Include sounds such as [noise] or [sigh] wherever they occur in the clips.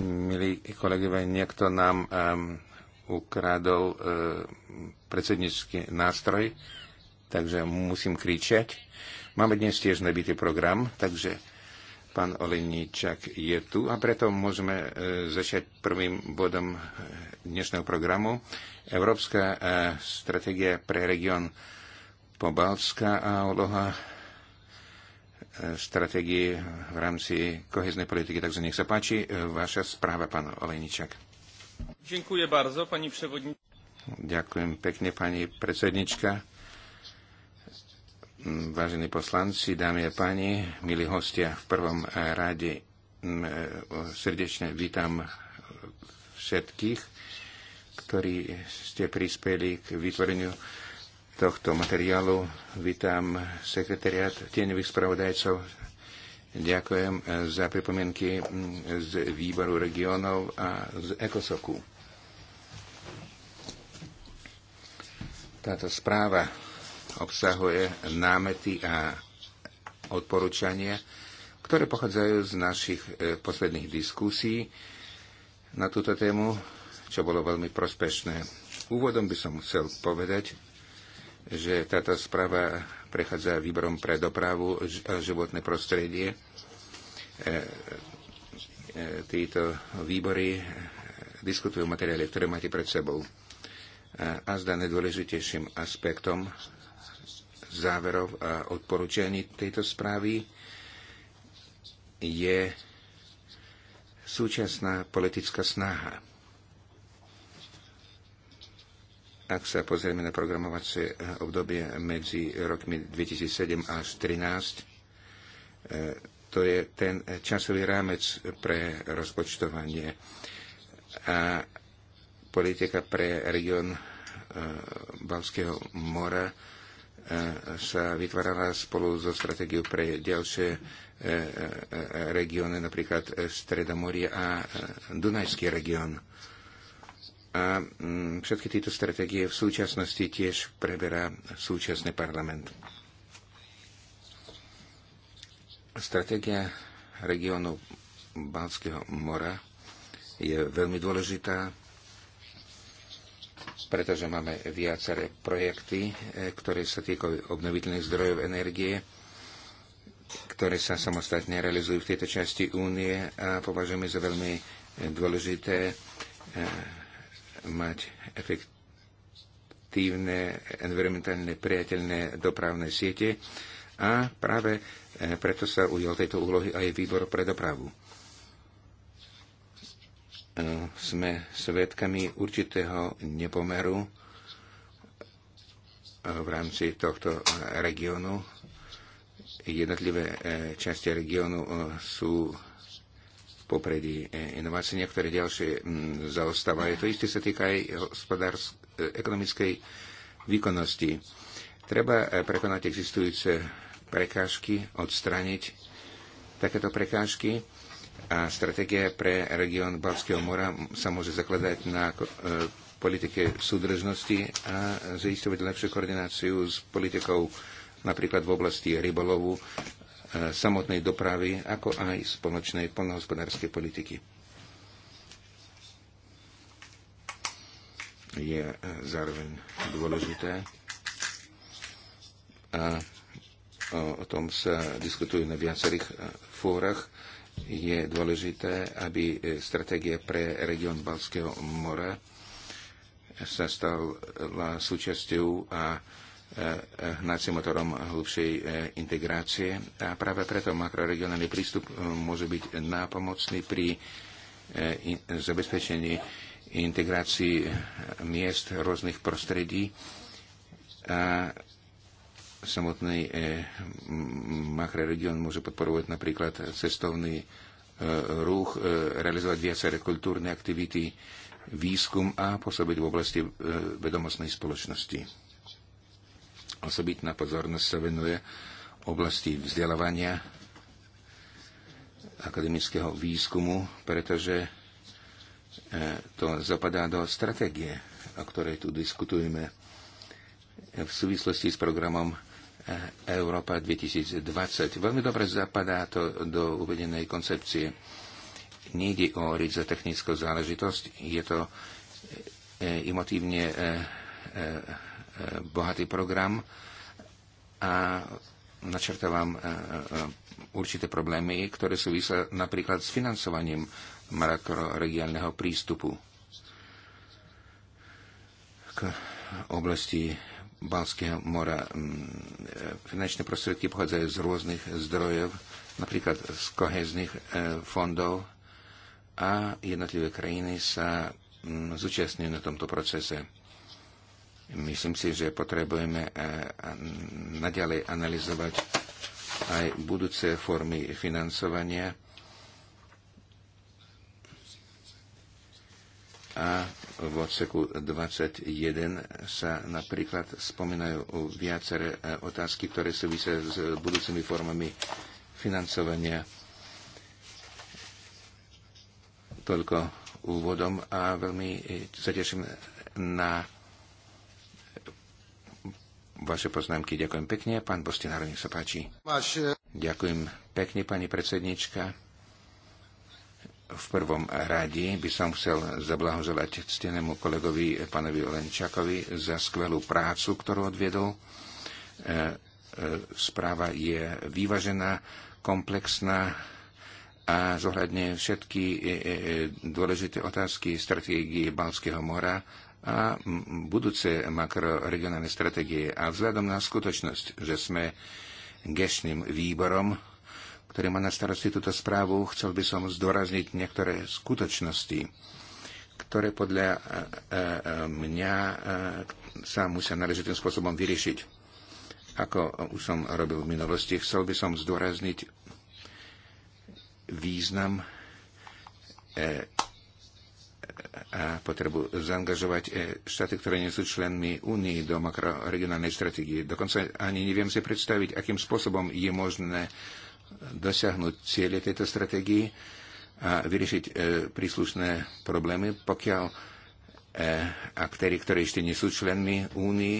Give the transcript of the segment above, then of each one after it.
milí kolegové, niekto nám um, ukradol uh, eh, predsednícky nástroj, takže musím kričať. Máme dnes tiež nabitý program, takže pán Oleníčak je tu a preto môžeme e, začať prvým bodom eh, dnešného programu. Európska e, stratégia pre región Pobalska a úloha stratégie v rámci koheznej politiky. Takže nech sa páči, e, vaša správa, pán Olejničak. Ďakujem bardzo, pani przewodnicząca. Ďakujem pekne, pani predsednička. Mm, vážení poslanci, dámy a páni, milí hostia, v prvom rade mm, e, srdečne vítam všetkých, ktorí ste prispeli k vytvoreniu tohto materiálu. Vítam sekretariat tieňových spravodajcov. Ďakujem za pripomienky z výboru regionov a z ECOSOKu. Táto správa obsahuje námety a odporúčania, ktoré pochádzajú z našich e, posledných diskusí na túto tému, čo bolo veľmi prospešné. Úvodom by som chcel povedať, že táto správa prechádza výborom pre dopravu a životné prostredie. E, e, títo výbory e, diskutujú materiály, ktoré máte pred sebou. A zda najdôležitejším aspektom záverov a odporúčaní tejto správy je súčasná politická snaha Ak sa pozrieme na programovacie eh, obdobie medzi rokmi 2007 až 2013, eh, to je ten časový rámec pre rozpočtovanie a politika pre region eh, Balského mora sa vytvárala spolu so stratégiou pre ďalšie regióny, napríklad Stredomorie a Dunajský región a mm, všetky tieto stratégie v súčasnosti tiež preberá súčasný parlament. Stratégia regiónu Balského mora je veľmi dôležitá, pretože máme viaceré projekty, e, ktoré sa týkajú obnoviteľných zdrojov energie, ktoré sa samostatne realizujú v tejto časti únie a považujeme za veľmi dôležité e, mať efektívne, environmentálne priateľné dopravné siete a práve e, preto sa ujal tejto úlohy aj výbor pre dopravu. E, sme svedkami určitého nepomeru e, v rámci tohto regiónu. Jednotlivé časti regiónu sú popredí e, inovácie, niektoré ďalšie zaostávajú. To isté sa týka aj e, ekonomickej výkonnosti. Treba e, prekonať existujúce prekážky, odstraniť takéto prekážky a stratégia pre región Balského mora sa môže zakladať na politike súdržnosti a zaistovať lepšiu koordináciu s politikou napríklad v oblasti rybolovu E, samotnej dopravy, ako aj spoločnej polnohospodárskej politiky. Je e, zároveň dôležité a e, o tom sa diskutuje na viacerých fórach. Je dôležité, aby stratégia pre región Balského mora sa stala súčasťou a Eh, eh, hnacím motorom hlubšej eh, integrácie a práve preto makroregionálny prístup môže byť nápomocný pri zabezpečení integrácii miest rôznych prostredí a samotný makroregion môže podporovať napríklad cestovný ruch, realizovať viaceré kultúrne aktivity, výskum a pôsobiť v oblasti vedomostnej spoločnosti. Osobitná pozornosť sa venuje oblasti vzdelávania, akademického výskumu, pretože e, to zapadá do stratégie, o ktorej tu diskutujeme v súvislosti s programom e, Európa 2020. Veľmi dobre zapadá to do uvedenej koncepcie. Nejde o rídzo technickú záležitosť, je to e, emotívne bohatý program a načrtávam e, e, určité problémy, ktoré súvisia napríklad s financovaním makroregiálneho prístupu k oblasti Balského mora. E, finančné prostriedky pochádzajú z rôznych zdrojov, napríklad z kohezných fondov a jednotlivé krajiny sa zúčastňujú na tomto procese Myslím si, že potrebujeme eh, eh, naďalej analyzovať aj budúce formy financovania a v odseku 21 sa napríklad spomínajú viaceré eh, otázky, ktoré súvisia s budúcimi formami financovania. Toľko úvodom a veľmi sa teším na vaše poznámky. Ďakujem pekne. Pán Bostinár, nech sa páči. Máš... Ďakujem pekne, pani predsednička. V prvom rade by som chcel zablahoželať ctenému kolegovi pánovi Lenčakovi za skvelú prácu, ktorú odviedol. E, e, správa je vyvažená, komplexná a zohľadne všetky e, dôležité otázky stratégie Balského mora, a budúce makroregionálne stratégie. A vzhľadom na skutočnosť, že sme gešným výborom, ktorý má na starosti túto správu, chcel by som zdôrazniť niektoré skutočnosti, ktoré podľa e, e, mňa e, sa musia náležitým spôsobom vyriešiť. Ako už som robil v minulosti, chcel by som zdôrazniť význam a potrebu zaangažovať e, štáty, ktoré nie sú členmi Únii do makroregionálnej stratégie. Dokonca ani neviem si predstaviť, akým spôsobom je možné dosiahnuť ciele tejto stratégie a vyriešiť e, príslušné problémy, pokiaľ e, aktéry, ktorí ešte nie sú členmi Únii,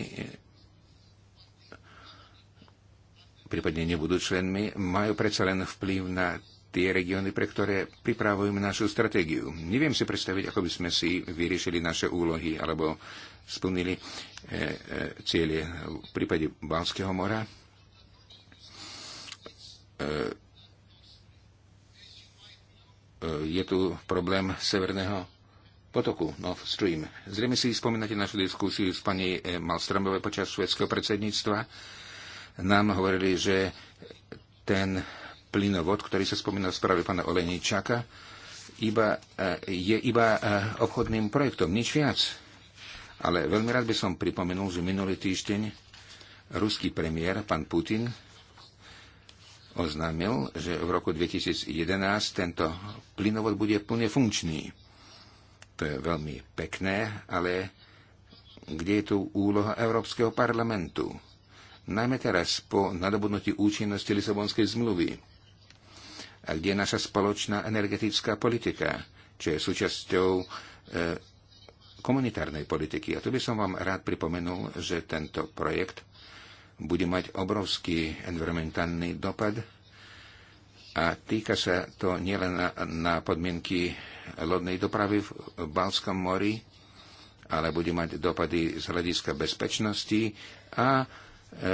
prípadne nebudú členmi, majú predsa len vplyv na tie regióny, pre ktoré pripravujeme našu stratégiu. Neviem si predstaviť, ako by sme si vyriešili naše úlohy alebo splnili e, e, cieľe v prípade Balského mora. E, e, je tu problém severného potoku Nord Stream. Zrejme si spomínate našu diskusiu s pani e, Malstromovej počas švedského predsedníctva. Nám hovorili, že ten plynovod, ktorý sa spomínal v správe pána Oleničaka, iba, eh, je iba eh, obchodným projektom, nič viac. Ale veľmi rád by som pripomenul, že minulý týždeň ruský premiér, pán Putin, oznámil, že v roku 2011 tento plynovod bude plne funkčný. To je veľmi pekné, ale kde je tu úloha Európskeho parlamentu? Najmä teraz po nadobudnutí účinnosti Lisabonskej zmluvy a kde je naša spoločná energetická politika, čo je súčasťou e, komunitárnej politiky. A tu by som vám rád pripomenul, že tento projekt bude mať obrovský environmentálny dopad a týka sa to nielen na, na podmienky lodnej dopravy v Balskom mori, ale bude mať dopady z hľadiska bezpečnosti a e, e,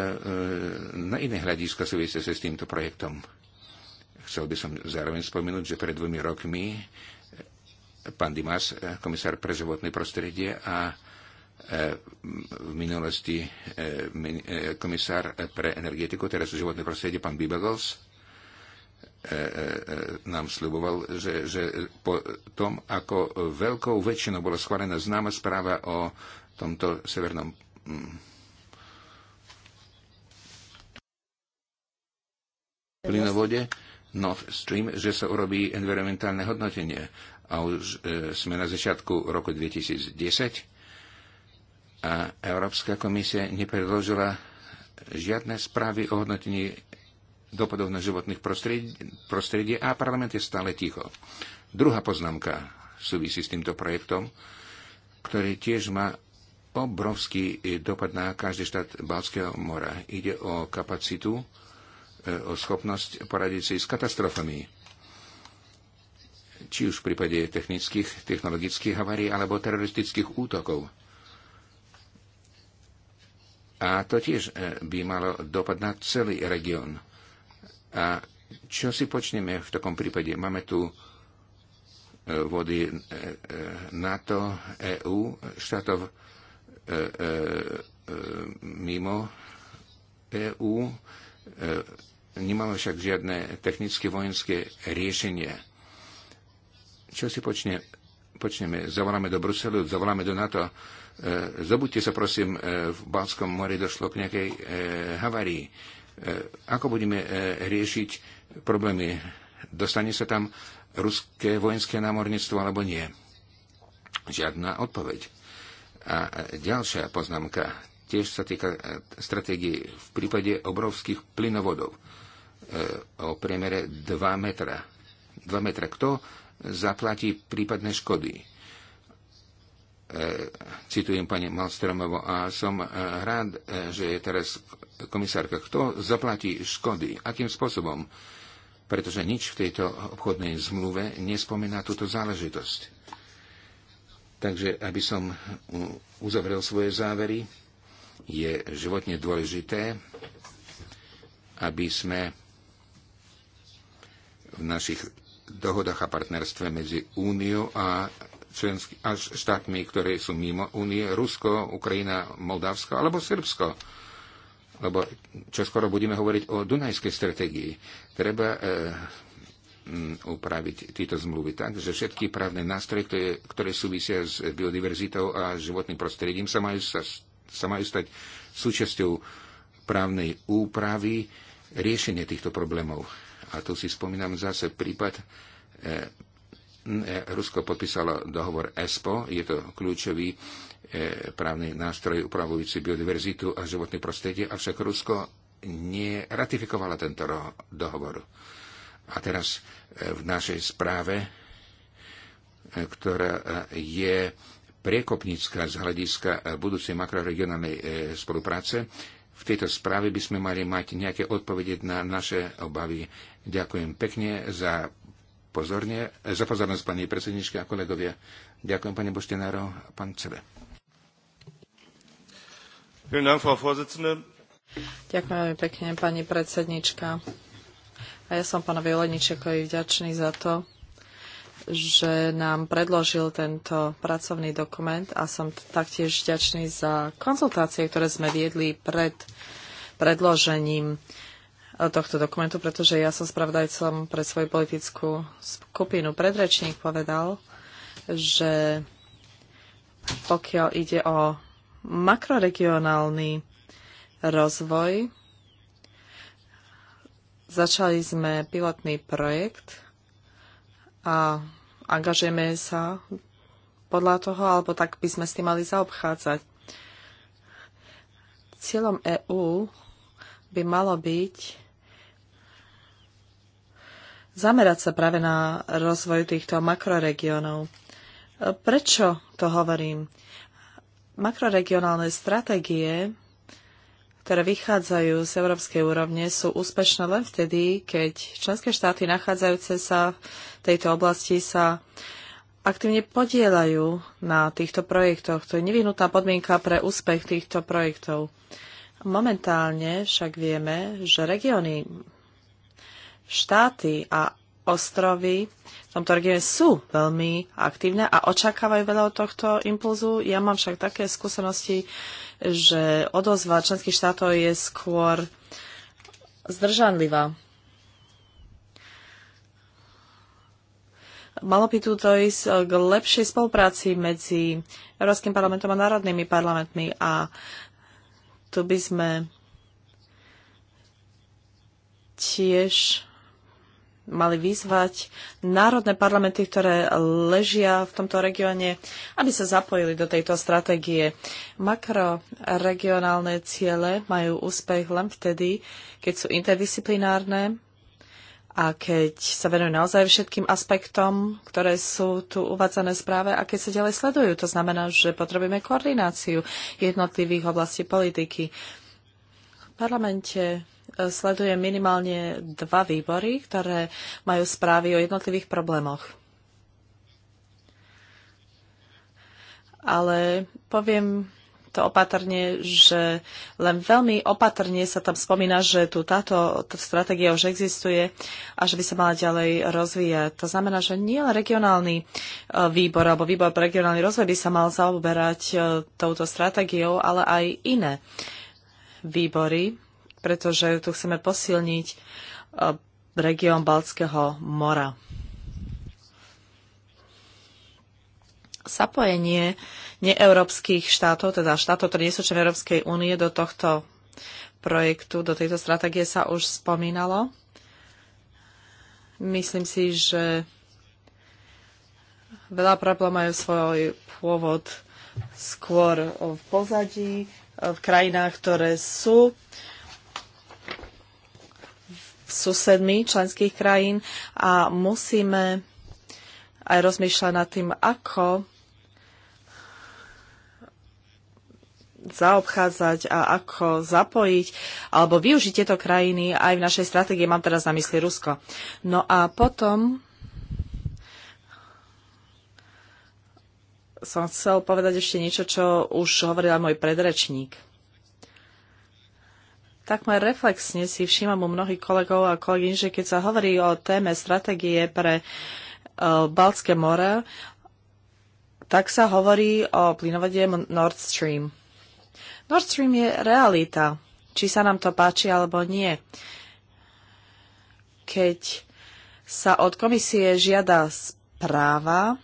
na iné hľadiska súvisia sa s týmto projektom. Chcel by som zároveň spomenúť, že pred dvomi rokmi eh, pán Dimas, eh, komisár pre životné prostredie a eh, v minulosti komisár pre energetiku, teraz životné prostredie, pán Bibagos, nám sluboval, že, že po tom, ako veľkou väčšinou bola schválená známa správa o tomto severnom mm, plynovode, Nord Stream, že sa urobí environmentálne hodnotenie. A už e, sme na začiatku roku 2010 a Európska komisia nepredložila žiadne správy o hodnotení dopadov na životných prostredie, prostredie a parlament je stále ticho. Druhá poznámka súvisí s týmto projektom, ktorý tiež má obrovský dopad na každý štát Balského mora. Ide o kapacitu E, schopnosť poradiť si s katastrofami. Či už v prípade technických, technologických havarí alebo teroristických útokov. A to tiež e, by malo dopad na celý región. A čo si počneme v takom prípade? Máme tu e, vody NATO, EU, štátov mimo EU, Nemáme však žiadne technické vojenské riešenie. Čo si počne, počneme? Zavoláme do Bruselu, zavoláme do NATO. E, zobuďte sa, prosím, e, v Balskom mori došlo k nejakej e, havárii. E, ako budeme e, riešiť problémy? Dostane sa tam ruské vojenské námorníctvo alebo nie? Žiadna odpoveď. A ďalšia poznámka tiež sa týka e, stratégie v prípade obrovských plynovodov. E, o priemere 2 metra. 2 metra. Kto zaplatí prípadné škody? E, citujem pani Malstromovo a som e, rád, že je teraz komisárka. Kto zaplatí škody? Akým spôsobom? Pretože nič v tejto obchodnej zmluve nespomína túto záležitosť. Takže, aby som uzavrel svoje závery, je životne dôležité, aby sme v našich dohodách a partnerstve medzi Úniou a členský, až štátmi, ktoré sú mimo Únie, Rusko, Ukrajina, Moldavsko alebo Srbsko. Lebo čo skoro budeme hovoriť o Dunajskej stratégii. Treba e, m, upraviť tieto zmluvy tak, že všetky právne nástroje, ktoré, ktoré súvisia s biodiverzitou a životným prostredím, sa majú, sa, sa majú stať súčasťou právnej úpravy riešenie týchto problémov a tu si spomínam zase prípad, e, e, Rusko podpísalo dohovor ESPO, je to kľúčový e, právny nástroj upravujúci biodiverzitu a životné prostredie, avšak Rusko neratifikovalo tento dohovor. A teraz v našej správe, ktorá je priekopnícka z hľadiska budúcej makroregionálnej spolupráce, v tejto správe by sme mali mať nejaké odpovede na naše obavy. Ďakujem pekne za, pozorne, za pozornosť pani predsedničke a kolegovia. Ďakujem pani Boštenáro a pán Cebe. Ďakujem pekne, pani predsednička. A ja som pánovi Leničekovi vďačný za to, že nám predložil tento pracovný dokument a som taktiež vďačný za konzultácie, ktoré sme viedli pred predložením eh, tohto dokumentu, pretože ja som spravodajcom pre svoju politickú skupinu. Predrečník povedal, že pokiaľ ide o makroregionálny rozvoj, začali sme pilotný projekt, a angažujeme sa podľa toho, alebo tak by sme s tým mali zaobchádzať. Cieľom EÚ by malo byť zamerať sa práve na rozvoj týchto makroregiónov. Prečo to hovorím? Makroregionálne stratégie ktoré vychádzajú z európskej úrovne, sú úspešné len vtedy, keď členské štáty nachádzajúce sa v tejto oblasti sa aktívne podielajú na týchto projektoch. To je nevyhnutná podmienka pre úspech týchto projektov. Momentálne však vieme, že regióny, štáty a ostrovy v tomto regióne sú veľmi aktívne a očakávajú veľa od tohto impulzu. Ja mám však také skúsenosti, že odozva členských štátov je skôr zdržanlivá. Malo by tu to ísť k lepšej spolupráci medzi Európskym parlamentom a národnými parlamentmi a tu by sme tiež mali vyzvať národné parlamenty, ktoré ležia v tomto regióne, aby sa zapojili do tejto stratégie. Makroregionálne ciele majú úspech len vtedy, keď sú interdisciplinárne a keď sa venujú naozaj všetkým aspektom, ktoré sú tu uvádzané správe a keď sa ďalej sledujú. To znamená, že potrebujeme koordináciu jednotlivých oblastí politiky. V parlamente sledujem minimálne dva výbory, ktoré majú správy o jednotlivých problémoch. Ale poviem to opatrne, že len veľmi opatrne sa tam spomína, že tu táto stratégia už existuje a že by sa mala ďalej rozvíjať. To znamená, že nie len regionálny e, výbor alebo výbor pre regionálny rozvoj by sa mal zaoberať e, touto stratégiou, ale aj iné výbory pretože tu chceme posilniť e, región Baltského mora. Zapojenie neeurópskych štátov, teda štátov, ktoré nie sú členy Európskej únie, do tohto projektu, do tejto stratégie sa už spomínalo. Myslím si, že veľa problémov majú svoj pôvod skôr v pozadí, v krajinách, ktoré sú susedmi členských krajín a musíme aj rozmýšľať nad tým, ako zaobchádzať a ako zapojiť alebo využiť tieto krajiny aj v našej stratégii. Mám teraz na mysli Rusko. No a potom som chcel povedať ešte niečo, čo už hovoril aj môj predrečník. Takmer reflexne si všímam u mnohých kolegov a kolegyň, že keď sa hovorí o téme stratégie pre e, Baltské more, tak sa hovorí o plynovode Nord Stream. Nord Stream je realita, či sa nám to páči alebo nie. Keď sa od komisie žiada správa,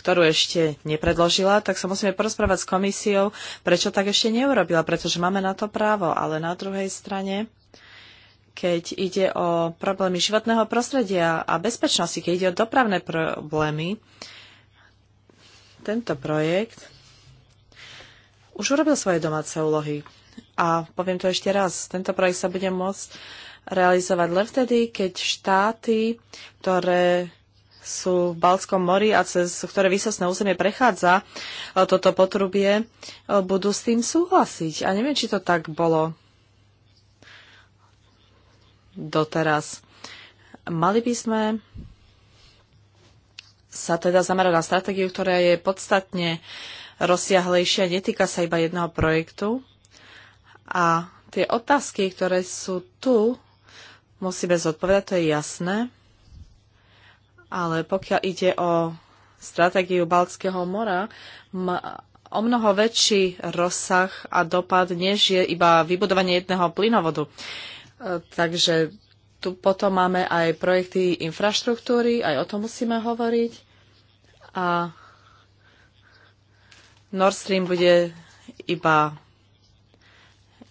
ktorú ešte nepredložila, tak sa musíme porozprávať s komisiou, prečo tak ešte neurobila, pretože máme na to právo. Ale na druhej strane, keď ide o problémy životného prostredia a bezpečnosti, keď ide o dopravné problémy, tento projekt už urobil svoje domáce úlohy. A poviem to ešte raz, tento projekt sa bude môcť realizovať len vtedy, keď štáty, ktoré sú v Balskom mori a cez ktoré výsostné územie prechádza e, toto potrubie, e, budú s tým súhlasiť. A neviem, či to tak bolo doteraz. Mali by sme sa teda zamerať na stratégiu, ktorá je podstatne rozsiahlejšia, netýka sa iba jedného projektu. A tie otázky, ktoré sú tu, musíme zodpovedať, to je jasné. Ale pokiaľ ide o stratégiu Baltského mora, má o mnoho väčší rozsah a dopad, než je iba vybudovanie jedného plynovodu. E, takže tu potom máme aj projekty infraštruktúry, aj o tom musíme hovoriť. A Nord Stream bude iba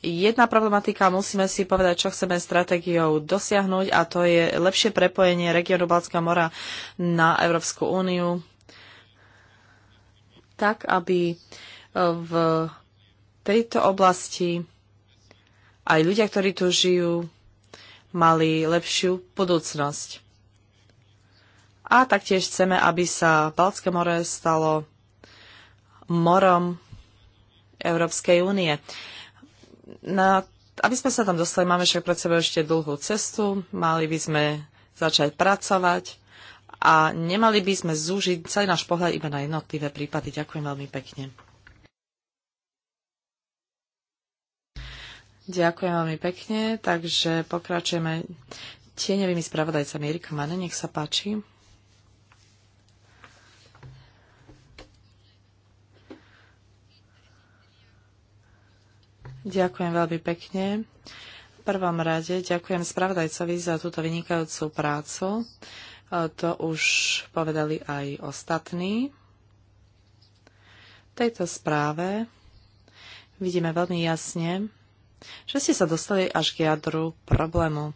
jedna problematika, musíme si povedať, čo chceme stratégiou dosiahnuť a to je lepšie prepojenie regiónu Balckého mora na Európsku úniu, tak aby e, v tejto oblasti aj ľudia, ktorí tu žijú, mali lepšiu budúcnosť. A taktiež chceme, aby sa Balcké more stalo morom Európskej únie na, aby sme sa tam dostali, máme však pred sebou ešte dlhú cestu, mali by sme začať pracovať a nemali by sme zúžiť celý náš pohľad iba na jednotlivé prípady. Ďakujem veľmi pekne. Ďakujem veľmi pekne, takže pokračujeme tieňovými spravodajcami. Erika Mane, nech sa páči. Ďakujem veľmi pekne. V prvom rade ďakujem spravodajcovi za túto vynikajúcu prácu. E, to už povedali aj ostatní. V tejto správe vidíme veľmi jasne, že ste sa dostali až k jadru problému. E,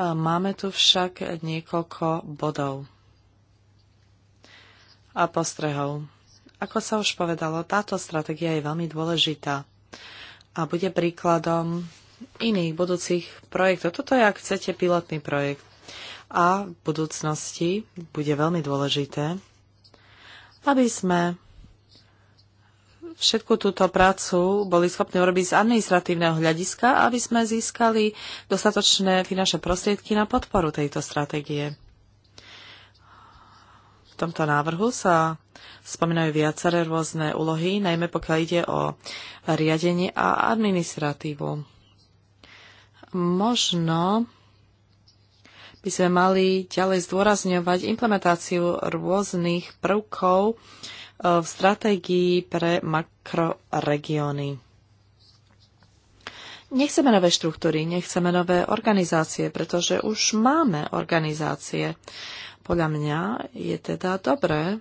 máme tu však niekoľko bodov a postrehov. Ako sa už povedalo, táto stratégia je veľmi dôležitá a bude príkladom iných budúcich projektov. Toto je, ak chcete, pilotný projekt. A v budúcnosti bude veľmi dôležité, aby sme všetku túto prácu boli schopní urobiť z administratívneho hľadiska, aby sme získali dostatočné finančné prostriedky na podporu tejto stratégie tomto návrhu sa spomínajú viaceré rôzne úlohy, najmä pokiaľ ide o riadenie a administratívu. Možno by sme mali ďalej zdôrazňovať implementáciu rôznych prvkov e, v stratégii pre makroregióny. Nechceme nové štruktúry, nechceme nové organizácie, pretože už máme organizácie. Podľa mňa je teda dobré,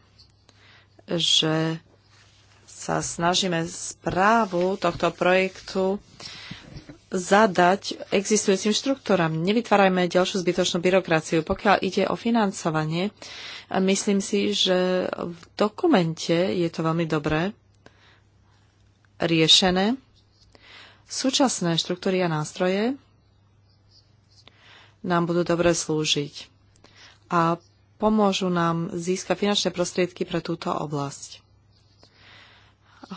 že sa snažíme správu tohto projektu zadať existujúcim štruktúram. Nevytvárajme ďalšiu zbytočnú byrokraciu. Pokiaľ ide o financovanie, myslím si, že v dokumente je to veľmi dobré riešené. Súčasné štruktúry a nástroje nám budú dobre slúžiť. A pomôžu nám získať finančné prostriedky pre túto oblasť.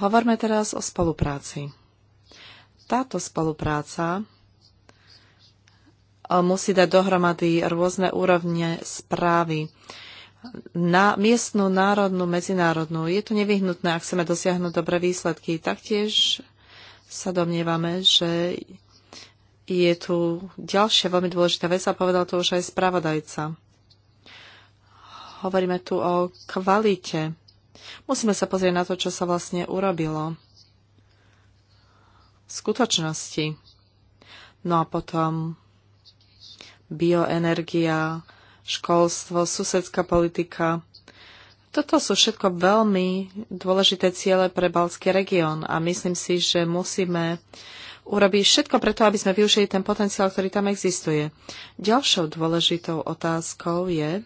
Hovorme teraz o spolupráci. Táto spolupráca e, musí dať dohromady rôzne úrovne správy na miestnú, národnú, medzinárodnú. Je to nevyhnutné, ak chceme dosiahnuť dobré výsledky. Taktiež sa domnievame, že je tu ďalšia veľmi dôležitá vec a povedal to už aj spravodajca. Hovoríme tu o kvalite. Musíme sa pozrieť na to, čo sa vlastne urobilo. V skutočnosti. No a potom bioenergia, školstvo, susedská politika. Toto sú všetko veľmi dôležité ciele pre Balský región a myslím si, že musíme urobí všetko preto, aby sme využili ten potenciál, ktorý tam existuje. Ďalšou dôležitou otázkou je,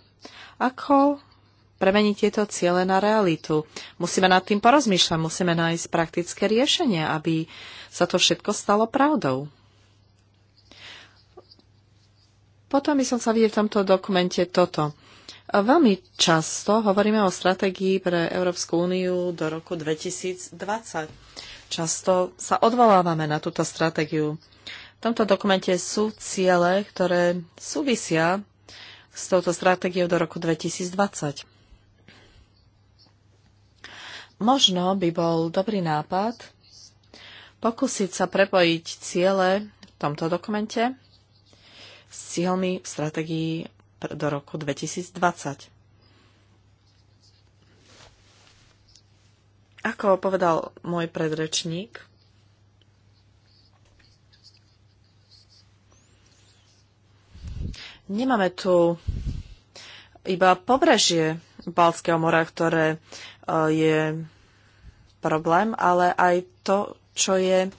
ako premeniť tieto ciele na realitu? Musíme nad tým porozmýšľať, musíme nájsť praktické riešenie, aby sa to všetko stalo pravdou. Potom by som sa vidieť v tomto dokumente toto. Veľmi často hovoríme o stratégii pre Európsku úniu do roku 2020. Často sa odvolávame na túto stratégiu. V tomto dokumente sú ciele, ktoré súvisia s touto stratégiou do roku 2020. Možno by bol dobrý nápad pokúsiť sa prepojiť ciele v tomto dokumente s cieľmi v stratégii do roku 2020. Ako povedal môj predrečník, Nemáme tu iba pobrežie Balckého mora, ktoré eh, je problém, ale aj to, čo je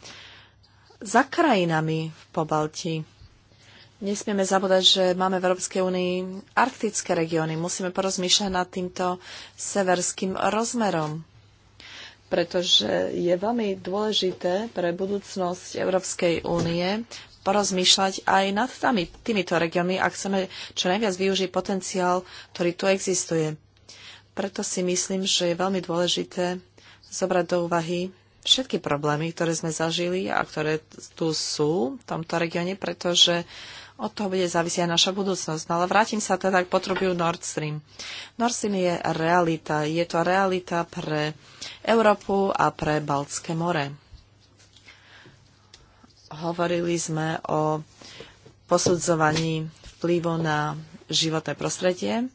za krajinami v Pobalti. Nesmieme zabúdať, že máme v Európskej únii arktické regióny. Musíme porozmýšľať nad týmto severským rozmerom pretože je veľmi dôležité pre budúcnosť Európskej únie porozmýšľať aj nad tými, týmito regiónmi, ak chceme čo najviac využiť potenciál, ktorý tu existuje. Preto si myslím, že je veľmi dôležité zobrať do úvahy všetky problémy, ktoré sme zažili a ktoré tu sú v tomto regióne, pretože od toho bude závisia naša budúcnosť. No ale vrátim sa teda k potrubiu Nord Stream. Nord Stream je realita. Je to realita pre Európu a pre Baltské more. Hovorili sme o posudzovaní vplyvu na životné prostredie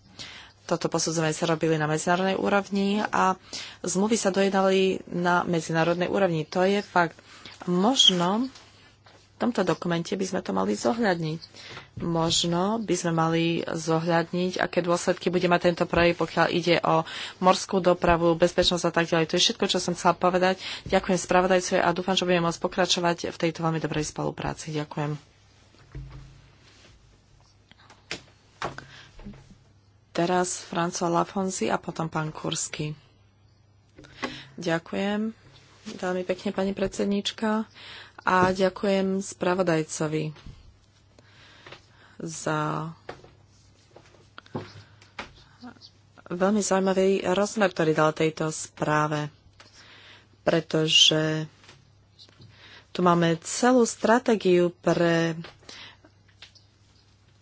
toto posudzovanie sa robili na medzinárodnej úrovni a zmluvy sa dojednali na medzinárodnej úrovni. To je fakt. Možno tomto dokumente by sme to mali zohľadniť. Možno by sme mali zohľadniť, aké dôsledky bude mať tento projekt, pokiaľ ide o morskú dopravu, bezpečnosť a tak ďalej. To je všetko, čo som chcela povedať. Ďakujem spravodajcovi a dúfam, že budeme môcť pokračovať v tejto veľmi dobrej spolupráci. Ďakujem. Teraz Franco Lafonzi a potom pán Kursky. Ďakujem. Veľmi pekne, pani predsednička a ďakujem spravodajcovi za veľmi zaujímavý rozmer, ktorý dal tejto správe, pretože tu máme celú stratégiu pre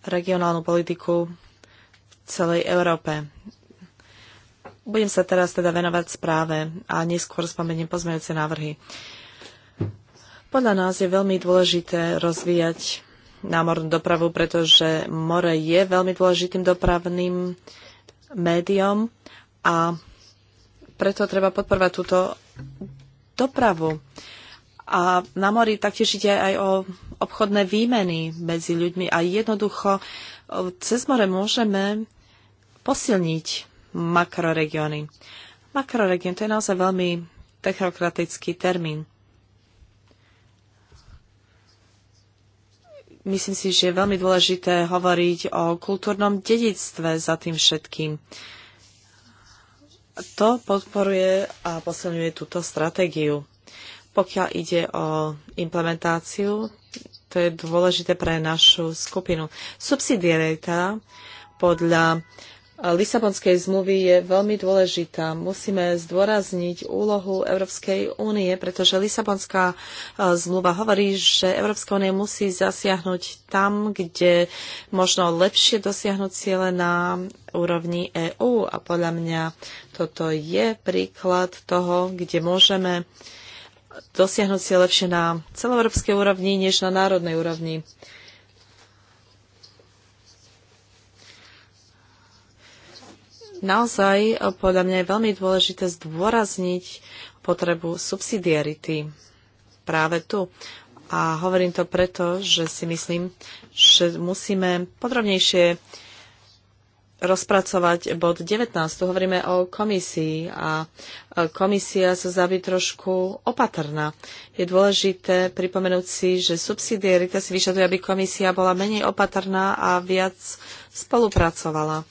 regionálnu politiku v celej Európe. Budem sa teraz teda venovať správe a neskôr spomeniem pozmeňujúce návrhy. Uh, podľa nás je veľmi dôležité rozvíjať námornú dopravu, pretože more je veľmi dôležitým dopravným médiom a preto treba podporovať túto dopravu. A na mori taktiež ide aj o obchodné výmeny medzi ľuďmi a jednoducho e, cez more môžeme posilniť makroregióny. Makroregión to je naozaj veľmi technokratický termín. Myslím si, že je veľmi dôležité hovoriť o kultúrnom dedictve za tým všetkým. To podporuje a posilňuje túto stratégiu. Pokiaľ ide o implementáciu, to je dôležité pre našu skupinu. Subsidiarita podľa Lisabonskej zmluvy je veľmi dôležitá. Musíme zdôrazniť úlohu Európskej únie, pretože Lisabonská e, zmluva hovorí, že Európska únie musí zasiahnuť tam, kde možno lepšie dosiahnuť ciele na úrovni EÚ. A podľa mňa toto je príklad toho, kde môžeme dosiahnuť si lepšie na celoeurópskej úrovni, než na národnej úrovni. naozaj e, podľa mňa je veľmi dôležité zdôrazniť potrebu subsidiarity práve tu. A hovorím to preto, že si myslím, že musíme podrobnejšie rozpracovať bod 19. Tu hovoríme o komisii a e, komisia sa byť trošku opatrná. Je dôležité pripomenúť si, že subsidiarita si vyžaduje, aby komisia bola menej opatrná a viac spolupracovala.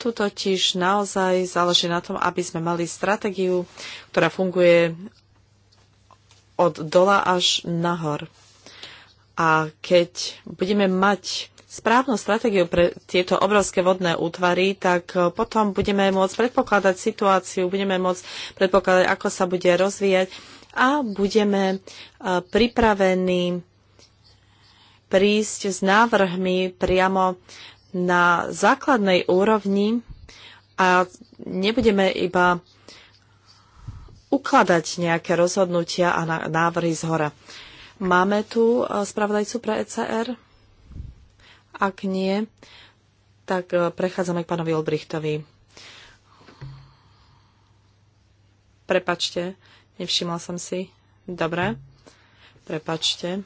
Tu totiž naozaj záleží na tom, aby sme mali stratégiu, ktorá funguje od dola až nahor. A keď budeme mať správnu stratégiu pre tieto obrovské vodné útvary, tak eh, potom budeme môcť predpokladať situáciu, budeme môcť predpokladať, ako sa bude rozvíjať a budeme eh, pripravení prísť s návrhmi priamo na základnej úrovni a nebudeme iba ukladať nejaké rozhodnutia a návrhy z hora. Máme tu eh, spravodajcu pre ECR? Ak nie, tak eh, prechádzame k pánovi Olbrichtovi. Prepačte, nevšimla som si. Dobre, prepačte.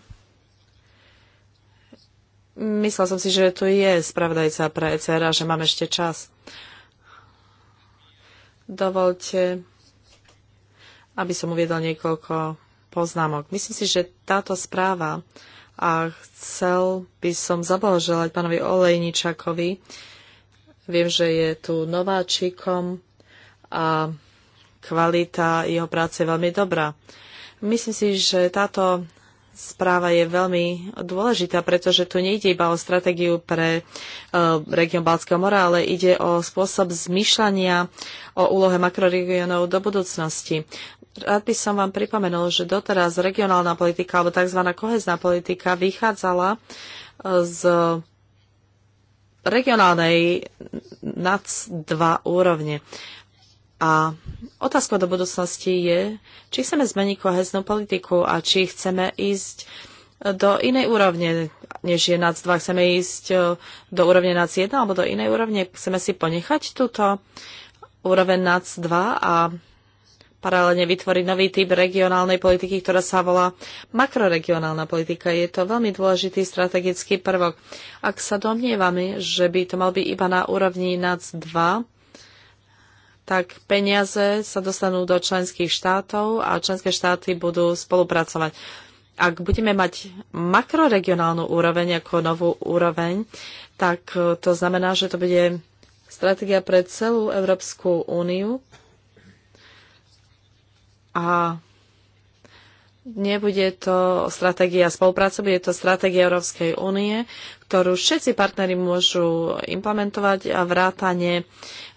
Myslel som si, že tu je spravodajca pre ECR a že mám ešte čas. Dovolte, aby som uviedol niekoľko poznámok. Myslím si, že táto správa a chcel by som zablahoželať pánovi Olejničakovi. Viem, že je tu nováčikom a kvalita jeho práce je veľmi dobrá. Myslím si, že táto správa je veľmi dôležitá, pretože tu nejde iba o stratégiu pre región Balckého mora, ale ide o spôsob zmyšľania o úlohe makroregiónov do budúcnosti. Rád by som vám pripomenul, že doteraz regionálna politika alebo tzv. kohezná politika vychádzala z regionálnej NAC 2 úrovne. A otázka do budúcnosti je, či chceme zmeniť koheznú politiku a či chceme ísť do inej úrovne, než je NAC 2. Chceme ísť e, do úrovne NAC 1 alebo do inej úrovne. Chceme si ponechať túto úroveň NAC 2 a paralelne vytvoriť nový typ regionálnej politiky, ktorá sa volá makroregionálna politika. Je to veľmi dôležitý strategický prvok. Ak sa domnievame, že by to mal byť iba na úrovni NAC 2, tak peniaze sa dostanú do členských štátov a členské štáty budú spolupracovať. Ak budeme mať makroregionálnu úroveň ako novú úroveň, tak e, to znamená, že to bude stratégia pre celú Európsku úniu a Nebude to stratégia spolupráce, bude to stratégia Európskej únie, ktorú všetci partnery môžu implementovať a vrátane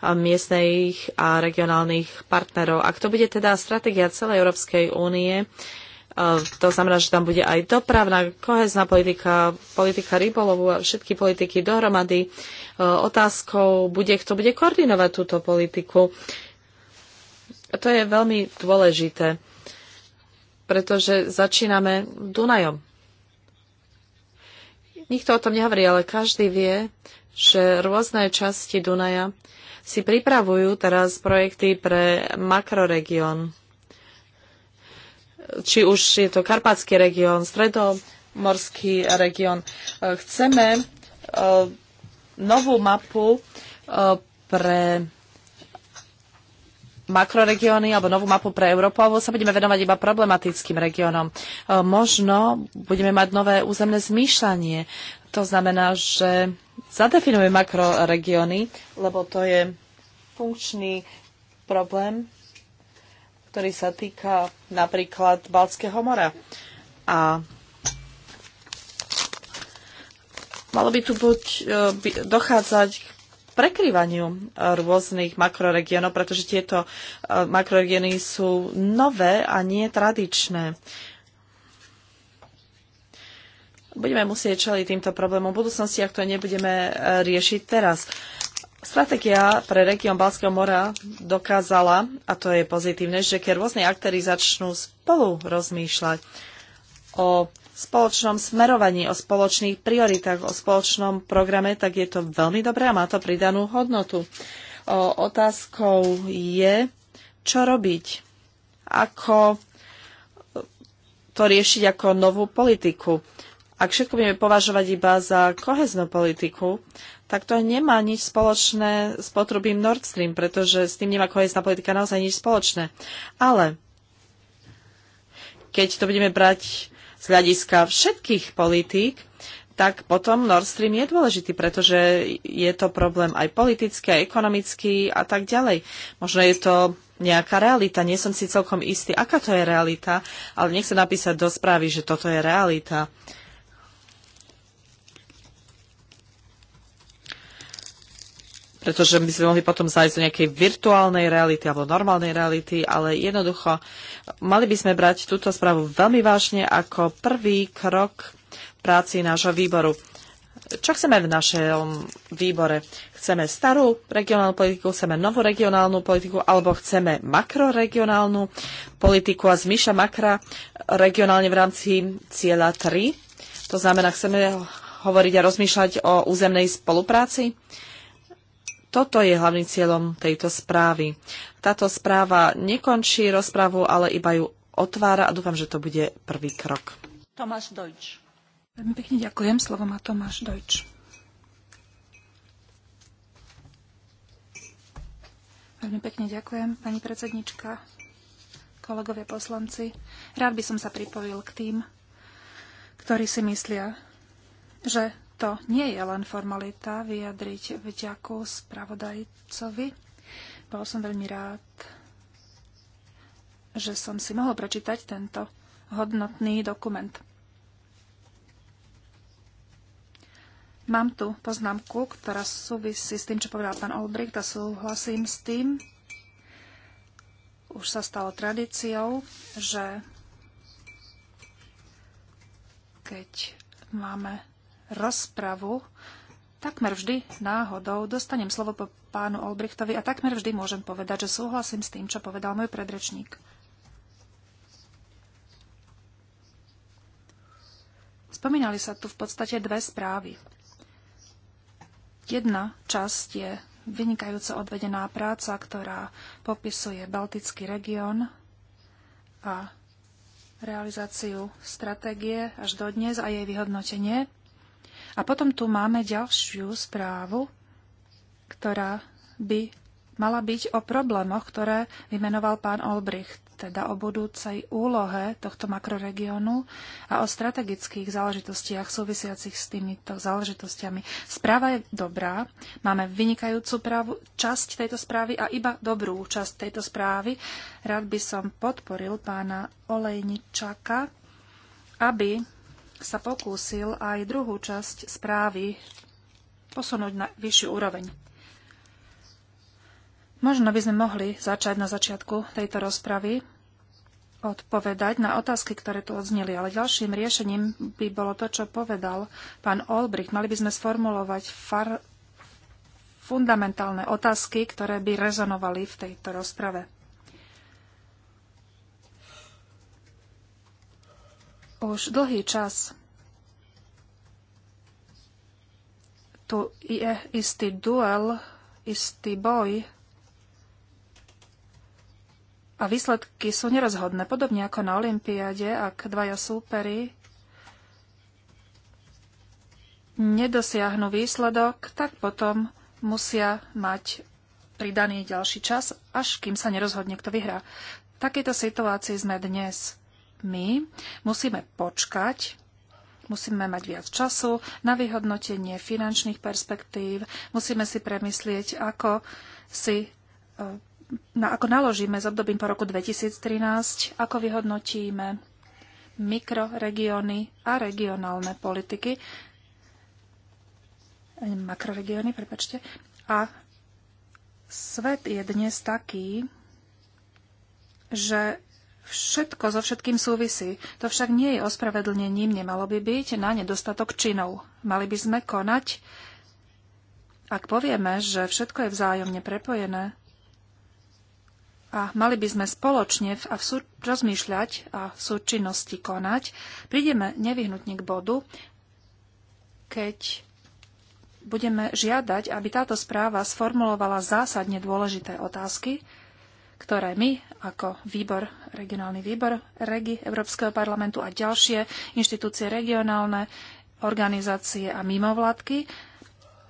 miestnych a regionálnych partnerov. Ak to bude teda stratégia celej Európskej únie, e, to znamená, že tam bude aj dopravná, kohezná politika, politika rybolovu a všetky politiky dohromady. E, otázkou bude, kto bude koordinovať túto politiku. To je veľmi dôležité pretože začíname Dunajom. Nikto o tom nehovorí, ale každý vie, že rôzne časti Dunaja si pripravujú teraz projekty pre makroregión. Či už je to Karpatský región, Stredomorský región. Chceme eh, novú mapu eh, pre makroregióny alebo novú mapu pre Európu, alebo sa budeme venovať iba problematickým regiónom. E, možno budeme mať nové územné zmýšľanie. To znamená, že zadefinujeme makroregióny, lebo to je funkčný problém, ktorý sa týka napríklad Balckého mora. A malo by tu buď e, dochádzať k prekryvaniu e, rôznych makroregiónov, pretože tieto e, makroregióny sú nové a nie tradičné. Budeme musieť čeliť týmto problémom v budúcnosti, ak to nebudeme e, riešiť teraz. Stratégia pre región Balského mora dokázala, a to je pozitívne, že keď rôzne aktéry začnú spolu rozmýšľať o spoločnom smerovaní, o spoločných prioritách, o spoločnom programe, tak je to veľmi dobré a má to pridanú hodnotu. O, otázkou je, čo robiť, ako to riešiť ako novú politiku. Ak všetko budeme považovať iba za koheznú politiku, tak to nemá nič spoločné s potrubím Nord Stream, pretože s tým nemá kohezná politika naozaj nič spoločné. Ale keď to budeme brať z hľadiska všetkých politík, tak potom Nord Stream je dôležitý, pretože je to problém aj politický, aj ekonomický a tak ďalej. Možno je to nejaká realita, nie som si celkom istý, aká to je realita, ale nech sa napísať do správy, že toto je realita. pretože my sme mohli potom zájsť do nejakej virtuálnej reality alebo normálnej reality, ale jednoducho mali by sme brať túto správu veľmi vážne ako prvý krok práci nášho výboru. Čo chceme v našom výbore? Chceme starú regionálnu politiku, chceme novú regionálnu politiku, alebo chceme makroregionálnu politiku a zmyša makra regionálne v rámci cieľa 3. To znamená, chceme hovoriť a rozmýšľať o územnej spolupráci. Uh, toto je hlavným cieľom tejto správy. Táto správa nekončí rozpravu, ale iba ju otvára a dúfam, že to bude prvý krok. Tomáš Dojč. Veľmi pekne ďakujem. Slovo má Tomáš Dojč. Veľmi pekne ďakujem, pani predsednička, kolegovia poslanci. Rád by som sa pripojil k tým, ktorí si myslia, že to nie je len formalita vyjadriť vďaku spravodajcovi. Bol som veľmi rád, že som si mohol prečítať tento hodnotný dokument. Mám tu poznámku, ktorá súvisí s tým, čo povedal pán Olbrich, a súhlasím s tým. Už sa stalo tradíciou, že keď máme rozpravu, takmer vždy náhodou dostanem slovo po pánu Olbrichtovi a takmer vždy môžem povedať, že súhlasím s tým, čo povedal môj predrečník. Spomínali sa tu v podstate dve správy. Jedna časť je vynikajúco odvedená práca, ktorá popisuje Baltický región a realizáciu stratégie až do dnes a jej vyhodnotenie. A potom tu máme ďalšiu správu, ktorá by mala byť o problémoch, ktoré vymenoval pán Olbricht, teda o budúcej úlohe tohto makroregiónu a o strategických záležitostiach súvisiacich s týmito záležitostiami. Správa je dobrá, máme vynikajúcu právu, časť tejto správy a iba dobrú časť tejto správy. Rád by som podporil pána Olejničaka, aby sa pokúsil aj druhú časť správy posunúť na vyššiu úroveň. Možno by sme mohli začať na začiatku tejto rozpravy odpovedať na otázky, ktoré tu odzneli, ale ďalším riešením by bolo to, čo povedal pán Olbricht. Mali by sme sformulovať far... fundamentálne otázky, ktoré by rezonovali v tejto rozprave. už dlhý čas tu je istý duel, istý boj a výsledky sú nerozhodné. Podobne ako na Olympiade, ak dvaja súperi nedosiahnu výsledok, tak potom musia mať pridaný ďalší čas, až kým sa nerozhodne, kto vyhrá. V takejto situácii sme dnes my musíme počkať, musíme mať viac času na vyhodnotenie finančných perspektív, musíme si premyslieť, ako si eh, na, ako naložíme s obdobím po roku 2013, ako vyhodnotíme mikroregióny a regionálne politiky, eh, makroregióny, prepačte. A svet je dnes taký, že Všetko so všetkým súvisí. To však nie je ospravedlnením, nemalo by byť na nedostatok činov. Mali by sme konať, ak povieme, že všetko je vzájomne prepojené. A mali by sme spoločne a v sú- rozmýšľať a v súčinnosti konať, prídeme nevyhnutne k bodu, keď budeme žiadať, aby táto správa sformulovala zásadne dôležité otázky, ktoré my ako výbor, regionálny výbor REGI Európskeho parlamentu a ďalšie inštitúcie regionálne, organizácie a mimovládky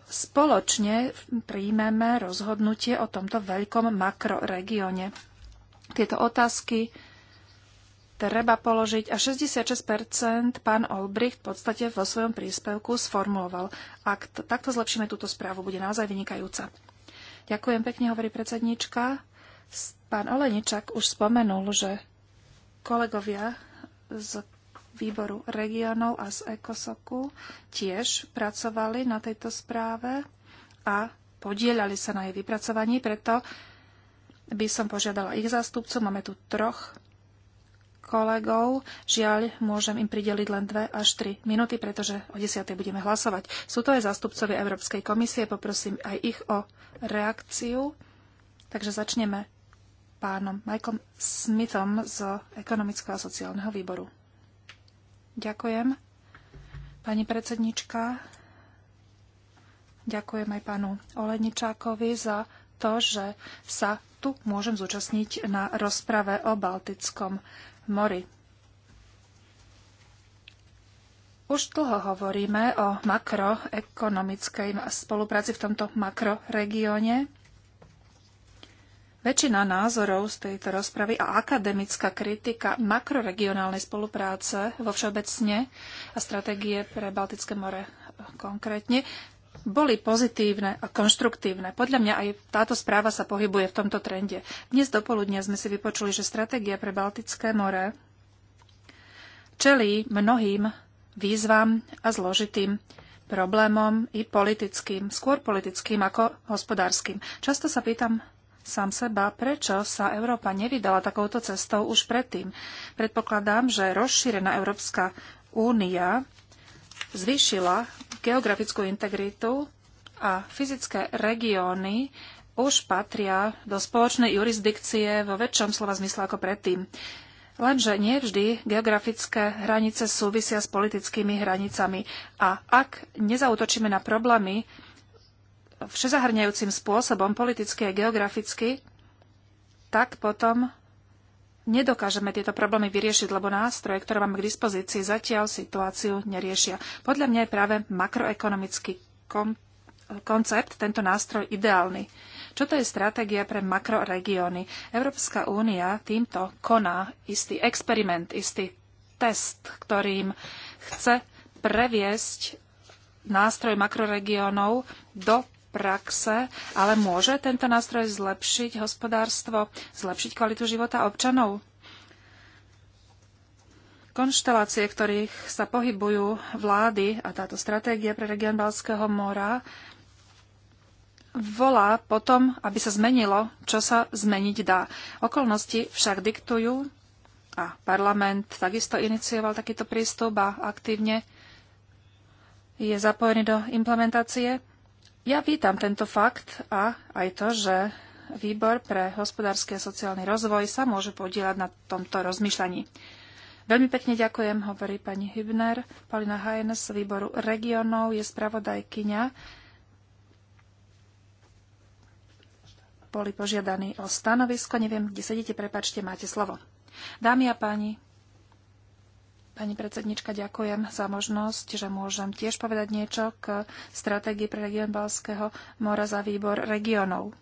spoločne príjmeme rozhodnutie o tomto veľkom makroregióne. Tieto otázky treba položiť a 66% pán Olbricht v podstate vo svojom príspevku sformuloval. Ak to, takto zlepšíme túto správu, bude naozaj vynikajúca. Ďakujem pekne, hovorí predsednička. Pán Oleničak už spomenul, že kolegovia z výboru regionov a z ECOSOKu tiež pracovali na tejto správe a podielali sa na jej vypracovaní, preto by som požiadala ich zástupcov. Máme tu troch kolegov. Žiaľ, môžem im prideliť len dve až tri minúty, pretože o desiatej budeme hlasovať. Sú to aj zástupcovia Európskej komisie, poprosím aj ich o reakciu. Takže začneme pánom Michaelom Smithom z ekonomického a sociálneho výboru. Ďakujem, pani predsednička. Ďakujem aj pánu Oleničákovi za to, že sa tu môžem zúčastniť na rozprave o Baltickom mori. Už dlho hovoríme o makroekonomickej spolupráci v tomto makroregióne Väčšina názorov z tejto rozpravy a akademická kritika makroregionálnej spolupráce vo všeobecne a stratégie pre Baltické more konkrétne boli pozitívne a konštruktívne. Podľa mňa aj táto správa sa pohybuje v tomto trende. Dnes dopoludnia sme si vypočuli, že stratégia pre Baltické more čelí mnohým výzvam a zložitým problémom i politickým, skôr politickým ako hospodárskym. Často sa pýtam sám seba, prečo sa Európa nevydala takouto cestou už predtým. Predpokladám, že rozšírená Európska únia zvýšila geografickú integritu a fyzické regióny už patria do spoločnej jurisdikcie vo väčšom slova zmysle ako predtým. Lenže nie vždy geografické hranice súvisia s politickými hranicami a ak nezautočíme na problémy, všezahrňajúcim spôsobom, politicky a geograficky, tak potom nedokážeme tieto problémy vyriešiť, lebo nástroje, ktoré máme k dispozícii, zatiaľ situáciu neriešia. Podľa mňa je práve makroekonomický kom- koncept, tento nástroj ideálny. Čo to je stratégia pre makroregióny? Európska únia týmto koná istý experiment, istý test, ktorým chce previesť nástroj makroregiónov do praxe, ale môže tento nástroj zlepšiť hospodárstvo, zlepšiť kvalitu života občanov? Konštelácie, v ktorých sa pohybujú vlády a táto stratégia pre region Balského mora volá potom, aby sa zmenilo, čo sa zmeniť dá. Okolnosti však diktujú a parlament takisto inicioval takýto prístup a aktívne je zapojený do implementácie ja vítam tento fakt a aj to, že Výbor pre hospodársky a sociálny rozvoj sa môže podielať na tomto rozmýšľaní. Veľmi pekne ďakujem, hovorí pani Hübner. Paulina Hajnes z výboru regionov je spravodajkyňa. Boli požiadaní o stanovisko. Neviem, kde sedíte, prepačte, máte slovo. Dámy a páni, Pani predsednička, ďakujem za možnosť, že môžem tiež povedať niečo k stratégii pre region Balského mora za výbor regionov.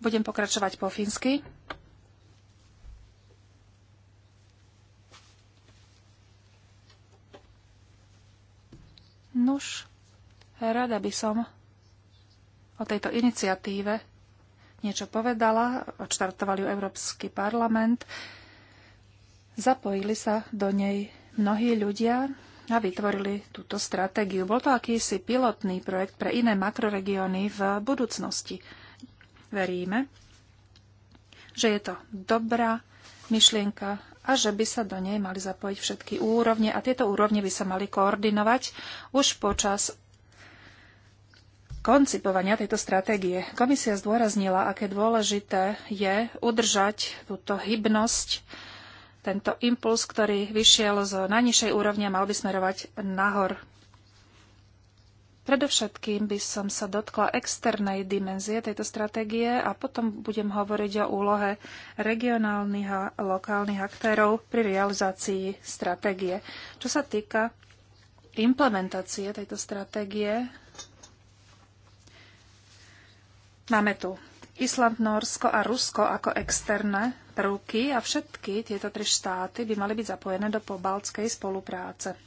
Budem pokračovať po fínsky. Nuž, rada by som o tejto iniciatíve niečo povedala. Odštartoval ju Európsky parlament Zapojili sa do nej mnohí ľudia a vytvorili túto stratégiu. Bol to akýsi pilotný projekt pre iné makroregióny v budúcnosti. Veríme, že je to dobrá myšlienka a že by sa do nej mali zapojiť všetky úrovne a tieto úrovne by sa mali koordinovať už počas koncipovania tejto stratégie. Komisia zdôraznila, aké dôležité je udržať túto hybnosť tento impuls, ktorý vyšiel z najnižšej úrovne, mal by smerovať nahor. Predovšetkým by som sa dotkla externej dimenzie tejto stratégie a potom budem hovoriť o úlohe regionálnych a lokálnych aktérov pri realizácii stratégie. Čo sa týka implementácie tejto stratégie, máme tu Island, Norsko a Rusko ako externé prvky a všetky tieto tri štáty by mali byť zapojené do pobaltskej spolupráce.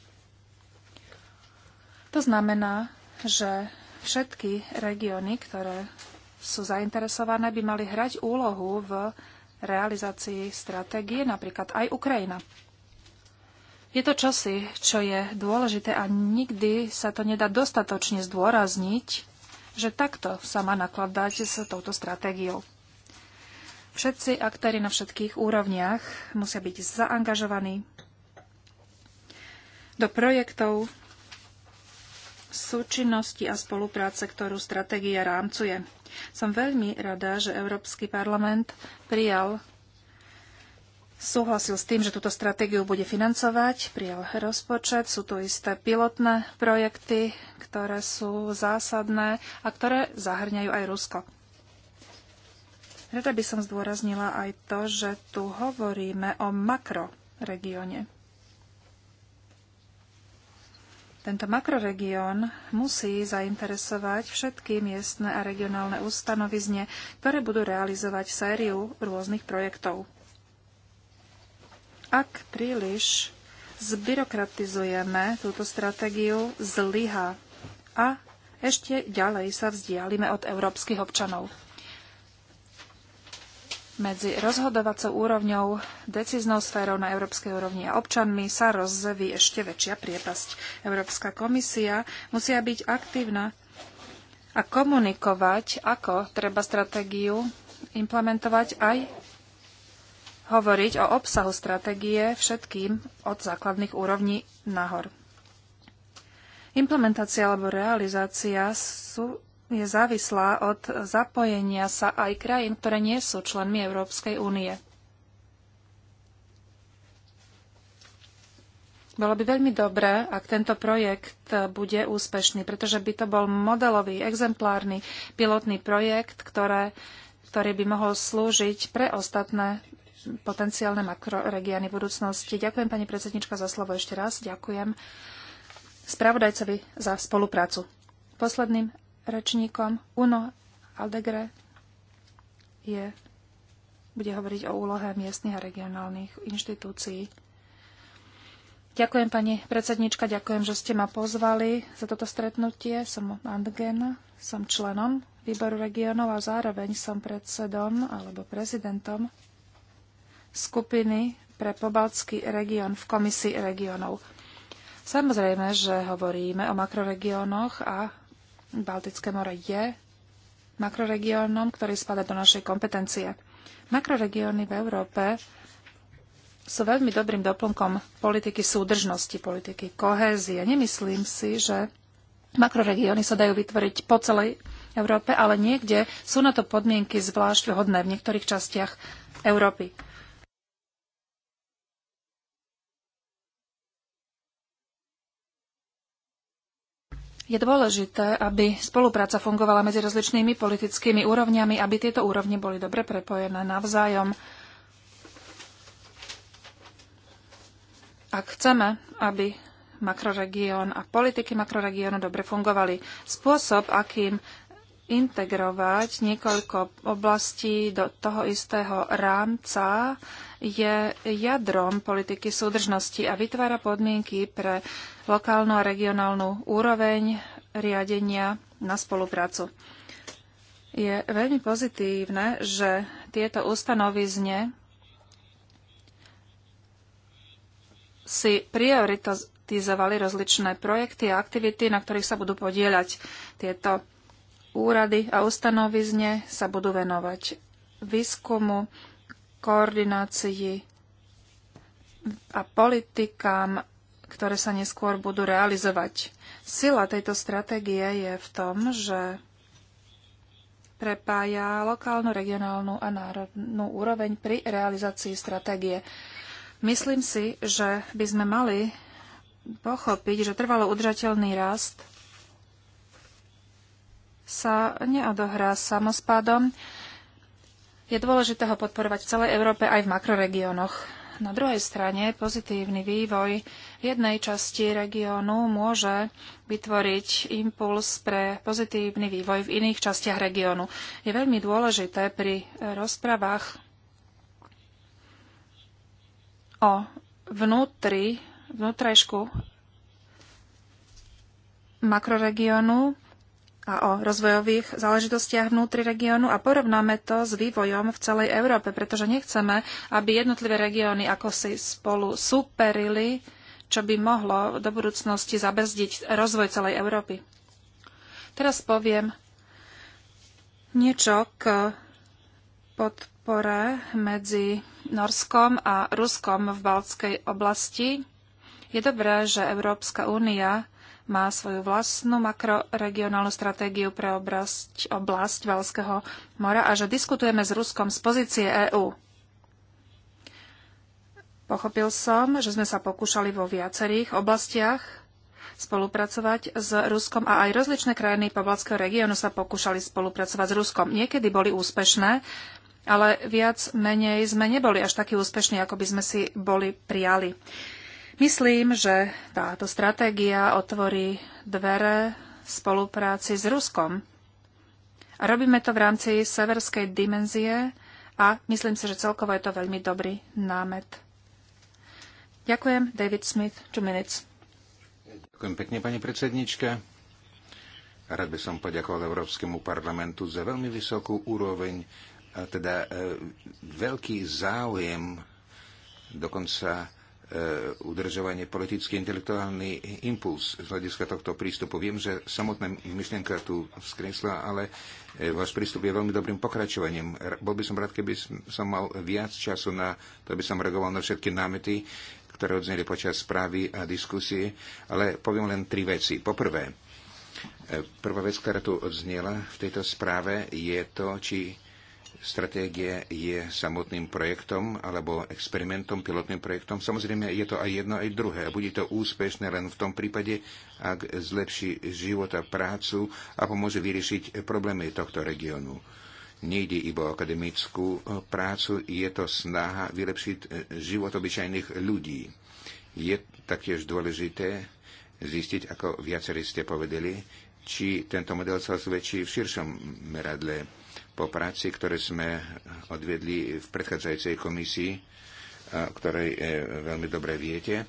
To znamená, že všetky regióny, ktoré sú zainteresované, by mali hrať úlohu v realizácii stratégie, napríklad aj Ukrajina. Je to čosi, čo je dôležité a nikdy sa to nedá dostatočne zdôrazniť, že takto sa má nakladať s touto stratégiou. Všetci aktéry na všetkých úrovniach musia byť zaangažovaní do projektov súčinnosti a spolupráce, ktorú stratégia rámcuje. Som veľmi rada, že Európsky parlament prijal súhlasil s tým, že túto stratégiu bude financovať, prijal rozpočet, sú tu isté pilotné projekty, ktoré sú zásadné a ktoré zahrňajú aj Rusko. Rada by som zdôraznila aj to, že tu hovoríme o makroregióne. Tento makroregión musí zainteresovať všetky miestne a regionálne ustanovizne, ktoré budú realizovať sériu rôznych projektov. Ak príliš zbyrokratizujeme túto stratégiu, zlyha a ešte ďalej sa vzdialime od európskych občanov medzi rozhodovacou úrovňou, decíznou sférou na európskej úrovni a občanmi sa rozzeví ešte väčšia priepasť. Európska komisia musia byť aktívna a komunikovať, ako treba stratégiu implementovať aj hovoriť o obsahu stratégie všetkým od základných úrovní nahor. Implementácia alebo realizácia sú je závislá od zapojenia sa aj krajín, ktoré nie sú členmi Európskej únie. Bolo by veľmi dobré, ak tento projekt bude úspešný, pretože by to bol modelový, exemplárny pilotný projekt, ktoré, ktorý by mohol slúžiť pre ostatné potenciálne makroregiány budúcnosti. Ďakujem pani predsednička za slovo ešte raz. Ďakujem spravodajcovi za spoluprácu. Posledným rečníkom. Uno Aldegre je, bude hovoriť o úlohe miestnych a regionálnych inštitúcií. Ďakujem, pani predsednička, ďakujem, že ste ma pozvali za toto stretnutie. Som Andgen, som členom výboru regionov a zároveň som predsedom alebo prezidentom skupiny pre pobaltský region v komisii regionov. Samozrejme, že hovoríme o makroregiónoch a Baltické more je makroregiónom, ktorý spada do našej kompetencie. Makroregióny v Európe sú veľmi dobrým doplnkom politiky súdržnosti, politiky kohézie. Nemyslím si, že makroregióny sa dajú vytvoriť po celej Európe, ale niekde sú na to podmienky zvlášť vhodné v niektorých častiach Európy. Je dôležité, aby spolupráca fungovala medzi rozličnými politickými úrovniami, aby tieto úrovne boli dobre prepojené navzájom. Ak chceme, aby makroregión a politiky makroregiónu dobre fungovali, spôsob, akým integrovať niekoľko oblastí do toho istého rámca je jadrom politiky súdržnosti a vytvára podmienky pre lokálnu a regionálnu úroveň riadenia na spoluprácu. Je veľmi pozitívne, že tieto ustanovizne si prioritizovali rozličné projekty a aktivity, na ktorých sa budú podieľať tieto úrady a ustanovizne sa budú venovať výskumu, koordinácii a politikám, ktoré sa neskôr budú realizovať. Sila tejto stratégie je v tom, že prepája lokálnu, regionálnu a národnú úroveň pri realizácii stratégie. Myslím si, že by sme mali pochopiť, že trvalo udržateľný rast sa neodohrá samospádom. Je dôležité ho podporovať v celej Európe aj v makroregiónoch. Na druhej strane pozitívny vývoj v jednej časti regiónu môže vytvoriť impuls pre pozitívny vývoj v iných častiach regiónu. Je veľmi dôležité pri rozprávach o vnútri, vnútrajšku makroregiónu a o rozvojových záležitostiach vnútri regiónu a porovnáme to s vývojom v celej Európe, pretože nechceme, aby jednotlivé regióny ako si spolu superili, čo by mohlo do budúcnosti zabezdiť rozvoj celej Európy. Teraz poviem niečo k podpore medzi Norskom a Ruskom v Baltskej oblasti. Je dobré, že Európska únia má svoju vlastnú makroregionálnu stratégiu pre oblasť, oblasť Valského mora a že diskutujeme s Ruskom z pozície EÚ. Pochopil som, že sme sa pokúšali vo viacerých oblastiach spolupracovať s Ruskom a aj rozličné krajiny Pavlackého regiónu sa pokúšali spolupracovať s Ruskom. Niekedy boli úspešné, ale viac menej sme neboli až takí úspešní, ako by sme si boli prijali. Myslím, že táto stratégia otvorí dvere spolupráci s Ruskom. A robíme to v rámci severskej dimenzie a myslím si, že celkovo je to veľmi dobrý námet. Ďakujem. David Smith, two minutes. Ďakujem pekne, pani predsednička. Rád by som poďakoval Európskemu parlamentu za veľmi vysokú úroveň, a teda e, veľký záujem, dokonca E, udržovanie politický intelektuálny impuls z hľadiska tohto prístupu. Viem, že samotná myšlienka tu skresla, ale e, váš prístup je veľmi dobrým pokračovaním. Bol by som rád, keby som mal viac času na to, aby som reagoval na všetky námety, ktoré odzneli počas správy a diskusie, ale poviem len tri veci. Poprvé, e, prvá vec, ktorá tu odznela v tejto správe, je to, či Stratégie je samotným projektom alebo experimentom, pilotným projektom. Samozrejme, je to aj jedno, aj druhé. Bude to úspešné len v tom prípade, ak zlepší život a prácu a pomôže vyriešiť problémy tohto regiónu. Nejde iba o akademickú e, prácu, je to snaha vylepšiť e, život obyčajných ľudí. Je taktiež dôležité zistiť, ako viacerí ste povedali, či tento model sa zväčší v širšom meradle po práci, ktoré sme odvedli v predchádzajúcej komisii, ktorej e, veľmi dobre viete.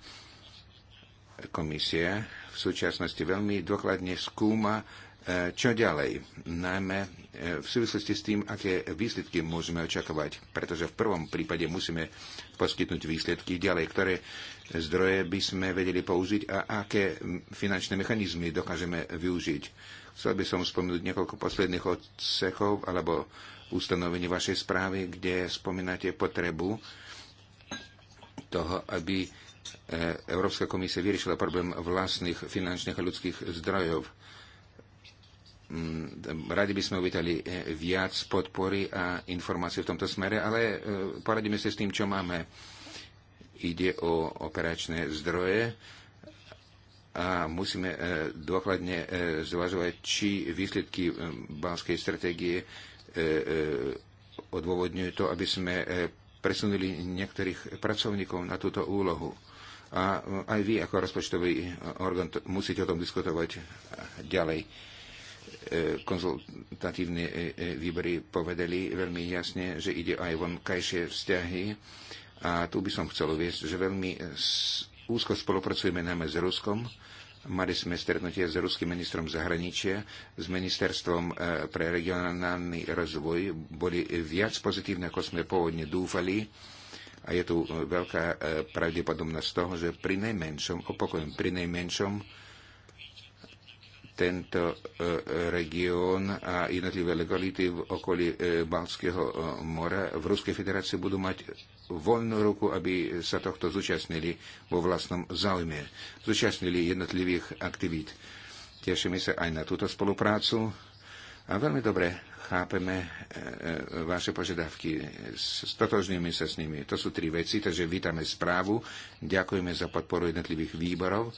Komisia v súčasnosti veľmi dôkladne skúma, e, čo ďalej, najmä e, v súvislosti s tým, aké výsledky môžeme očakovať, pretože v prvom prípade musíme poskytnúť výsledky ďalej, ktoré zdroje by sme vedeli použiť a aké finančné mechanizmy dokážeme využiť Chcel by som spomenúť niekoľko posledných odsechov alebo ustanovení vašej správy, kde spomínate potrebu toho, aby e, Európska komisia vyriešila problém vlastných finančných a ľudských zdrojov. Mm, radi by sme uvítali e, viac podpory a informácie v tomto smere, ale e, poradíme sa s tým, čo máme. Ide o operačné zdroje, a musíme e, dôkladne e, zvažovať, či výsledky e, banskej stratégie odôvodňujú to, aby sme presunuli niektorých pracovníkov na túto úlohu. A aj vy ako rozpočtový orgán musíte o tom diskutovať ďalej. Konzultatívne výbory povedali veľmi jasne, že ide aj vonkajšie vzťahy. A tu by som chcel uviezť, že veľmi úzko spolupracujeme najmä s Ruskom. Mali sme stretnutie s ruským ministrom zahraničia, s ministerstvom e, pre regionálny rozvoj. Boli viac pozitívne, ako sme pôvodne dúfali. A je tu veľká e, pravdepodobnosť toho, že pri najmenšom, opakujem, pri najmenšom tento e, región a jednotlivé legality v okolí Balckého mora v Ruskej federácii budú mať voľnú ruku, aby sa tohto zúčastnili vo vlastnom záujme, zúčastnili jednotlivých aktivít. Tešíme sa aj na túto spoluprácu a veľmi dobre chápeme e, e, vaše požiadavky, stotožňujeme sa s nimi. To sú tri veci, takže vítame správu, ďakujeme za podporu jednotlivých výborov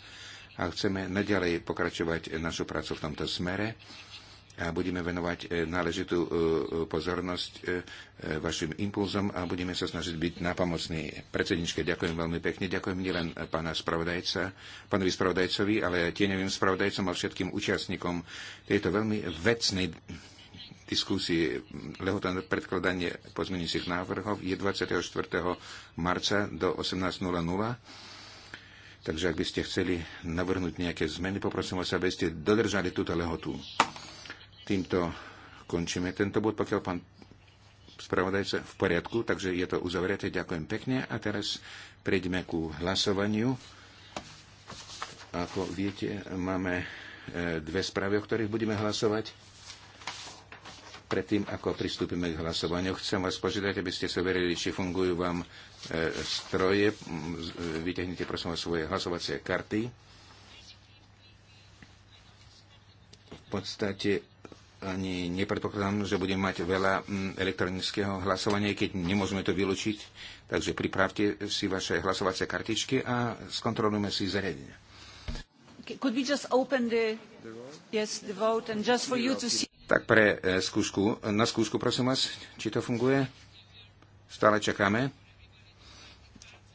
a chceme nadalej pokračovať našu prácu v tomto smere a budeme venovať e, náležitú e, e, pozornosť vašim impulzom a budeme sa snažiť byť napomocní. Predsedničke, ďakujem veľmi pekne. Ďakujem nielen pána spravodajca, pánovi spravodajcovi, ale tieňovým spravodajcom a všetkým účastníkom tejto veľmi vecnej diskusie lehota na predkladanie pozmeňujúcich návrhov je 24. marca do 18.00. Takže ak by ste chceli navrhnúť nejaké zmeny, poprosím vás, aby ste dodržali túto lehotu. Týmto končíme tento bod, pokiaľ pán spravodajca v poriadku, takže je to uzavreté. Ďakujem pekne a teraz prejdeme ku hlasovaniu. Ako viete, máme e, dve správy, o ktorých budeme hlasovať. Predtým, ako pristúpime k hlasovaniu, chcem vás požiadať, aby ste sa verili, či fungujú vám e, stroje. E, Vyťahnite prosím vás svoje hlasovacie karty. V podstate ani nepredpokladám, že budeme mať veľa mm, elektronického hlasovania, keď nemôžeme to vylúčiť. Takže pripravte si vaše hlasovacie kartičky a skontrolujme si zariadenie. Tak pre e, skúšku, na skúšku prosím vás, či to funguje. Stále čakáme,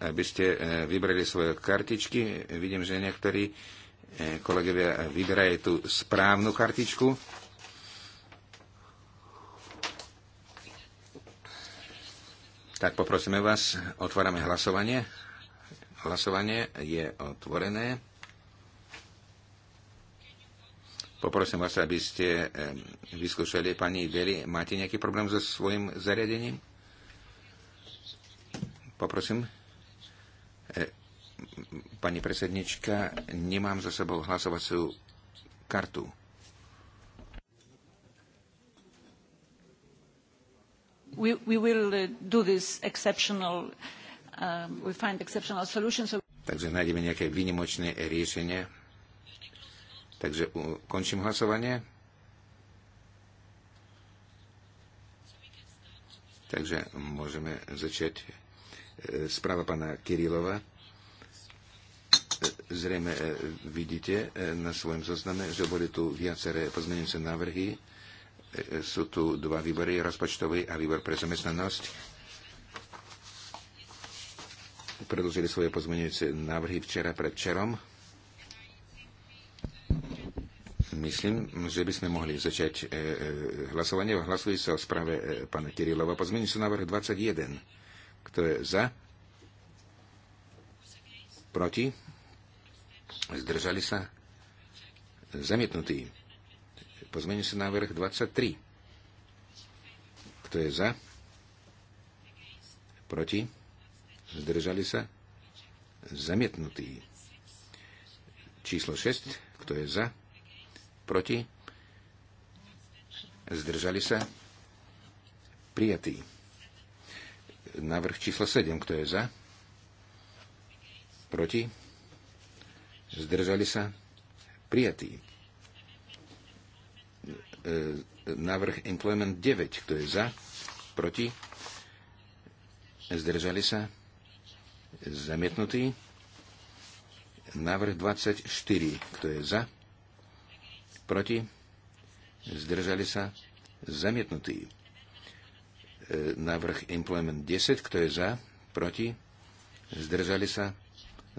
aby ste e, vybrali svoje kartičky. Vidím, že niektorí e, kolegovia vyberajú tú správnu kartičku. Tak poprosíme vás, otvárame hlasovanie. Hlasovanie je otvorené. Poprosím vás, aby ste vyskúšali pani Veli. Máte nejaký problém so svojim zariadením? Poprosím. E, pani predsednička, nemám za sebou hlasovaciu kartu. we, will uh, do this exceptional, um, we find exceptional solutions. Takže nájdeme nejaké výnimočné riešenie. Takže končím hlasovanie. Takže môžeme začať. E, správa pána Kirilova. E, zrejme e, vidíte na svojom zozname, že boli tu viaceré pozmeňujúce návrhy sú tu dva výbory, rozpočtový a výbor pre zamestnanosť. Predložili svoje pozmeňujúce návrhy včera pred čerom. Myslím, že by sme mohli začať e, e, hlasovanie. Hlasuje sa o správe e, pána Kirilova. Pozmeňujúci návrh 21. Kto je za? Proti? Zdržali sa? Zamietnutý. Pozmeňujúci návrh 23. Kto je za? Proti? Zdržali sa? Zamietnutý. Číslo 6. Kto je za? Proti? Zdržali sa? Prijatý. Návrh číslo 7. Kto je za? Proti? Zdržali sa? Prijatý e, návrh Employment 9. Kto je za? Proti? Zdržali sa? Zamietnutý. Návrh 24. Kto je za? Proti? Zdržali sa? Zamietnutý. E, Návrh Employment 10. Kto je za? Proti? Zdržali sa?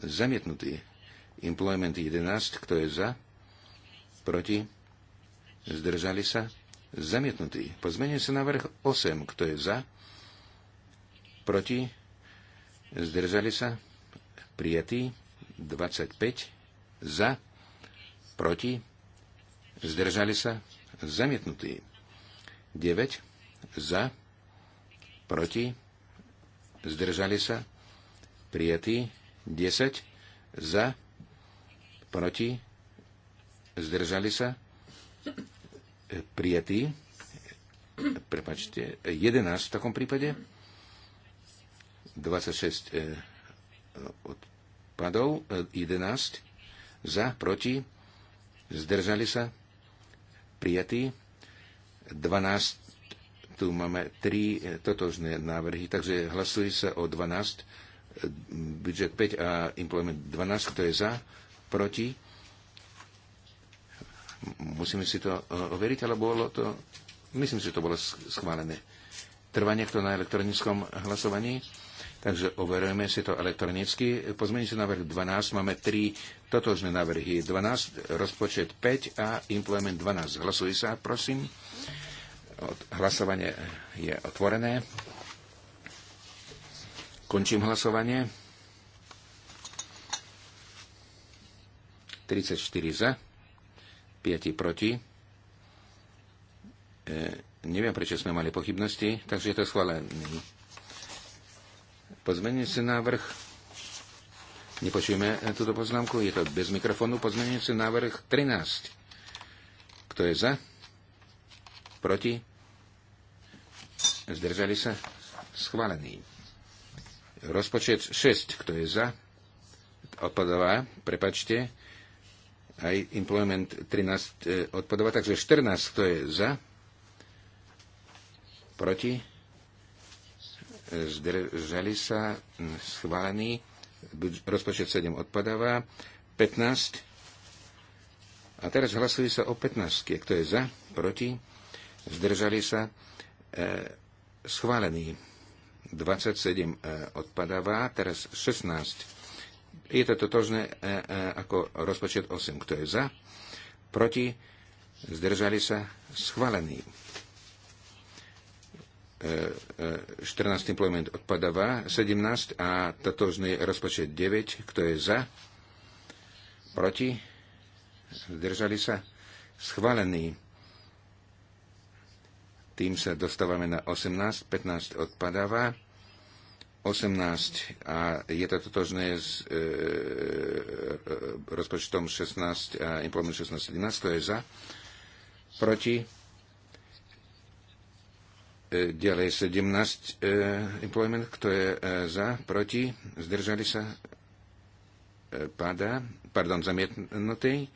Zamietnutý. Employment 11. Kto je za? Proti? zdržali sa, zamietnutý. Pozmenie sa na vrch 8, kto je za, proti, zdržali sa, prijatý, 25, za, proti, zdržali sa, zamietnutý. 9, za, proti, zdržali sa, prijatý, 10, za, proti, zdržali sa, prijatý. Prepačte, 11 v takom prípade. 26 e, odpadov, 11 e, za, proti, zdržali sa, prijatý. 12, tu máme 3 e, totožné návrhy, takže hlasuje sa o 12, budžet 5 a implement 12, kto je za, proti, Musíme si to eh, overiť, ale bolo to... Myslím, že to bolo schválené. Trvá niekto na elektronickom hlasovaní? Takže overujeme si to elektronicky. sa návrh 12. Máme 3 totožné návrhy. 12, rozpočet 5 a implement 12. Hlasuj sa, prosím. Hlasovanie je otvorené. Končím hlasovanie. 34 za. 5 proti. E, neviem, prečo sme mali pochybnosti, takže je to schválený. Pozmenujúci návrh. Nepočujeme e, túto poznámku, je to bez mikrofónu. Pozmenujúci návrh 13. Kto je za? Proti? Zdržali sa? Schválený. Rozpočet 6. Kto je za? Odpadová. Prepačte. Aj employment 13 e, odpadáva, takže 14, kto je za? Proti? Zdržali sa? Hm, schválený. Rozpočet 7 odpadáva. 15. A teraz hlasujú sa o 15. Kto je za? Proti? Zdržali sa? E, schválený. 27 e, odpadáva. Teraz 16 je to totožné e, e, ako rozpočet 8. Kto je za? Proti? Zdržali sa? Schválený. 14. E, implement odpadáva. 17. A totožný rozpočet 9. Kto je za? Proti? Zdržali sa? Schválený. Tým sa dostávame na 18. 15 odpadáva. 18 a je to totožné s e, e rozpočtom 16 a implement 17, to je za, proti, e, ďalej 17 e, implement, kto je e, za, proti, zdržali sa, e, pada, pardon, zamietnutý,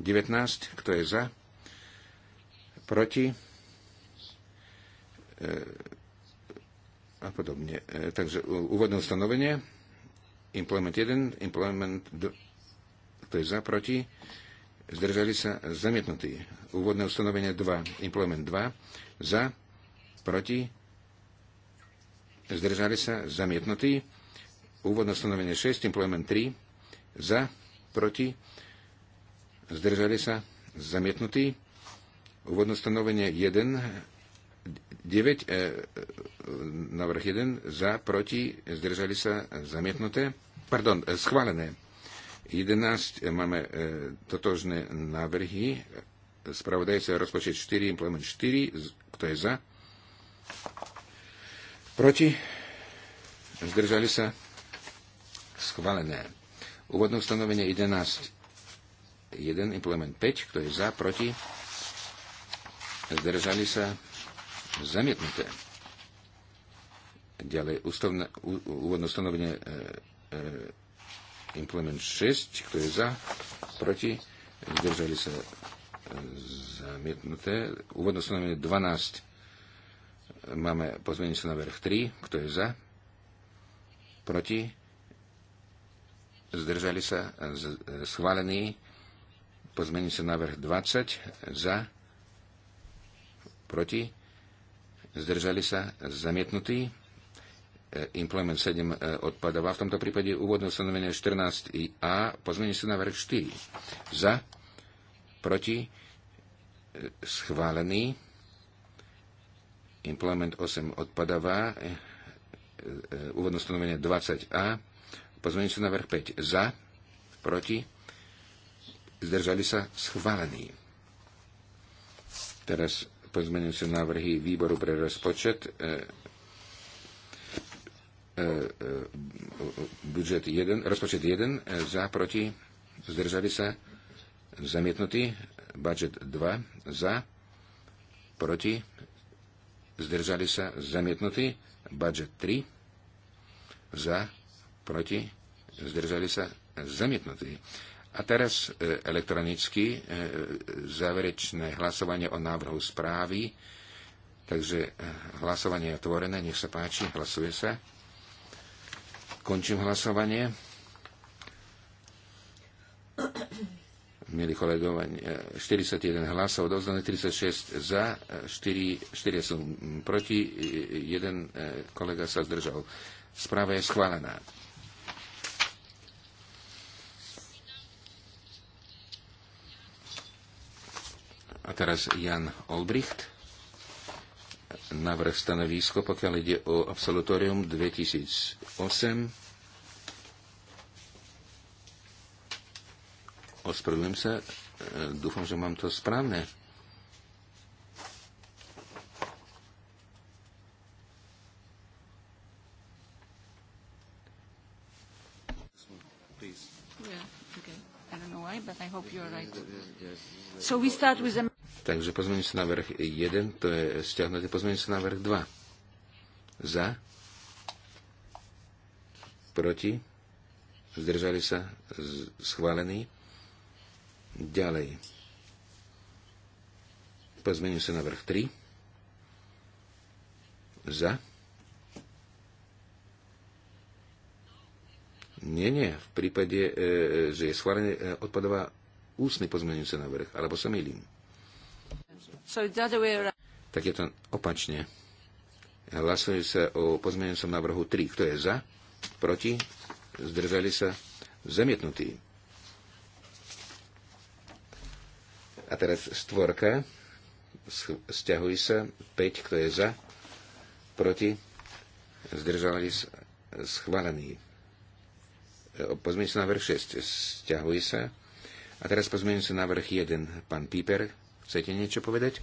19, kto je za, proti, e, a podobne. E, takže e, úvodné ustanovenie, implement 1, implement 2, to je za, proti, zdržali sa zamietnutí. Úvodné ustanovenie 2, implement 2, za, proti, zdržali sa zamietnutí. Úvodné ustanovenie 6, implement 3, za, proti, zdržali sa zamietnutí. Úvodné ustanovenie 1, 9, e, e, návrh 1, za, proti, zdržali sa, zamietnuté, pardon, e, schválené. 11 máme totožné návrhy. Spravodajca rozpočet 4, implement 4, kto je za? Proti? Zdržali sa? Schválené. Úvodné ustanovenie 11. 1, implement 5, kto je za, proti? Zdržali sa? Zamietnuté. Ďalej, ústavné, úvodné stanovenie e, e, implement 6, kto je za, proti, zdržali sa e, zamietnuté. Úvodné stanovenie 12, máme pozmeniť sa na verch 3, kto je za, proti, zdržali sa z, e, schválený pozmeniť sa na verch 20 za, proti, zdržali sa, zamietnutí. Implement e, 7 e, odpadáva. V tomto prípade úvodné ustanovenie 14a, pozmení sa vrch 4. Za, proti, e, schválený. Implement 8 odpadáva. Úvodné ustanovenie 20a, pozmení sa vrch 5. Za, proti, zdržali sa, schválený. Teraz pozmenujúce návrhy výboru pre rozpočet e, e, e, budžet 1, rozpočet 1, za, proti, zdržali sa, zamietnutý, budžet 2, za, proti, zdržali sa, zamietnutý, budžet 3, za, proti, zdržali sa, zamietnutý. A teraz e, elektronicky e, e, záverečné hlasovanie o návrhu správy. Takže hlasovanie je otvorené, nech sa páči, hlasuje sa. Končím hlasovanie. Milí kolegovia, 41 hlasov odozdané, 36 za, 4, 4 sú proti, jeden kolega sa zdržal. Správa je schválená. A teraz Jan Olbricht. Navrh stanovisko, pokiaľ ide o absolutorium 2008 ospravedlňujem sa, e, dúfam, že mám to správne. Yeah, okay. why, right. so a... Takže na vrch 1, to je stiahnuté na vrch 2. Za, proti, zdržali sa, schválený. Ďalej. na vrch 3. Za. Nie, nie. V prípade, e, e, že je schválený, e, odpadová ústny pozmeňujúci návrh, alebo sa milím. Tak je to opačne. Hlasuje sa o pozmeňujúcom návrhu 3. Kto je za? Proti? Zdržali sa? Zamietnutí. A teraz stvorka. Sťahuj sa. 5. Kto je za? Proti? Zdržali sa? Schválený. E, pozmeňujúci návrh 6. Sťahuj sa. A teraz pozmeňujúci návrh 1. Pán Píper. Chcete niečo povedať?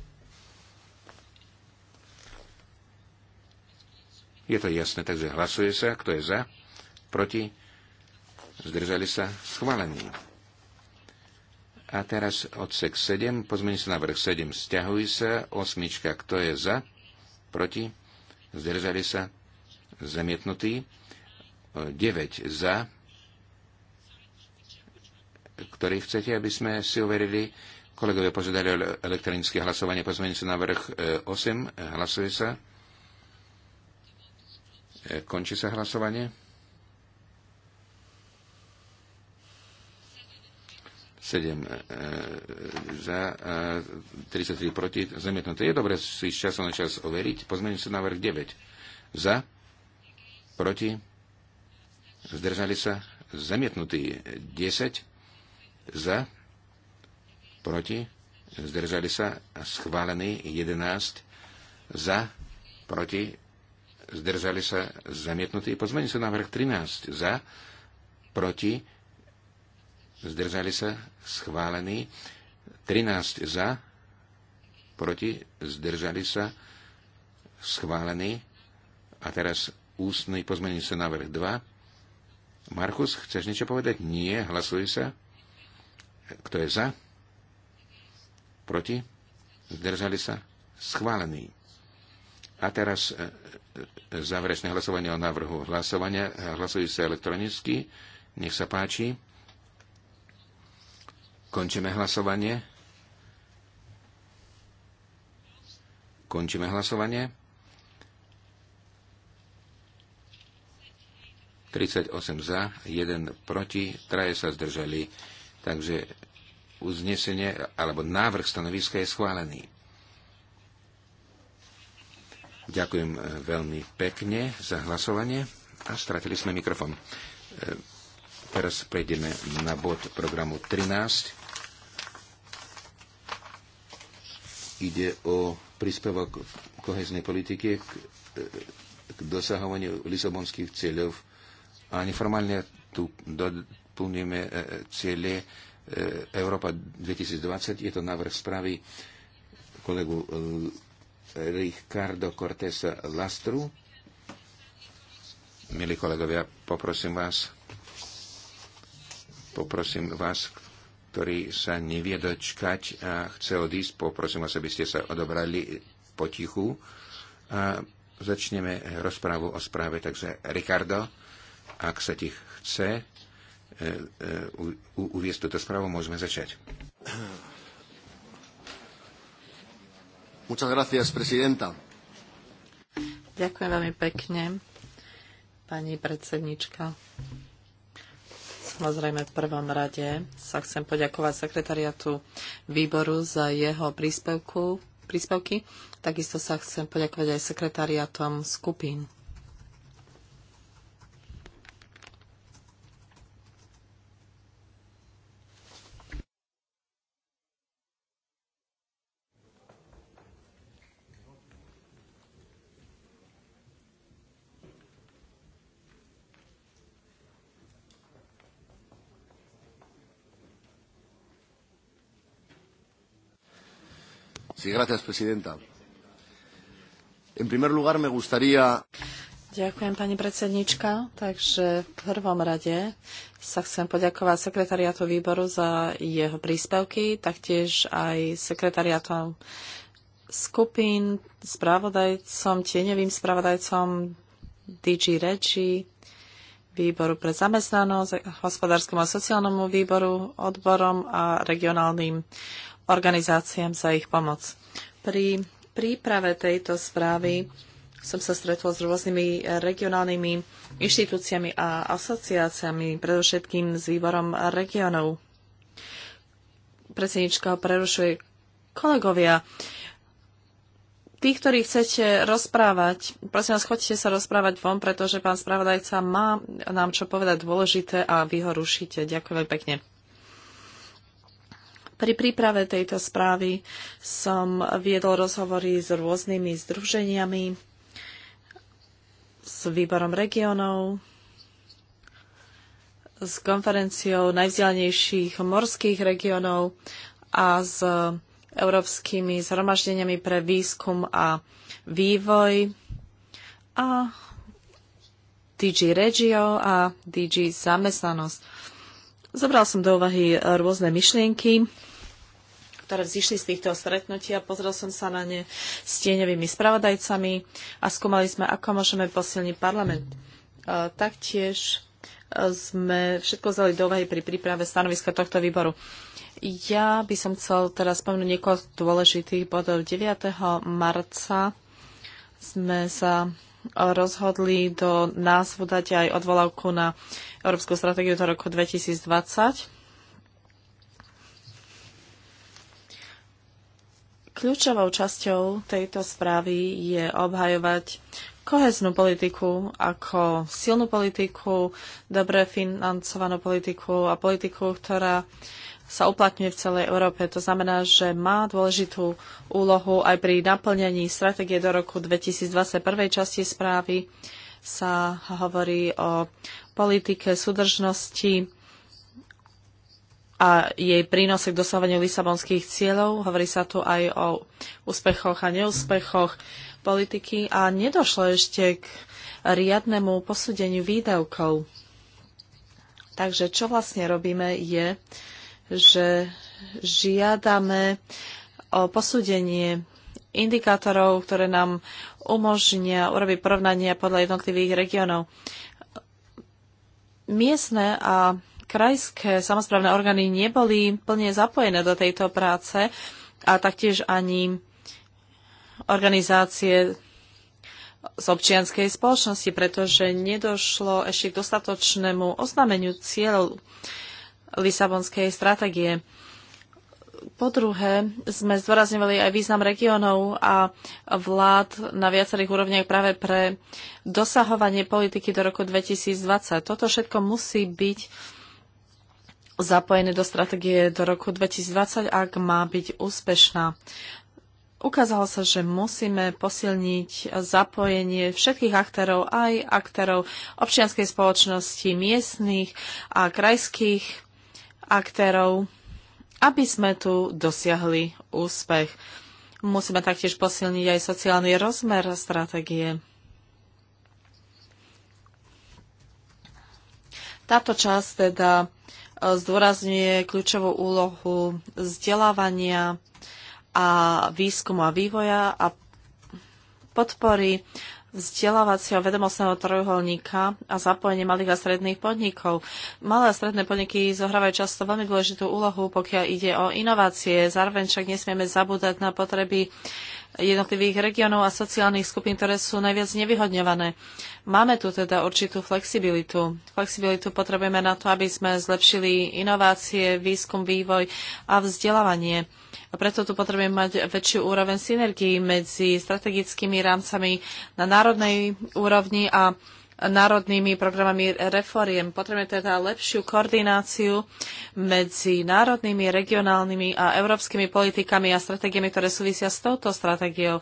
Je to jasné, takže hlasuje sa, kto je za, proti, zdržali sa, schválení. A teraz odsek 7, pozmení sa návrh 7, stiahuj sa, osmička, kto je za, proti, zdržali sa, zamietnutý, 9 za, ktorý chcete, aby sme si overili, Kolegovia požiadali o elektronické hlasovanie. Pozmeňujem sa na vrch 8. E, e, hlasuje sa. E, končí sa hlasovanie. 7 za, 33 proti, zamietnuté. Je dobré si z času na čas overiť. Pozmením sa návrh 9. Za, proti, zdržali sa, zamietnutý 10, za, proti, zdržali sa, schválený 11, za, proti, zdržali sa, zamietnutý pozmení sa návrh 13, za, proti, zdržali sa, schválený 13 za, proti, zdržali sa, schválený. A teraz ústny pozmenujúci návrh 2. Markus, chceš niečo povedať? Nie, hlasuje sa. Kto je za? proti, zdržali sa, schválený. A teraz e, e, záverečné hlasovanie o návrhu hlasovania. Hlasujú sa elektronicky. Nech sa páči. Končíme hlasovanie. Končíme hlasovanie. 38 za, 1 proti, traje sa zdržali. Takže uznesenie alebo návrh stanoviska je schválený. Ďakujem e, veľmi pekne za hlasovanie a stratili sme mikrofon. E, teraz prejdeme na bod programu 13. Ide o príspevok koheznej politiky k, e, k dosahovaniu lisabonských cieľov a neformálne tu doplníme cieľe E, Európa 2020. Je to návrh správy kolegu e, Ricardo Cortesa Lastru. Milí kolegovia, poprosím vás, poprosím vás, ktorý sa nevie dočkať a chce odísť, poprosím vás, aby ste sa odobrali potichu a začneme rozprávu o správe. Takže Ricardo, ak sa ti chce, E, e, uviesť túto správu, môžeme začať. Muchas gracias, presidenta. Ďakujem veľmi pekne, pani predsednička. Samozrejme, v prvom rade sa chcem poďakovať sekretariatu výboru za jeho príspevku, príspevky. Takisto sa chcem poďakovať aj sekretariatom skupín. Gracias, presidenta. En primer lugar me gustaría... Ďakujem, pani predsednička. Takže v prvom rade sa chcem poďakovať sekretariátu výboru za jeho príspevky, taktiež aj sekretariátom skupín, spravodajcom, tieňovým spravodajcom DG Reči, výboru pre zamestnanosť, hospodárskom a sociálnom výboru, odborom a regionálnym organizáciám za ich pomoc. Pri príprave tejto správy som sa stretol s rôznymi regionálnymi inštitúciami a asociáciami, predovšetkým s výborom regionov. Predsednička prerušuje kolegovia. Tí, ktorí chcete rozprávať, prosím vás, chodite sa rozprávať von, pretože pán spravodajca má nám čo povedať dôležité a vy ho rušíte. Ďakujem pekne. Pri príprave tejto správy som viedol rozhovory s rôznymi združeniami, s výborom regionov, s konferenciou najvzdialenejších morských regionov a s európskymi zhromaždeniami pre výskum a vývoj a DG Regio a DG Zamestnanosť. Zobral som do úvahy rôzne myšlienky, ktoré zišli z týchto stretnutia. Pozrel som sa na ne s tieňovými spravodajcami a skúmali sme, ako môžeme posilniť parlament. Taktiež e, sme všetko vzali do pri príprave stanoviska tohto výboru. Ja by som chcel teraz spomenúť niekoľko dôležitých bodov. 9. marca sme sa rozhodli do názvu dať aj odvolavku na Európsku stratégiu do roku 2020. Kľúčovou časťou tejto správy je obhajovať koheznú politiku ako silnú politiku, dobre financovanú politiku a politiku, ktorá sa uplatňuje v celej Európe. To znamená, že má dôležitú úlohu aj pri naplnení stratégie do roku 2021. časti správy sa hovorí o politike súdržnosti, a jej prínose k dosávaniu lisabonských cieľov. Hovorí sa tu aj o úspechoch a neúspechoch politiky a nedošlo ešte k riadnemu posúdeniu výdavkov. Takže čo vlastne robíme je, že žiadame o posúdenie indikátorov, ktoré nám umožnia urobiť porovnania podľa jednotlivých regiónov. Miestne a krajské samozprávne orgány neboli plne zapojené do tejto práce a taktiež ani organizácie z občianskej spoločnosti, pretože nedošlo ešte k dostatočnému oznámeniu cieľov Lisabonskej stratégie. Po druhé, sme zdôrazňovali aj význam regiónov a vlád na viacerých úrovniach práve pre dosahovanie politiky do roku 2020. Toto všetko musí byť zapojené do stratégie do roku 2020, ak má byť úspešná. Ukázalo sa, že musíme posilniť zapojenie všetkých aktérov, aj aktérov občianskej spoločnosti, miestných a krajských aktérov, aby sme tu dosiahli úspech. Musíme taktiež posilniť aj sociálny rozmer stratégie. Táto časť teda zdôrazňuje kľúčovú úlohu vzdelávania a výskumu a vývoja a podpory vzdelávacieho vedomostného trojuholníka a zapojenie malých a stredných podnikov. Malé a stredné podniky zohrávajú často veľmi dôležitú úlohu, pokiaľ ide o inovácie. Zároveň však nesmieme zabúdať na potreby jednotlivých regiónov a sociálnych skupín, ktoré sú najviac nevyhodňované. Máme tu teda určitú flexibilitu. Flexibilitu potrebujeme na to, aby sme zlepšili inovácie, výskum, vývoj a vzdelávanie. A preto tu potrebujeme mať väčšiu úroveň synergii medzi strategickými rámcami na národnej úrovni a národnými programami reforiem. Potrebujeme teda lepšiu koordináciu medzi národnými, regionálnymi a európskymi politikami a stratégiami, ktoré súvisia s touto stratégiou.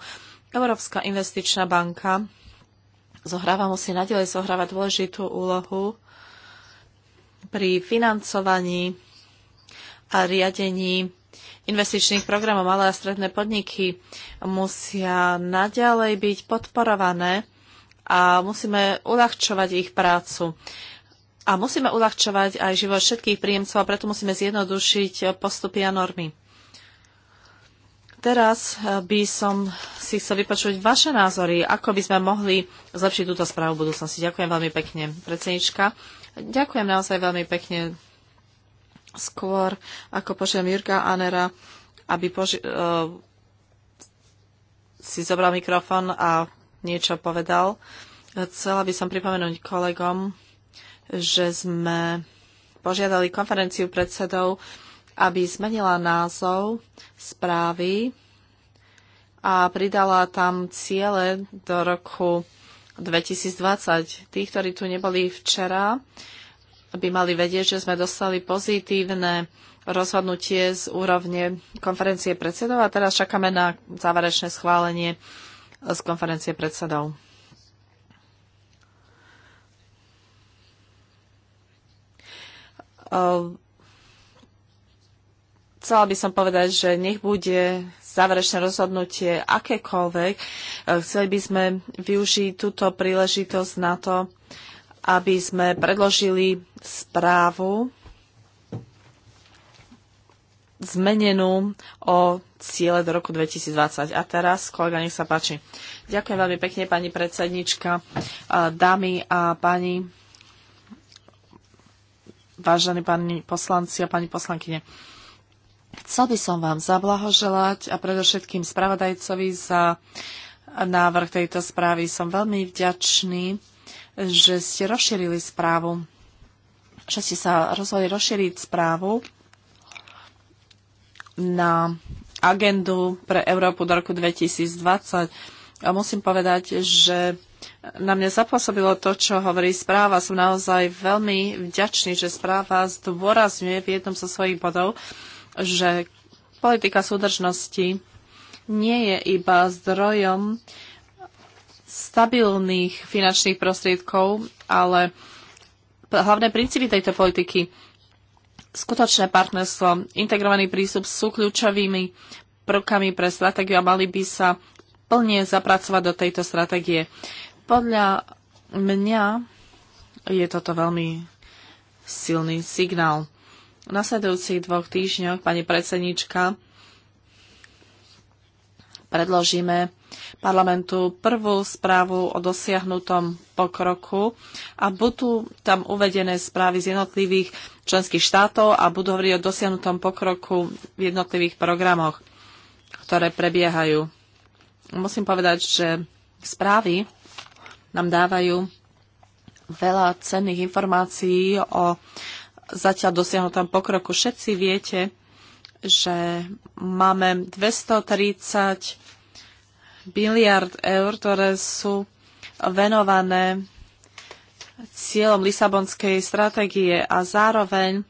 Európska investičná banka zohráva, musí nadalej zohrávať dôležitú úlohu pri financovaní a riadení investičných programov malé a stredné podniky musia naďalej byť podporované a musíme uľahčovať ich prácu. A musíme uľahčovať aj život všetkých príjemcov a preto musíme zjednodušiť postupy a normy. Teraz eh, by som si chcel vypočuť vaše názory, ako by sme mohli zlepšiť túto správu v budúcnosti. Ďakujem veľmi pekne, predsednička. Ďakujem naozaj veľmi pekne. Skôr, ako požiadam Jurka Anera, aby poži- uh, si zobral mikrofón a niečo povedal. Chcela by som pripomenúť kolegom, že sme požiadali konferenciu predsedov, aby zmenila názov správy a pridala tam ciele do roku 2020. Tí, ktorí tu neboli včera, by mali vedieť, že sme dostali pozitívne rozhodnutie z úrovne konferencie predsedov a teraz čakáme na záverečné schválenie z konferencie predsedov. Ehm, chcela by som povedať, že nech bude záverečné rozhodnutie akékoľvek. Ehm, chceli by sme využiť túto príležitosť na to, aby sme predložili správu, zmenenú o ciele do roku 2020. A teraz, kolega, nech sa páči. Ďakujem veľmi pekne, pani predsednička, dámy a pani, vážení pani poslanci a pani poslankyne. Chcel by som vám zablahoželať a predovšetkým spravodajcovi za návrh tejto správy. Som veľmi vďačný, že ste rozšírili správu, že ste sa rozhodli rozšíriť správu na agendu pre Európu do roku 2020. A musím povedať, že na mňa zapôsobilo to, čo hovorí správa. Som naozaj veľmi vďačný, že správa zdôrazňuje v jednom zo svojich bodov, že politika súdržnosti nie je iba zdrojom stabilných finančných prostriedkov, ale hlavné princípy tejto politiky skutočné partnerstvo, integrovaný prístup sú kľúčovými prvkami pre stratégiu a mali by sa plne zapracovať do tejto stratégie. Podľa mňa je toto veľmi silný signál. V nasledujúcich dvoch týždňoch, pani predsednička, predložíme parlamentu prvú správu o dosiahnutom pokroku a budú tam uvedené správy z jednotlivých členských štátov a budú hovoriť o dosiahnutom pokroku v jednotlivých programoch, ktoré prebiehajú. Musím povedať, že správy nám dávajú veľa cenných informácií o zatiaľ dosiahnutom pokroku. Všetci viete, že máme 230 biliard eur, ktoré sú venované cieľom Lisabonskej stratégie a zároveň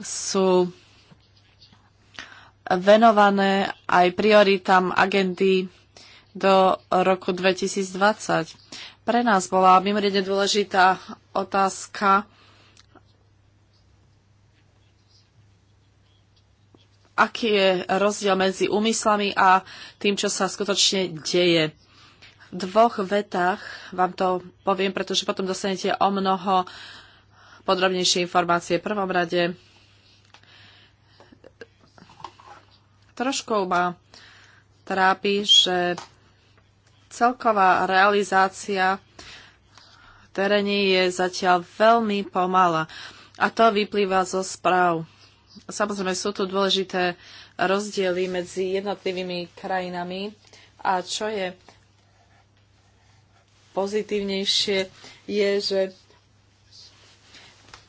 sú venované aj prioritám agendy do roku 2020. Pre nás bola mimoriadne dôležitá otázka aký je rozdiel medzi úmyslami a tým, čo sa skutočne deje. V dvoch vetách vám to poviem, pretože potom dostanete o mnoho podrobnejšie informácie. V prvom rade trošku ma trápi, že celková realizácia v teréne je zatiaľ veľmi pomalá. A to vyplýva zo správ. Samozrejme sú tu dôležité rozdiely medzi jednotlivými krajinami a čo je pozitívnejšie je, že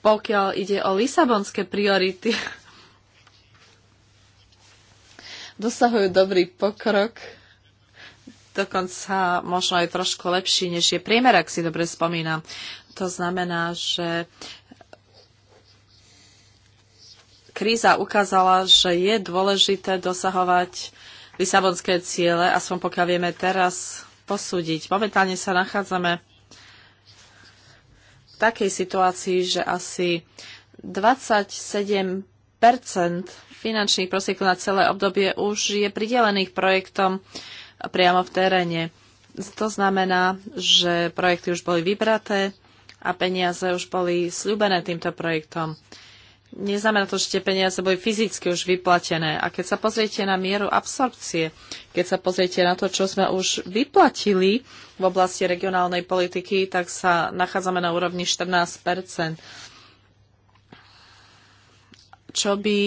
pokiaľ ide o lisabonské priority, [laughs] dosahujú dobrý pokrok, dokonca možno aj trošku lepší, než je priemer, ak si dobre spomínam. To znamená, že kríza ukázala, že je dôležité dosahovať lisabonské ciele, aspoň pokiaľ vieme teraz posúdiť. Momentálne sa nachádzame v takej situácii, že asi 27 finančných prostriedkov na celé obdobie už je pridelených projektom priamo v teréne. To znamená, že projekty už boli vybraté a peniaze už boli slúbené týmto projektom neznamená to, že tie peniaze boli fyzicky už vyplatené. A keď sa pozriete na mieru absorpcie, keď sa pozriete na to, čo sme už vyplatili v oblasti regionálnej politiky, tak sa nachádzame na úrovni 14 Čo by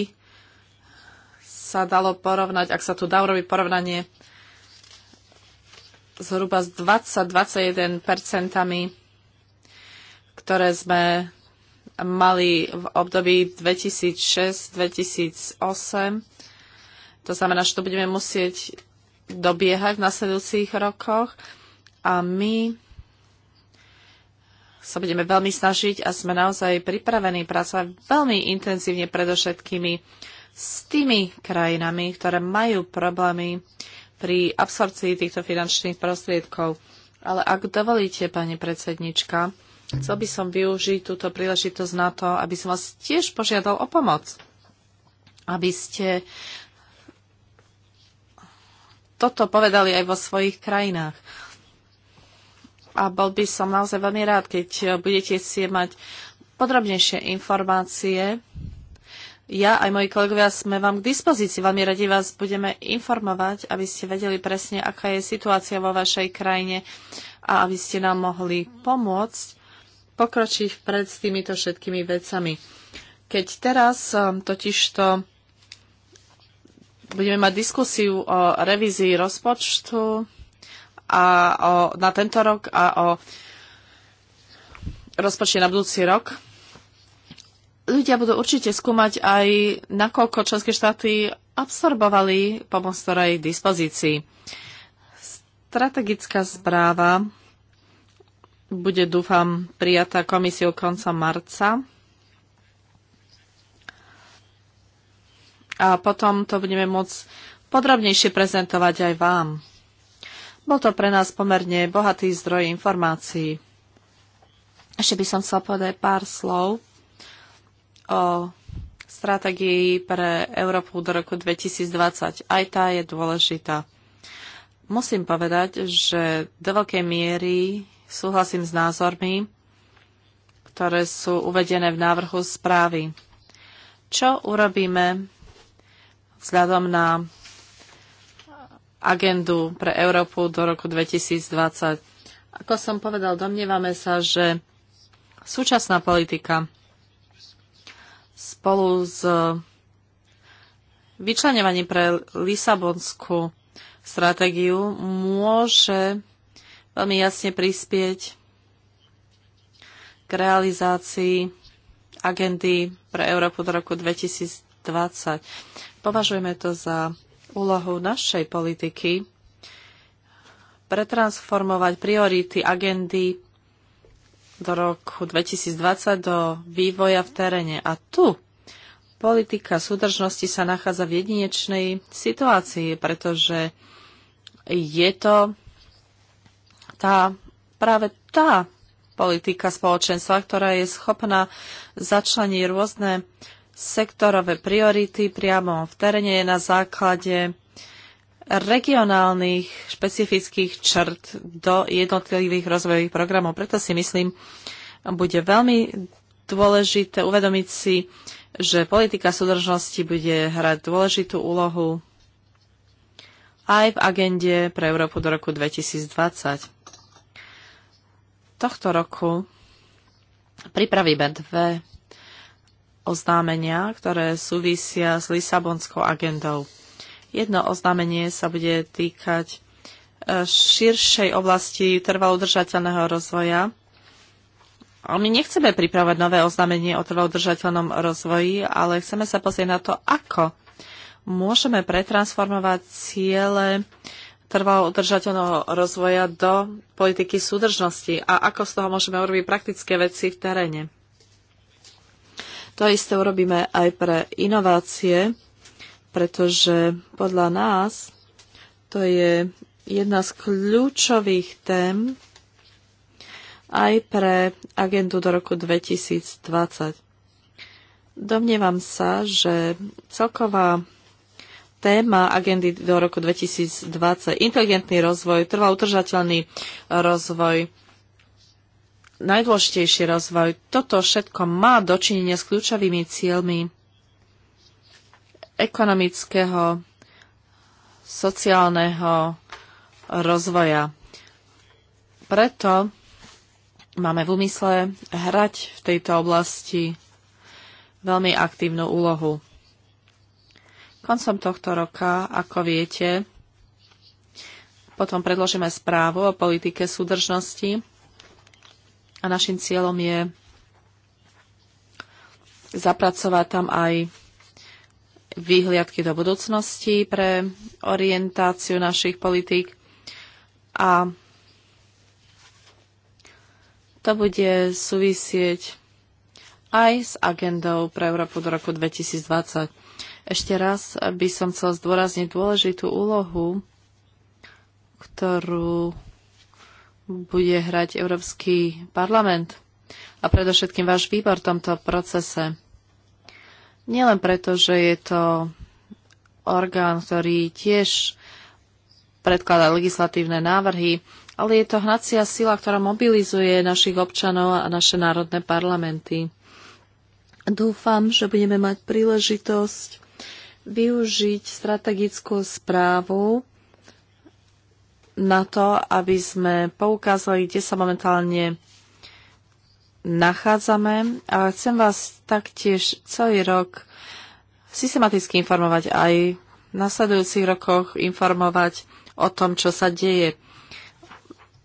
sa dalo porovnať, ak sa tu dá urobiť porovnanie zhruba s 20-21 ktoré sme mali v období 2006-2008. To znamená, že to budeme musieť dobiehať v nasledujúcich rokoch a my sa budeme veľmi snažiť a sme naozaj pripravení pracovať veľmi intenzívne predovšetkými s tými krajinami, ktoré majú problémy pri absorpcii týchto finančných prostriedkov. Ale ak dovolíte, pani predsednička, Chcel by som využiť túto príležitosť na to, aby som vás tiež požiadal o pomoc. Aby ste toto povedali aj vo svojich krajinách. A bol by som naozaj veľmi rád, keď budete si mať podrobnejšie informácie. Ja aj moji kolegovia sme vám k dispozícii. Veľmi radi vás budeme informovať, aby ste vedeli presne, aká je situácia vo vašej krajine a aby ste nám mohli pomôcť pokročí vpred s týmito všetkými vecami. Keď teraz um, totižto budeme mať diskusiu o revízii rozpočtu a o, na tento rok a o rozpočte na budúci rok, ľudia budú určite skúmať aj, nakoľko členské štáty absorbovali pomoc, ktorá je k dispozícii. Strategická správa bude, dúfam, prijatá komisiou konca marca. A potom to budeme môcť podrobnejšie prezentovať aj vám. Bol to pre nás pomerne bohatý zdroj informácií. Ešte by som chcel povedať pár slov o stratégii pre Európu do roku 2020. Aj tá je dôležitá. Musím povedať, že do veľkej miery súhlasím s názormi, ktoré sú uvedené v návrhu správy. Čo urobíme vzhľadom na agendu pre Európu do roku 2020? Ako som povedal, domnievame sa, že súčasná politika spolu s vyčlenovaním pre Lisabonskú stratégiu môže veľmi jasne prispieť k realizácii agendy pre Európu do roku 2020. Považujeme to za úlohu našej politiky pretransformovať priority agendy do roku 2020 do vývoja v teréne. A tu politika súdržnosti sa nachádza v jedinečnej situácii, pretože je to tá, práve tá politika spoločenstva, ktorá je schopná začleniť rôzne sektorové priority priamo v teréne na základe regionálnych špecifických črt do jednotlivých rozvojových programov. Preto si myslím, bude veľmi dôležité uvedomiť si, že politika súdržnosti bude hrať dôležitú úlohu aj v agende pre Európu do roku 2020 tohto roku pripravíme dve oznámenia, ktoré súvisia s Lisabonskou agendou. Jedno oznámenie sa bude týkať e, širšej oblasti trvalodržateľného rozvoja. A my nechceme pripravať nové oznámenie o trvalodržateľnom rozvoji, ale chceme sa pozrieť na to, ako môžeme pretransformovať ciele trvalo udržateľného rozvoja do politiky súdržnosti a ako z toho môžeme urobiť praktické veci v teréne. To isté urobíme aj pre inovácie, pretože podľa nás to je jedna z kľúčových tém aj pre agendu do roku 2020. Domnievam sa, že celková téma agendy do roku 2020. Inteligentný rozvoj, trvá utržateľný rozvoj, najdôležitejší rozvoj. Toto všetko má dočinenie s kľúčovými cieľmi ekonomického, sociálneho rozvoja. Preto máme v úmysle hrať v tejto oblasti veľmi aktívnu úlohu. Koncom tohto roka, ako viete, potom predložíme správu o politike súdržnosti a našim cieľom je zapracovať tam aj výhliadky do budúcnosti pre orientáciu našich politík a to bude súvisieť aj s agendou pre Európu do roku 2020 ešte raz by som chcel zdôrazniť dôležitú úlohu, ktorú bude hrať Európsky parlament a predovšetkým váš výbor v tomto procese. Nielen preto, že je to orgán, ktorý tiež predkladá legislatívne návrhy, ale je to hnacia sila, ktorá mobilizuje našich občanov a naše národné parlamenty. Dúfam, že budeme mať príležitosť využiť strategickú správu na to, aby sme poukázali, kde sa momentálne nachádzame. A chcem vás taktiež celý rok systematicky informovať aj v nasledujúcich rokoch informovať o tom, čo sa deje.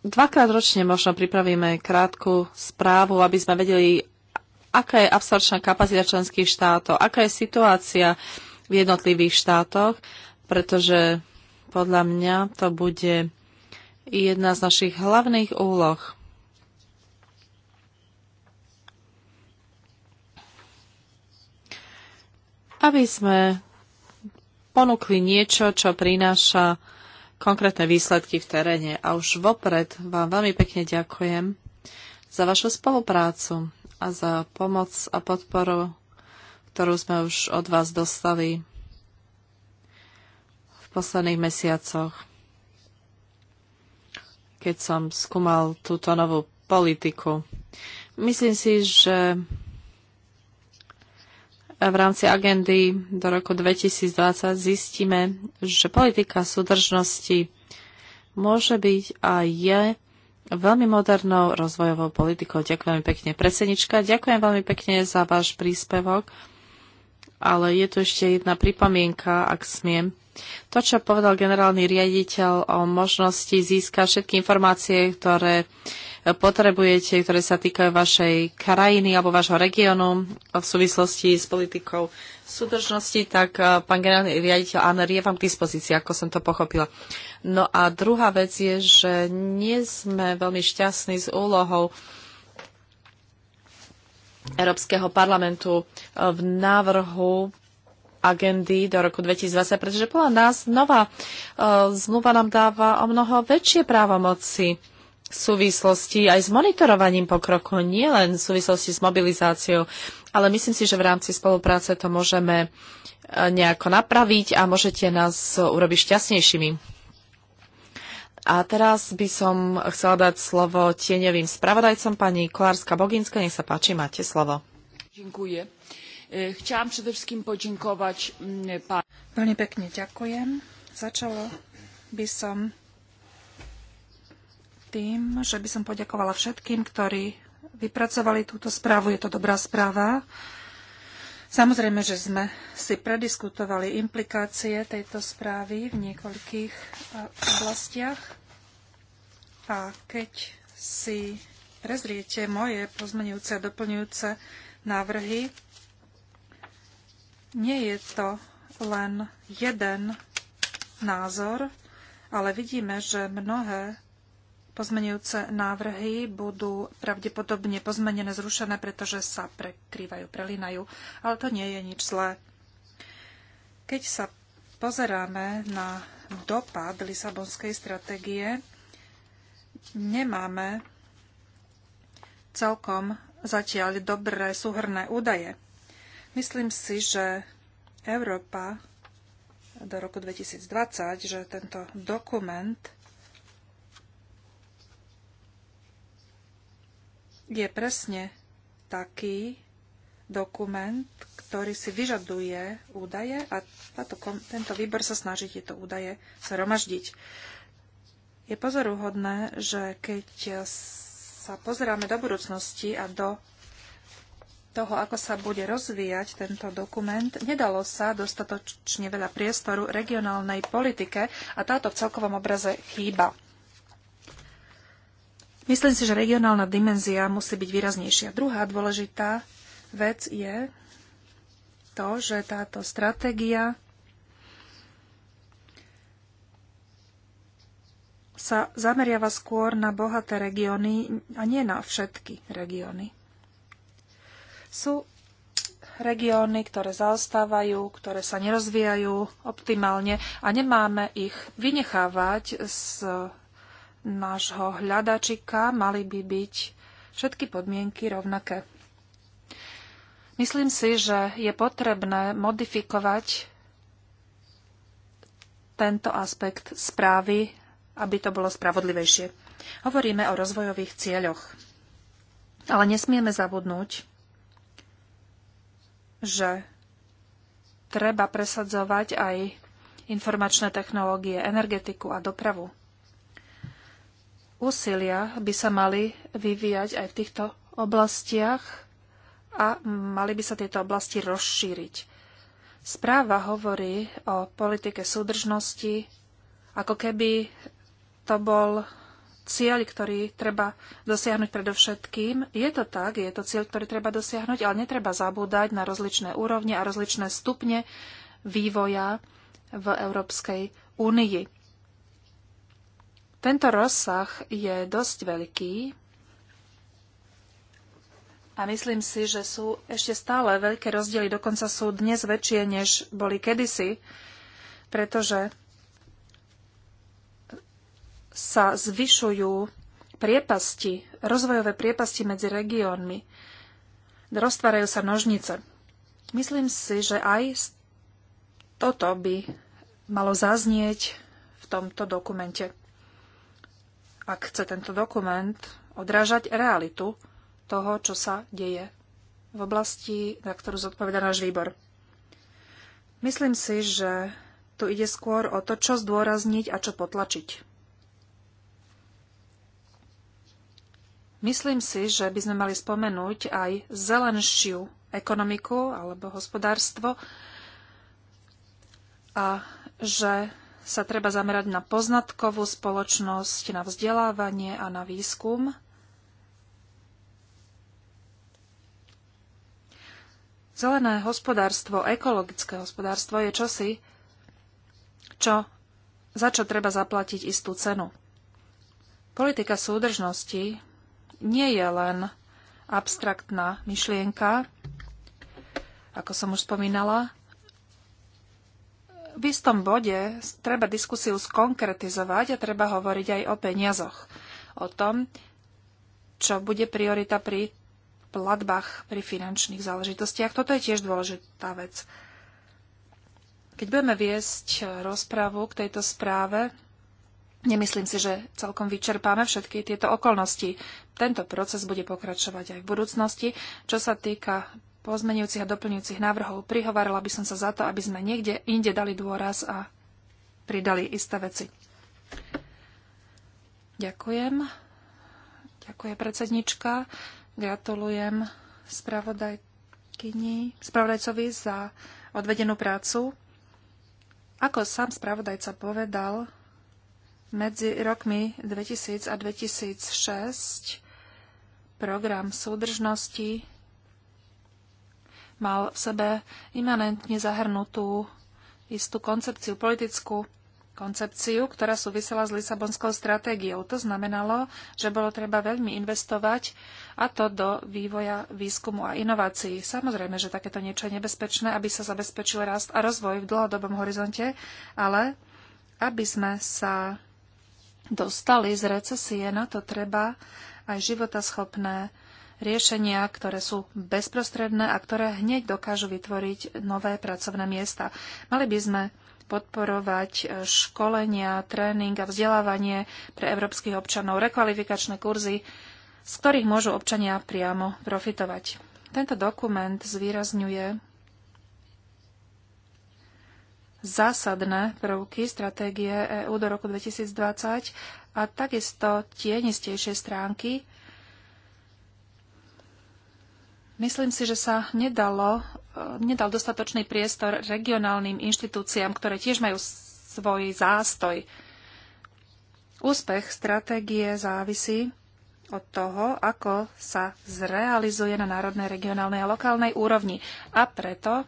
Dvakrát ročne možno pripravíme krátku správu, aby sme vedeli, aká je absorčná kapacita členských štátov, aká je situácia v jednotlivých štátoch, pretože podľa mňa to bude jedna z našich hlavných úloh. Aby sme ponúkli niečo, čo prináša konkrétne výsledky v teréne. A už vopred vám veľmi pekne ďakujem za vašu spoluprácu a za pomoc a podporu ktorú sme už od vás dostali v posledných mesiacoch, keď som skúmal túto novú politiku. Myslím si, že v rámci agendy do roku 2020 zistíme, že politika súdržnosti môže byť a je veľmi modernou rozvojovou politikou. Ďakujem veľmi pekne, predsednička. Ďakujem veľmi pekne za váš príspevok ale je tu ešte jedna pripomienka, ak smiem. To, čo povedal generálny riaditeľ o možnosti získať všetky informácie, ktoré potrebujete, ktoré sa týkajú vašej krajiny alebo vášho regiónu v súvislosti s politikou súdržnosti, tak eh, pán generálny riaditeľ Anner je vám k dispozícii, ako som to pochopila. No a druhá vec je, že nie sme veľmi šťastní s úlohou Európskeho parlamentu e, v návrhu agendy do roku 2020, pretože podľa nás nová e, zmluva nám dáva o mnoho väčšie právomoci v súvislosti aj s monitorovaním pokroku, nie len v súvislosti s mobilizáciou, ale myslím si, že v rámci spolupráce to môžeme e, nejako napraviť a môžete nás urobiť šťastnejšími. A teraz by som chcela dať slovo tieňovým spravodajcom pani Kolárska Boginska. Nech sa páči, máte slovo. Ďakujem. Chciałam przede wszystkim podziękować mm, pan... Bardzo pięknie dziękuję. Zaczęło by som tym, že by som podziękowała wszystkim, którzy wypracowali tę sprawę. Jest to dobra sprawa. Samozrejme, že sme si prediskutovali implikácie tejto správy v niekoľkých eh, oblastiach a keď si prezriete moje pozmenujúce a doplňujúce návrhy, nie je to len jeden názor, ale vidíme, že mnohé Pozmenujúce návrhy budú pravdepodobne pozmenené, zrušené, pretože sa prekrývajú, prelinajú, Ale to nie je nič zlé. Keď sa pozeráme na dopad Lisabonskej stratégie, nemáme celkom zatiaľ dobré súhrné údaje. Myslím si, že Európa do roku 2020, že tento dokument je presne taký dokument, ktorý si vyžaduje údaje a táto, tento výbor sa snaží tieto údaje zhromaždiť. Je pozoruhodné, že keď sa pozeráme do budúcnosti a do toho, ako sa bude rozvíjať tento dokument, nedalo sa dostatočne veľa priestoru regionálnej politike a táto v celkovom obraze chýba. Myslím si, že regionálna dimenzia musí byť výraznejšia. Druhá dôležitá vec je to, že táto stratégia sa zameriava skôr na bohaté regióny a nie na všetky regióny. Sú regióny, ktoré zaostávajú, ktoré sa nerozvíjajú optimálne a nemáme ich vynechávať z nášho hľadačika mali by byť všetky podmienky rovnaké. Myslím si, že je potrebné modifikovať tento aspekt správy, aby to bolo spravodlivejšie. Hovoríme o rozvojových cieľoch. Ale nesmieme zabudnúť, že treba presadzovať aj informačné technológie, energetiku a dopravu úsilia by sa mali vyvíjať aj v týchto oblastiach a mali by sa tieto oblasti rozšíriť. Správa hovorí o politike súdržnosti, ako keby to bol cieľ, ktorý treba dosiahnuť predovšetkým. Je to tak, je to cieľ, ktorý treba dosiahnuť, ale netreba zabúdať na rozličné úrovne a rozličné stupne vývoja v Európskej únii. Tento rozsah je dosť veľký a myslím si, že sú ešte stále veľké rozdiely, dokonca sú dnes väčšie, než boli kedysi, pretože sa zvyšujú priepasti, rozvojové priepasti medzi regiónmi. Roztvárajú sa nožnice. Myslím si, že aj toto by malo zaznieť v tomto dokumente ak chce tento dokument odrážať realitu toho, čo sa deje v oblasti, na ktorú zodpoveda náš výbor. Myslím si, že tu ide skôr o to, čo zdôrazniť a čo potlačiť. Myslím si, že by sme mali spomenúť aj zelenšiu ekonomiku alebo hospodárstvo a že sa treba zamerať na poznatkovú spoločnosť, na vzdelávanie a na výskum. Zelené hospodárstvo, ekologické hospodárstvo je čosi, čo, za čo treba zaplatiť istú cenu. Politika súdržnosti nie je len abstraktná myšlienka, ako som už spomínala, v istom bode treba diskusiu skonkretizovať a treba hovoriť aj o peniazoch. O tom, čo bude priorita pri platbách, pri finančných záležitostiach. Toto je tiež dôležitá vec. Keď budeme viesť rozpravu k tejto správe, Nemyslím si, že celkom vyčerpáme všetky tieto okolnosti. Tento proces bude pokračovať aj v budúcnosti. Čo sa týka pozmenujúcich a doplňujúcich návrhov. Prihovarila by som sa za to, aby sme niekde inde dali dôraz a pridali isté veci. Ďakujem. Ďakujem predsednička. Gratulujem spravodajkyni, spravodajcovi za odvedenú prácu. Ako sám spravodajca povedal, medzi rokmi 2000 a 2006 program súdržnosti mal v sebe imanentne zahrnutú istú koncepciu, politickú koncepciu, ktorá súvisela s Lisabonskou stratégiou. To znamenalo, že bolo treba veľmi investovať a to do vývoja, výskumu a inovácií. Samozrejme, že takéto niečo je nebezpečné, aby sa zabezpečil rast a rozvoj v dlhodobom horizonte, ale aby sme sa dostali z recesie, na to treba aj životaschopné riešenia, ktoré sú bezprostredné a ktoré hneď dokážu vytvoriť nové pracovné miesta. Mali by sme podporovať e, školenia, tréning a vzdelávanie pre európskych občanov, rekvalifikačné kurzy, z ktorých môžu občania priamo profitovať. Tento dokument zvýrazňuje zásadné prvky stratégie EÚ do roku 2020 a takisto tie tienistejšie stránky Myslím si, že sa nedalo, eh, nedal dostatočný priestor regionálnym inštitúciám, ktoré tiež majú svoj zástoj. Úspech stratégie závisí od toho, ako sa zrealizuje na národnej, regionálnej a lokálnej úrovni. A preto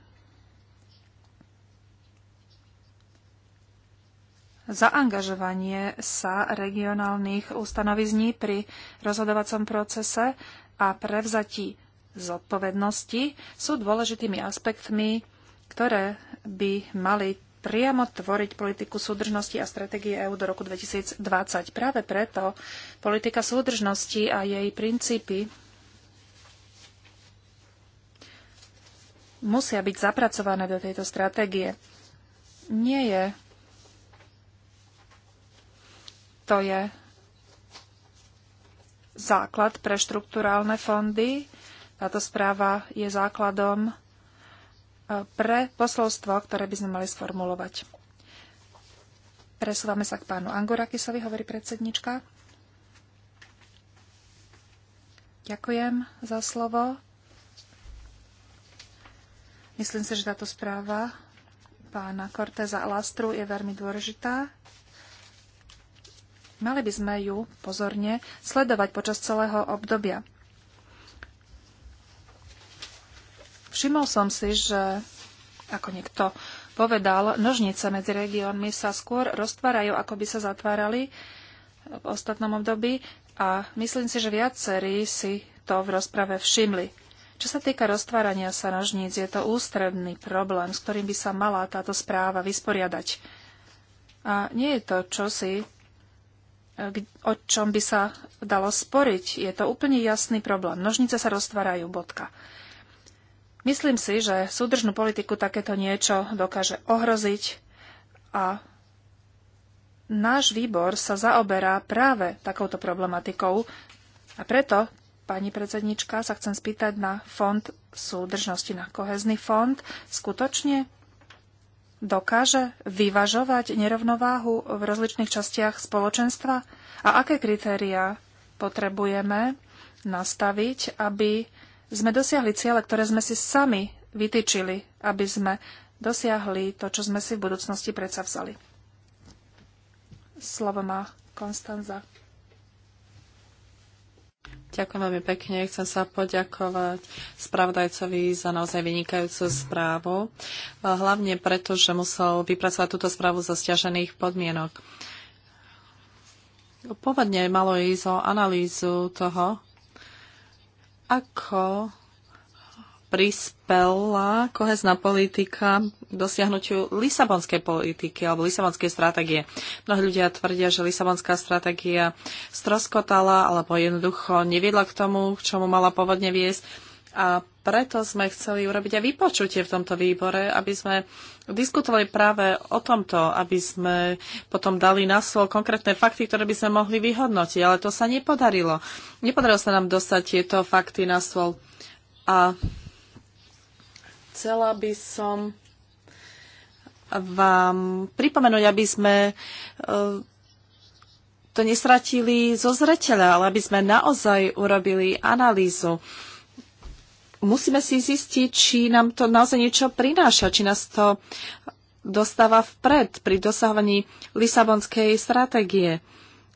zaangažovanie sa regionálnych ustanovizní pri rozhodovacom procese a prevzatí zodpovednosti sú dôležitými aspektmi, ktoré by mali priamo tvoriť politiku súdržnosti a stratégie EÚ do roku 2020. Práve preto politika súdržnosti a jej princípy musia byť zapracované do tejto stratégie. Nie je to je základ pre štruktúrálne fondy, táto správa je základom e, pre posolstvo, ktoré by sme mali sformulovať. Presúvame sa k pánu Angorakisovi, hovorí predsednička. Ďakujem za slovo. Myslím si, že táto správa pána Corteza Lastru je veľmi dôležitá. Mali by sme ju pozorne sledovať počas celého obdobia. Všimol som si, že ako niekto povedal, nožnice medzi regiónmi sa skôr roztvárajú, ako by sa zatvárali v ostatnom období a myslím si, že viacerí si to v rozprave všimli. Čo sa týka roztvárania sa nožníc, je to ústredný problém, s ktorým by sa mala táto správa vysporiadať. A nie je to čosi, o čom by sa dalo sporiť. Je to úplne jasný problém. Nožnice sa roztvárajú, bodka. Myslím si, že súdržnú politiku takéto niečo dokáže ohroziť a náš výbor sa zaoberá práve takouto problematikou a preto, pani predsednička, sa chcem spýtať na fond súdržnosti, na kohezný fond. Skutočne dokáže vyvažovať nerovnováhu v rozličných častiach spoločenstva? A aké kritériá potrebujeme nastaviť, aby sme dosiahli ciele, ktoré sme si sami vytýčili, aby sme dosiahli to, čo sme si v budúcnosti predsa vzali. Slovo má Konstanza. Ďakujem veľmi pekne. Chcem sa poďakovať spravodajcovi za naozaj vynikajúcu správu, hlavne preto, že musel vypracovať túto správu za stiažených podmienok. Pôvodne malo ísť o analýzu toho, ako prispela kohezná politika k dosiahnutiu Lisabonskej politiky alebo Lisabonskej stratégie. Mnohí ľudia tvrdia, že Lisabonská stratégia stroskotala alebo jednoducho neviedla k tomu, k čomu mala pôvodne viesť. A preto sme chceli urobiť aj vypočutie v tomto výbore, aby sme diskutovali práve o tomto, aby sme potom dali na svoj konkrétne fakty, ktoré by sme mohli vyhodnotiť. Ale to sa nepodarilo. Nepodarilo sa nám dostať tieto fakty na svoj. A chcela by som vám pripomenúť, aby sme e, to nestratili zo zreteľa, ale aby sme naozaj urobili analýzu musíme si zistiť, či nám to naozaj niečo prináša, či nás to dostáva vpred pri dosahovaní Lisabonskej stratégie.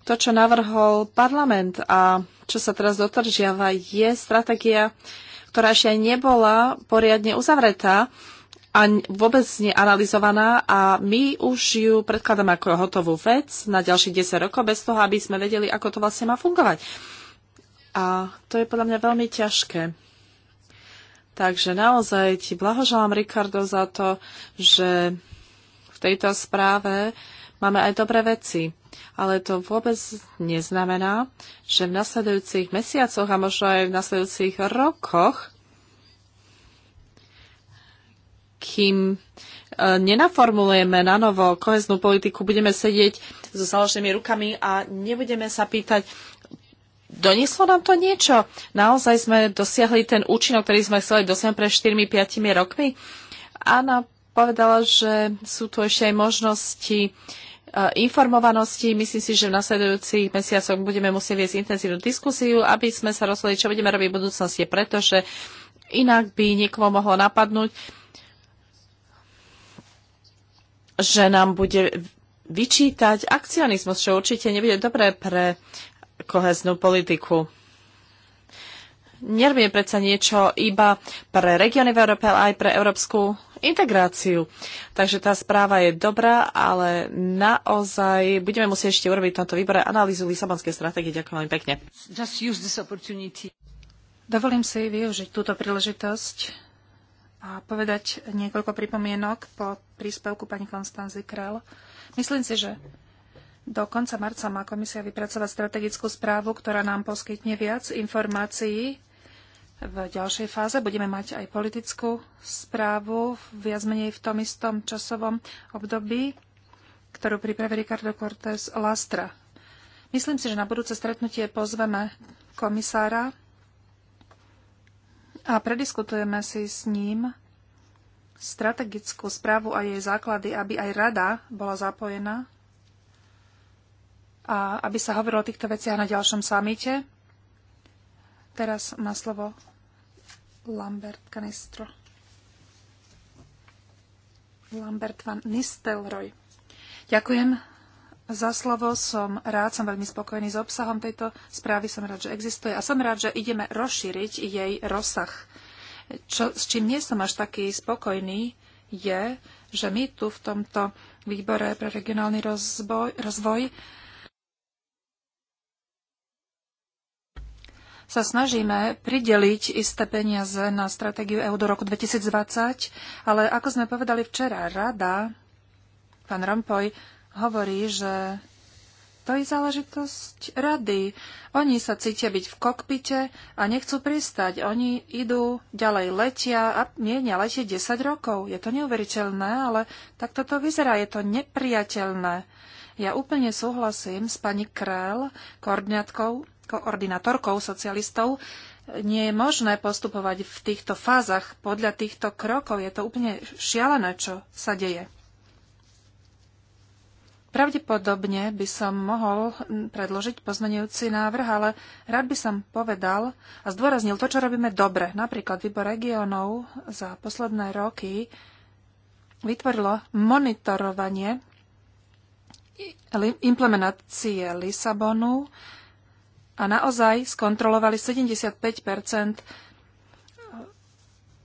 To, čo navrhol parlament a čo sa teraz dotržiava, je stratégia, ktorá ešte nebola poriadne uzavretá a vôbec neanalizovaná a my už ju predkladáme ako hotovú vec na ďalších 10 rokov bez toho, aby sme vedeli, ako to vlastne má fungovať. A to je podľa mňa veľmi ťažké. Takže naozaj ti blahoželám, Ricardo, za to, že v tejto správe máme aj dobré veci. Ale to vôbec neznamená, že v nasledujúcich mesiacoch a možno aj v nasledujúcich rokoch, kým e, nenaformulujeme na novo koheznú politiku, budeme sedieť so založenými rukami a nebudeme sa pýtať, Donieslo nám to niečo? Naozaj sme dosiahli ten účinok, ktorý sme chceli dosiahnuť pre 4-5 rokmi? Anna povedala, že sú tu ešte aj možnosti e, informovanosti. Myslím si, že v nasledujúcich mesiacoch budeme musieť viesť intenzívnu diskusiu, aby sme sa rozhodli, čo budeme robiť v budúcnosti, pretože inak by niekomu mohlo napadnúť, že nám bude vyčítať akcionizmus, čo určite nebude dobré pre koheznú politiku. Nerobíme predsa niečo iba pre regióny v Európe, ale aj pre európsku integráciu. Takže tá správa je dobrá, ale naozaj budeme musieť ešte urobiť na to výbore analýzu Lisabonskej stratégie. Ďakujem veľmi pekne. Dovolím si využiť túto príležitosť a povedať niekoľko pripomienok po príspevku pani Konstanzy Krell. Myslím si, že do konca marca má komisia vypracovať strategickú správu, ktorá nám poskytne viac informácií. V ďalšej fáze budeme mať aj politickú správu, viac menej v tom istom časovom období, ktorú pripraví Ricardo Cortés Lastra. Myslím si, že na budúce stretnutie pozveme komisára a prediskutujeme si s ním strategickú správu a jej základy, aby aj rada bola zapojená a aby sa hovorilo o týchto veciach na ďalšom samite. Teraz má slovo Lambert Canestro. Lambert van Nistelrooy. Ďakujem za slovo. Som rád, som veľmi spokojný s obsahom tejto správy. Som rád, že existuje a som rád, že ideme rozšíriť jej rozsah. Čo, s čím nie som až taký spokojný, je, že my tu v tomto výbore pre regionálny rozvoj, rozvoj sa snažíme prideliť isté peniaze na stratégiu EU do roku 2020, ale ako sme povedali včera, rada, pán Rompoy, hovorí, že to je záležitosť rady. Oni sa cítia byť v kokpite a nechcú pristať. Oni idú, ďalej letia a mienia letie 10 rokov. Je to neuveriteľné, ale tak toto vyzerá. Je to nepriateľné. Ja úplne súhlasím s pani Krell, koordinátkou koordinátorkou socialistov, nie je možné postupovať v týchto fázach podľa týchto krokov. Je to úplne šialené, čo sa deje. Pravdepodobne by som mohol predložiť pozmenujúci návrh, ale rád by som povedal a zdôraznil to, čo robíme dobre. Napríklad výbor regionov za posledné roky vytvorilo monitorovanie implementácie Lisabonu, a naozaj skontrolovali 75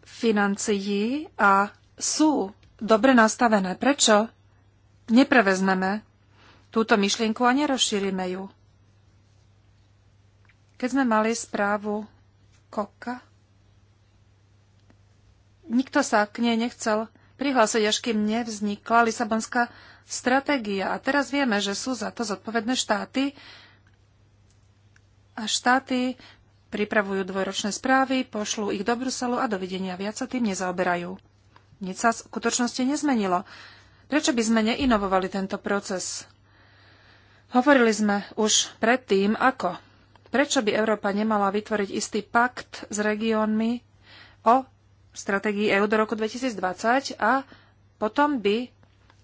financií a sú dobre nastavené. Prečo neprevezneme túto myšlienku a nerozšírime ju? Keď sme mali správu Koka, nikto sa k nej nechcel prihlásiť, až kým nevznikla Lisabonská stratégia. A teraz vieme, že sú za to zodpovedné štáty, a štáty pripravujú dvojročné správy, pošlú ich do Bruselu a dovidenia viac sa tým nezaoberajú. Nič sa v skutočnosti nezmenilo. Prečo by sme neinovovali tento proces? Hovorili sme už predtým, ako. Prečo by Európa nemala vytvoriť istý pakt s regiónmi o stratégii EÚ do roku 2020 a potom by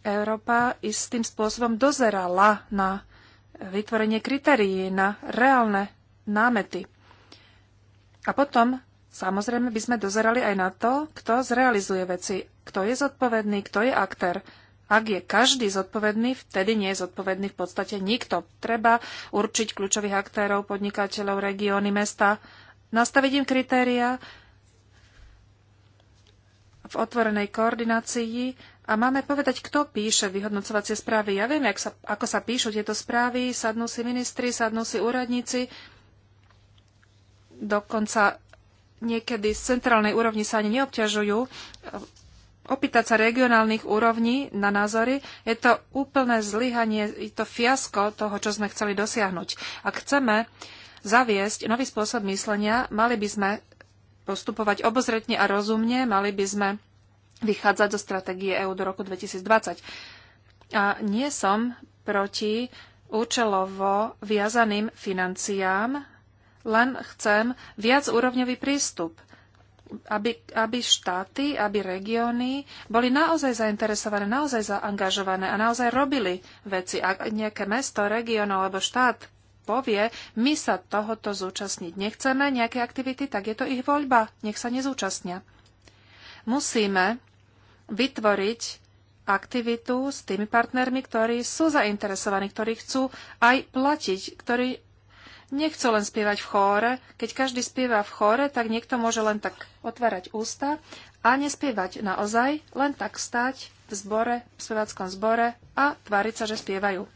Európa istým spôsobom dozerala na vytvorenie kritérií, na reálne námety. A potom, samozrejme, by sme dozerali aj na to, kto zrealizuje veci, kto je zodpovedný, kto je aktér. Ak je každý zodpovedný, vtedy nie je zodpovedný v podstate nikto. Treba určiť kľúčových aktérov, podnikateľov, regióny, mesta, nastaviť im kritéria v otvorenej koordinácii a máme povedať, kto píše vyhodnocovacie správy. Ja viem, sa, ako sa píšu tieto správy, sadnú si ministri, sadnú si úradníci, dokonca niekedy z centrálnej úrovni sa ani neobťažujú opýtať sa regionálnych úrovní na názory, je to úplné zlyhanie, je to fiasko toho, čo sme chceli dosiahnuť. Ak chceme zaviesť nový spôsob myslenia, mali by sme postupovať obozretne a rozumne, mali by sme vychádzať zo stratégie EÚ do roku 2020. A nie som proti účelovo viazaným financiám len chcem viac úrovňový prístup aby, aby štáty, aby regióny boli naozaj zainteresované, naozaj zaangažované a naozaj robili veci. Ak nejaké mesto, región alebo štát povie, my sa tohoto zúčastniť nechceme, nejaké aktivity, tak je to ich voľba, nech sa nezúčastnia. Musíme vytvoriť aktivitu s tými partnermi, ktorí sú zainteresovaní, ktorí chcú aj platiť, ktorí nechcú len spievať v chóre. Keď každý spieva v chóre, tak niekto môže len tak otvárať ústa a nespievať naozaj, len tak stať v zbore, v speváckom zbore a tváriť sa, že spievajú.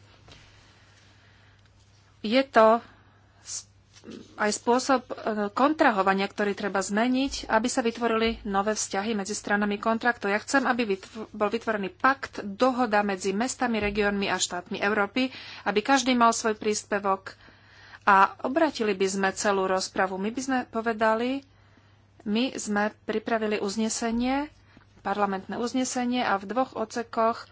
Je to aj spôsob e, kontrahovania, ktorý treba zmeniť, aby sa vytvorili nové vzťahy medzi stranami kontraktu. Ja chcem, aby vytv- bol vytvorený pakt, dohoda medzi mestami, regiónmi a štátmi Európy, aby každý mal svoj príspevok a obratili by sme celú rozpravu. My by sme povedali, my sme pripravili uznesenie, parlamentné uznesenie a v dvoch ocekoch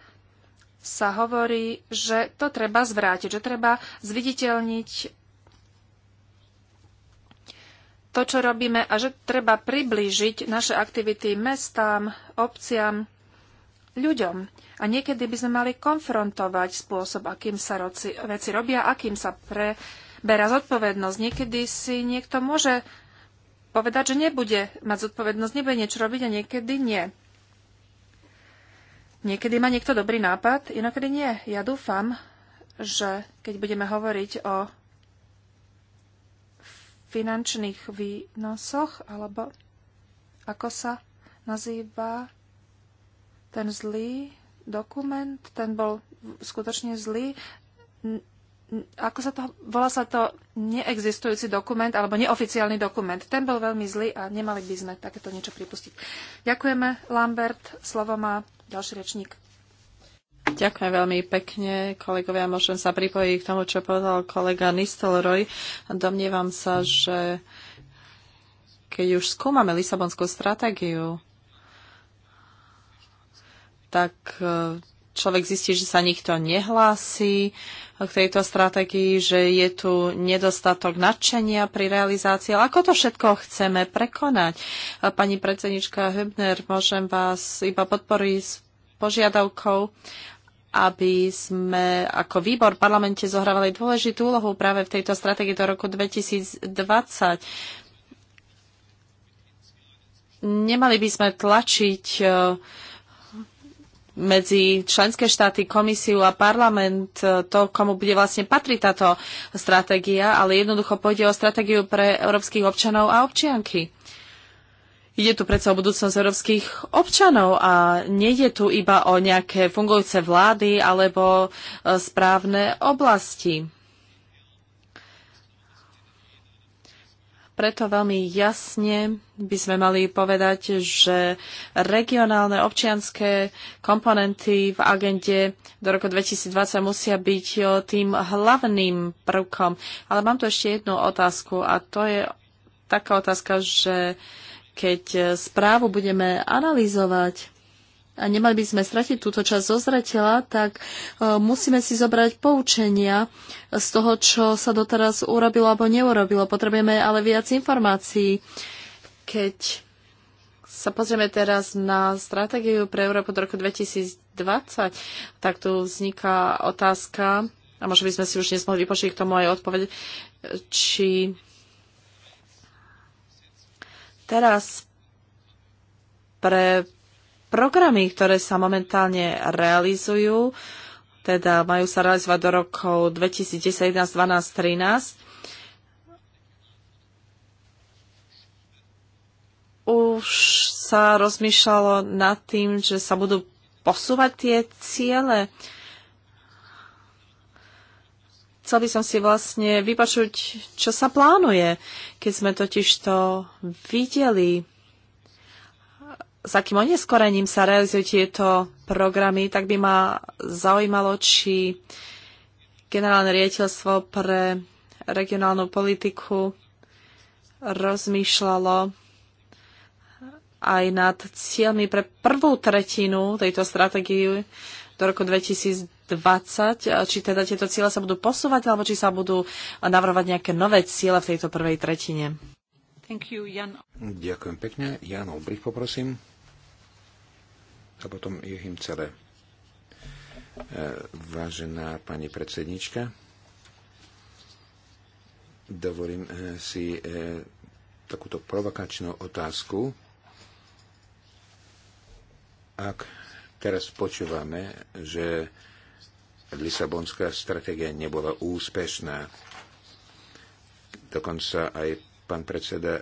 sa hovorí, že to treba zvrátiť, že treba zviditeľniť to, čo robíme a že treba priblížiť naše aktivity mestám, obciam, ľuďom. A niekedy by sme mali konfrontovať spôsob, akým sa roci, veci robia, akým sa pre, berá zodpovednosť. Niekedy si niekto môže povedať, že nebude mať zodpovednosť, nebude niečo robiť a niekedy nie. Niekedy má niekto dobrý nápad, inokedy nie. Ja dúfam, že keď budeme hovoriť o finančných výnosoch, alebo ako sa nazýva ten zlý dokument, ten bol skutočne zlý, ako sa to, volá sa to neexistujúci dokument alebo neoficiálny dokument. Ten bol veľmi zlý a nemali by sme takéto niečo pripustiť. Ďakujeme, Lambert. Slovo má ďalší rečník. Ďakujem veľmi pekne, kolegovia. Môžem sa pripojiť k tomu, čo povedal kolega Nistelroj. Domnievam sa, že keď už skúmame Lisabonskú stratégiu, tak eh, človek zistí, že sa nikto nehlási k tejto stratégii, že je tu nedostatok nadšenia pri realizácii. Ale ako to všetko chceme prekonať? Pani predsednička Hübner, môžem vás iba podporiť s požiadavkou, aby sme ako výbor v parlamente zohrávali dôležitú úlohu práve v tejto stratégii do roku 2020 nemali by sme tlačiť eh, medzi členské štáty, komisiu a parlament, e, to, komu bude vlastne patriť táto stratégia, ale jednoducho pôjde o stratégiu pre európskych občanov a občianky. Ide tu predsa o budúcnosť európskych občanov a nejde tu iba o nejaké fungujúce vlády alebo e, správne oblasti. Preto veľmi jasne by sme mali povedať, že regionálne občianské komponenty v agende do roku 2020 musia byť e, tým hlavným prvkom. Ale mám tu ešte jednu otázku a to je taká otázka, že keď e, správu budeme analyzovať, a nemali by sme stratiť túto časť zo zretela, tak e, musíme si zobrať poučenia z toho, čo sa doteraz urobilo alebo neurobilo. Potrebujeme ale viac informácií. Keď sa pozrieme teraz na stratégiu pre Európu do roku 2020, tak tu vzniká otázka, a možno by sme si už nesmohli vypočiť k tomu aj odpoveď, či teraz pre programy, ktoré sa momentálne realizujú, teda majú sa realizovať do rokov 2011-2012-2013. už sa rozmýšľalo nad tým, že sa budú posúvať tie ciele. Chcel by som si vlastne vypočuť, čo sa plánuje, keď sme totiž to videli s akým oneskorením sa realizujú tieto programy, tak by ma zaujímalo, či generálne riaditeľstvo pre regionálnu politiku rozmýšľalo aj nad cieľmi pre prvú tretinu tejto stratégie do roku 2020, či teda tieto ciele sa budú posúvať, alebo či sa budú navrhovať nejaké nové ciele v tejto prvej tretine. Ďakujem pekne. Jan Obrich, poprosím a potom Jehim celé. E, vážená pani predsednička, dovolím e, si e, takúto provokačnú otázku. Ak teraz počúvame, že Lisabonská stratégia nebola úspešná, dokonca aj pán predseda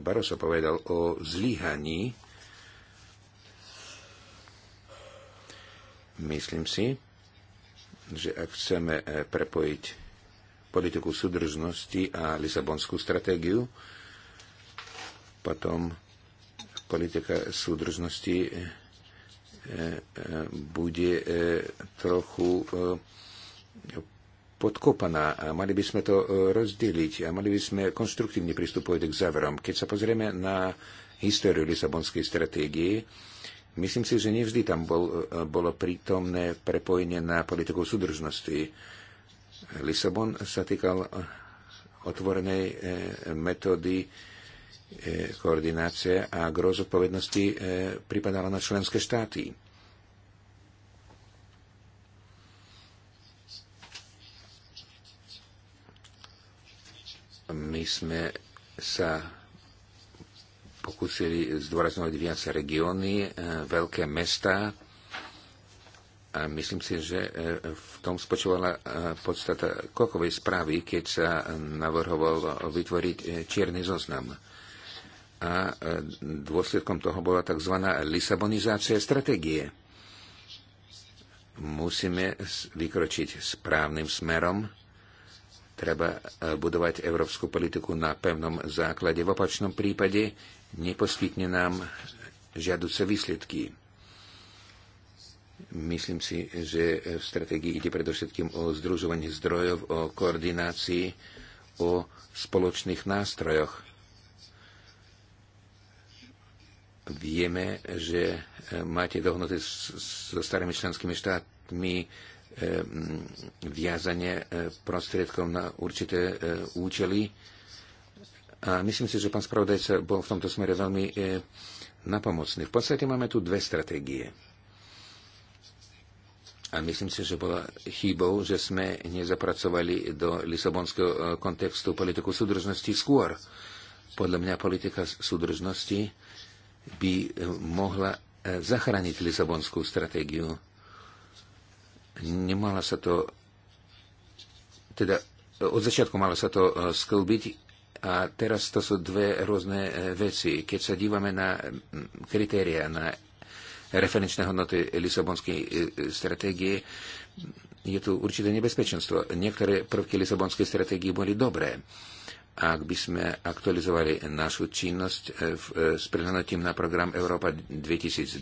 Baroso povedal o zlyhaní Myslím si, že ak chceme e, prepojiť politiku súdržnosti a Lisabonskú stratégiu, potom politika súdržnosti e, e, bude trochu podkopaná a mali by sme to rozdeliť a mali by sme konstruktívne pristupovať k záverom. Keď sa pozrieme na históriu Lisabonskej stratégie, Myslím si, že nevždy tam bol, eh, bolo prítomné prepojenie na politiku súdržnosti. Lisabon sa týkal eh, otvorenej eh, metódy koordinácie a groz odpovednosti pripadala na členské štáty. My sme sa pokúsili zdôrazňovať viac regióny, e, veľké mesta. A myslím si, že e, v tom spočívala e, podstata kokovej správy, keď sa navrhovalo vytvoriť čierny zoznam. A dôsledkom toho bola tzv. lisabonizácia stratégie. Musíme vykročiť správnym smerom, treba budovať európsku politiku na pevnom základe. V opačnom prípade neposkytne nám žiaduce výsledky. Myslím si, že v stratégii ide predovšetkým o združovanie zdrojov, o koordinácii, o spoločných nástrojoch. Vieme, že e, máte dohnuté so starými členskými štátmi e, viazanie e, prostriedkov na určité účely a myslím si, že pán spravodajca bol v tomto smere veľmi e, napomocný. V podstate máme tu dve stratégie. A myslím si, že bola chybou, že sme nezapracovali do lisabonského e, kontextu politiku súdržnosti skôr. Podľa mňa politika súdržnosti by e, mohla e, zachrániť lisabonskú stratégiu. Nemala sa to, teda od začiatku malo sa to sklbiť a teraz to sú dve rôzne e, veci. Keď sa dívame na kritéria, na referenčné hodnoty Lisabonskej e, stratégie, je tu určité nebezpečenstvo. Niektoré prvky Lisabonskej stratégie boli dobré. Ak by sme aktualizovali našu činnosť e, s prihľadnutím na program Európa 2020,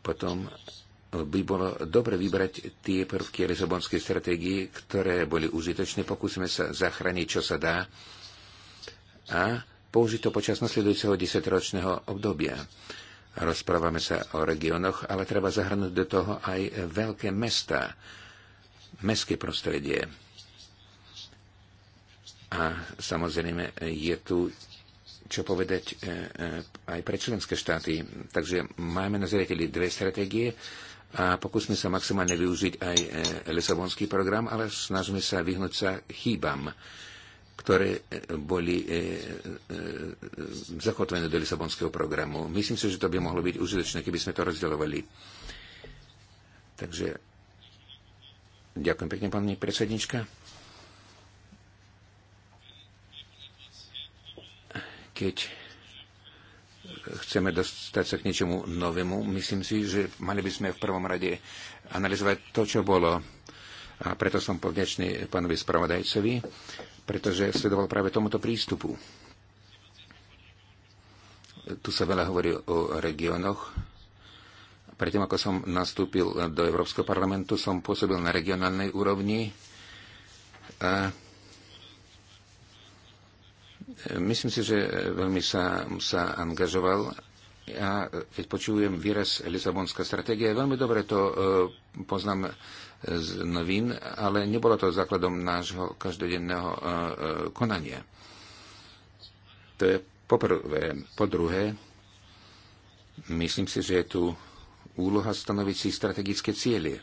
potom by bolo dobre vybrať tie prvky Lisabonskej stratégie, ktoré boli užitočné, pokúsime sa zachrániť, čo sa dá a použiť to počas nasledujúceho desetročného obdobia. Rozprávame sa o regiónoch, ale treba zahrnúť do toho aj veľké mesta, mestské prostredie. A samozrejme je tu čo povedať e, e, aj pre členské štáty. Takže máme na zreteli dve stratégie a pokúsme sa maximálne využiť aj e, Lisabonský program, ale snažme sa vyhnúť sa chýbam, ktoré e, boli e, zakotvené do Lisabonského programu. Myslím si, že to by mohlo byť užitočné, keby sme to rozdielovali. Takže ďakujem pekne, pani predsednička. Keď chceme dostať sa k niečomu novému, myslím si, že mali by sme v prvom rade analyzovať to, čo bolo. A preto som povďačný pánovi spravodajcovi, pretože sledoval práve tomuto prístupu. Tu sa veľa hovorí o regiónoch. Predtým, ako som nastúpil do Európskeho parlamentu, som pôsobil na regionálnej úrovni. A Myslím si, že veľmi sa, sa angažoval Ja, keď počujem výraz Lisabonská stratégia, veľmi dobre to e, poznám z novín, ale nebolo to základom nášho každodenného e, e, konania. To je poprvé. Po druhé, myslím si, že je tu úloha stanoviť si strategické cieľe.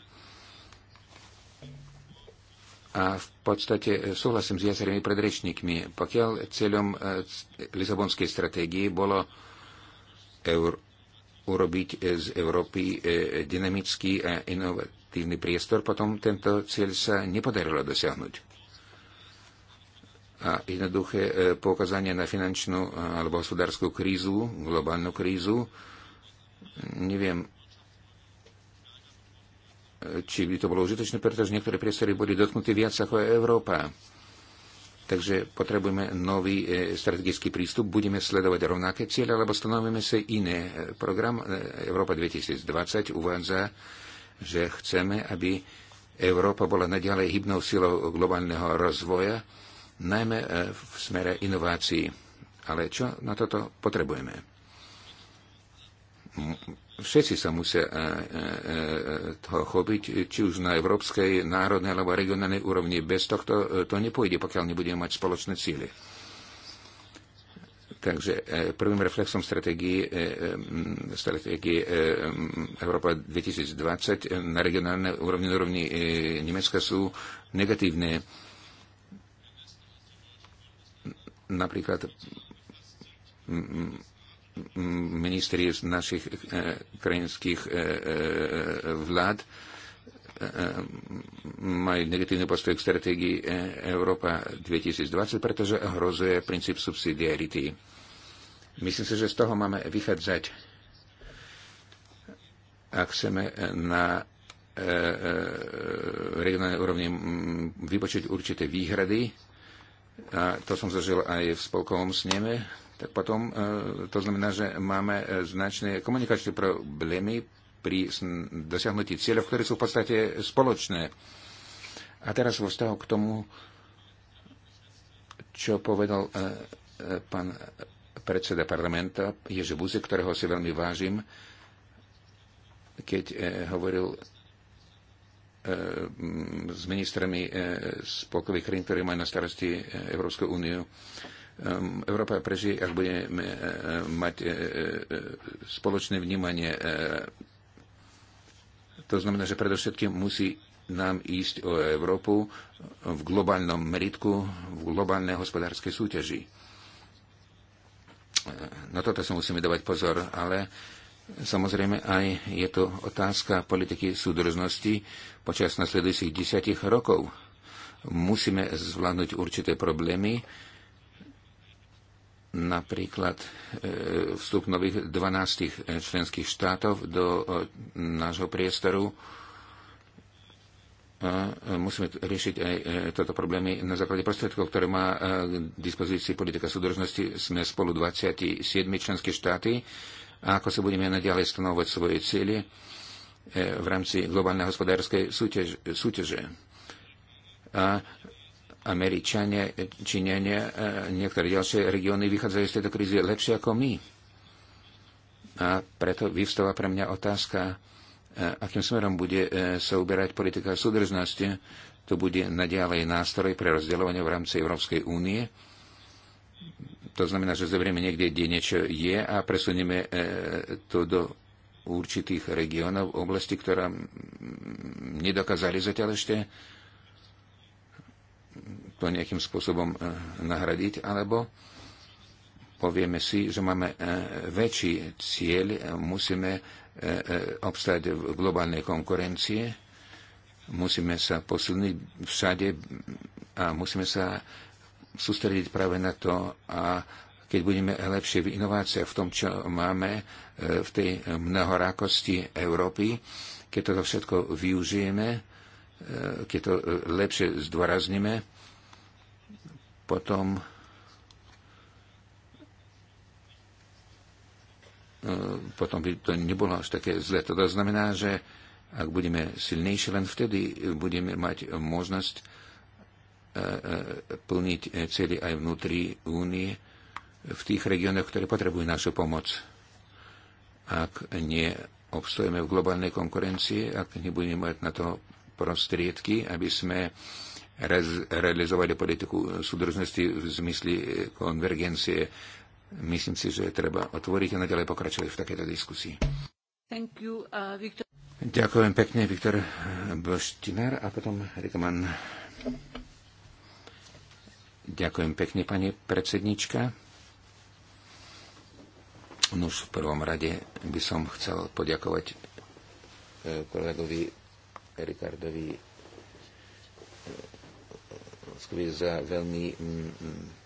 A v podstate e, súhlasím s viacerými predrečníkmi. Pokiaľ cieľom e, Lisabonskej stratégie bolo eur, urobiť e, z Európy dynamický a inovatívny priestor, potom tento cieľ sa nepodarilo dosiahnuť. A jednoduché poukazanie na finančnú alebo hospodárskú krízu, globálnu krízu, neviem, či by to bolo užitočné, pretože niektoré priestory boli dotknuté viac ako Európa. Takže potrebujeme nový e, strategický prístup, budeme sledovať rovnaké cieľe, alebo stanovíme si iné. Program e, Európa 2020 uvádza, že chceme, aby Európa bola naďalej hybnou silou globálneho rozvoja, najmä e, v smere inovácií. Ale čo na toto potrebujeme? Všetci sa musia e, e, e, toho chopiť, či už na európskej, národnej alebo regionálnej úrovni. Bez tohto to nepôjde, pokiaľ nebudeme mať spoločné cíly. Takže prvým reflexom stratégie, Európa 2020 na regionálnej úrovni, na úrovni Nemecka sú negatívne. Napríklad ministri z našich e, krajinských e, e, vlád majú negatívny postoj k stratégii Európa 2020, pretože hrozuje princíp subsidiarity. Myslím si, že z toho máme vychádzať, ak chceme na regionálnej úrovni vypočuť určité výhrady a to som zažil aj v spolkovom sneme, tak potom e, to znamená, že máme značné komunikačné problémy pri dosiahnutí cieľov, ktoré sú v podstate spoločné. A teraz vo vzťahu k tomu, čo povedal e, e, pán predseda parlamenta Ježe Buzi, ktorého si veľmi vážim, keď hovoril E, s ministrami spolkových e, krajín, ktoré majú na starosti e, Európsku úniu. Európa prežije, ak budeme mať spoločné vnímanie. To znamená, že predovšetkým musí nám ísť o Európu v globálnom meritku, v globálnej hospodárskej súťaži. Na toto sa musíme dávať pozor, ale Samozrejme, aj je to otázka politiky súdržnosti počas nasledujúcich desiatich rokov. Musíme zvládnuť určité problémy, napríklad e, vstup nových 12 členských štátov do e, nášho priestoru. E, musíme riešiť aj toto problémy na základe prostriedkov, ktoré má k dispozícii politika súdržnosti. Sme spolu 27 členské štáty a ako sa budeme naďalej stanovať svoje cieľe e, v rámci globálnej hospodárskej súťaž, súťaže. A Američania, Číňania a e, niektoré ďalšie regióny vychádzajú z tejto krízy lepšie ako my. A preto vyvstáva pre mňa otázka, e, akým smerom bude sa uberať politika súdržnosti. To bude naďalej nástroj pre rozdeľovanie v rámci Európskej únie to znamená, že zoberieme niekde, kde niečo je a presunieme e, to do určitých regiónov, oblasti, ktorá nedokázali zatiaľ ešte to nejakým spôsobom e, nahradiť, alebo povieme si, že máme e, väčší cieľ, musíme obstáť v globálnej konkurencie, musíme sa posilniť všade a musíme sa sústrediť práve na to a keď budeme lepšie v inováciách v tom, čo máme e, v tej mnohorakosti Európy, keď toto všetko využijeme, e, keď to e, lepšie zdôrazníme, potom potom by to nebolo až také zle. To znamená, že ak budeme silnejší, len vtedy budeme mať možnosť plniť e, cieľy aj vnútri únie v tých regiónoch, ktoré potrebujú našu pomoc. Ak neobstojeme v globálnej konkurencii, ak nebudeme mať na to prostriedky, aby sme realizovali politiku súdržnosti v zmysli e, konvergencie. Myslím si, že treba otvoriť a naďalej pokračovať v takéto diskusii. Thank you, uh, Victor. Ďakujem pekne, Viktor Boštinár a potom Rikman. Ďakujem pekne, pani predsednička. Nož v prvom rade by som chcel poďakovať e, kolegovi Rikardovi e, za veľmi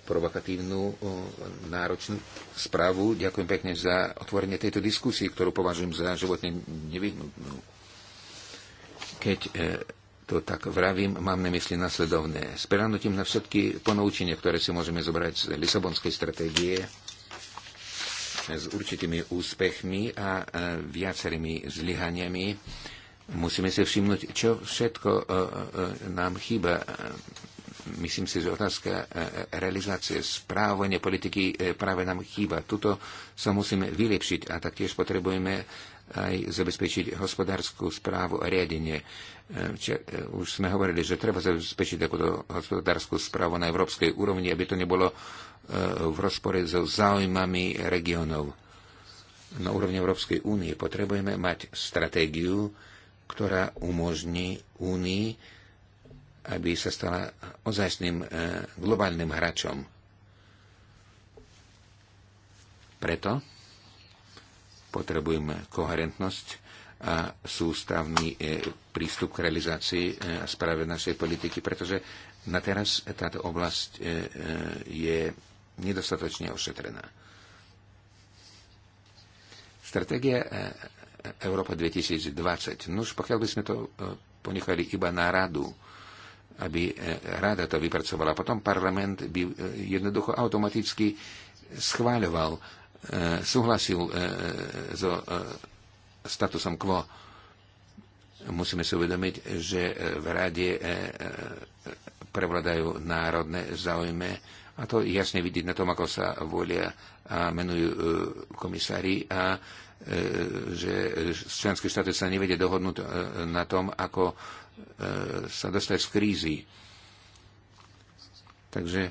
provokatívnu, náročnú správu. Ďakujem pekne za otvorenie tejto diskusie, ktorú považujem za životne nevyhnutnú. Keď e, to tak vravím, mám na mysli nasledovné. S na všetky ponaučenia, ktoré si môžeme zobrať z Lisabonskej stratégie, s určitými úspechmi a e, viacerými zlyhaniami, musíme si všimnúť, čo všetko e, e, nám chýba. Myslím si, že otázka realizácie správania politiky práve nám chýba. Tuto sa musíme vylepšiť a taktiež potrebujeme aj zabezpečiť hospodárskú správu a riadenie. E, e, už sme hovorili, že treba zabezpečiť takúto hospodárskú správu na európskej úrovni, aby to nebolo e, v rozpore so záujmami regionov. Na úrovni Európskej únie potrebujeme mať stratégiu, ktorá umožní únii, aby sa stala ozajstným globálnym hráčom. Preto Potrebujeme koherentnosť a sústavný e, prístup k realizácii e, a správe našej politiky, pretože na teraz táto oblasť e, je nedostatočne ošetrená. Stratégia Európa 2020. Nuž, pokiaľ by sme to ponechali iba na radu, aby rada to vypracovala, potom parlament by jednoducho automaticky schváľoval E, súhlasil e, e, so statusom quo. Musíme si uvedomiť, že v rade prevladajú národné záujmy a to jasne vidieť na tom, ako sa volia a menujú komisári a že členské štáty sa nevedia dohodnúť na tom, ako sa dostať z krízy. Takže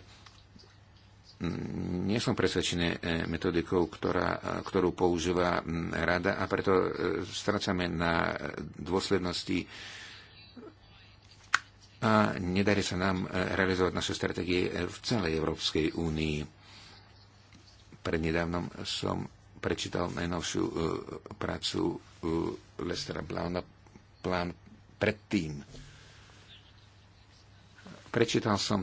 nie som presvedčený eh, metodikou, ktorá, eh, ktorú používa mm, rada a preto eh, strácame na dôslednosti a nedarí sa nám realizovať naše stratégie v celej Európskej únii. Prednedávnom som prečítal najnovšiu prácu Lestera Blauna, plán predtým. Prečítal som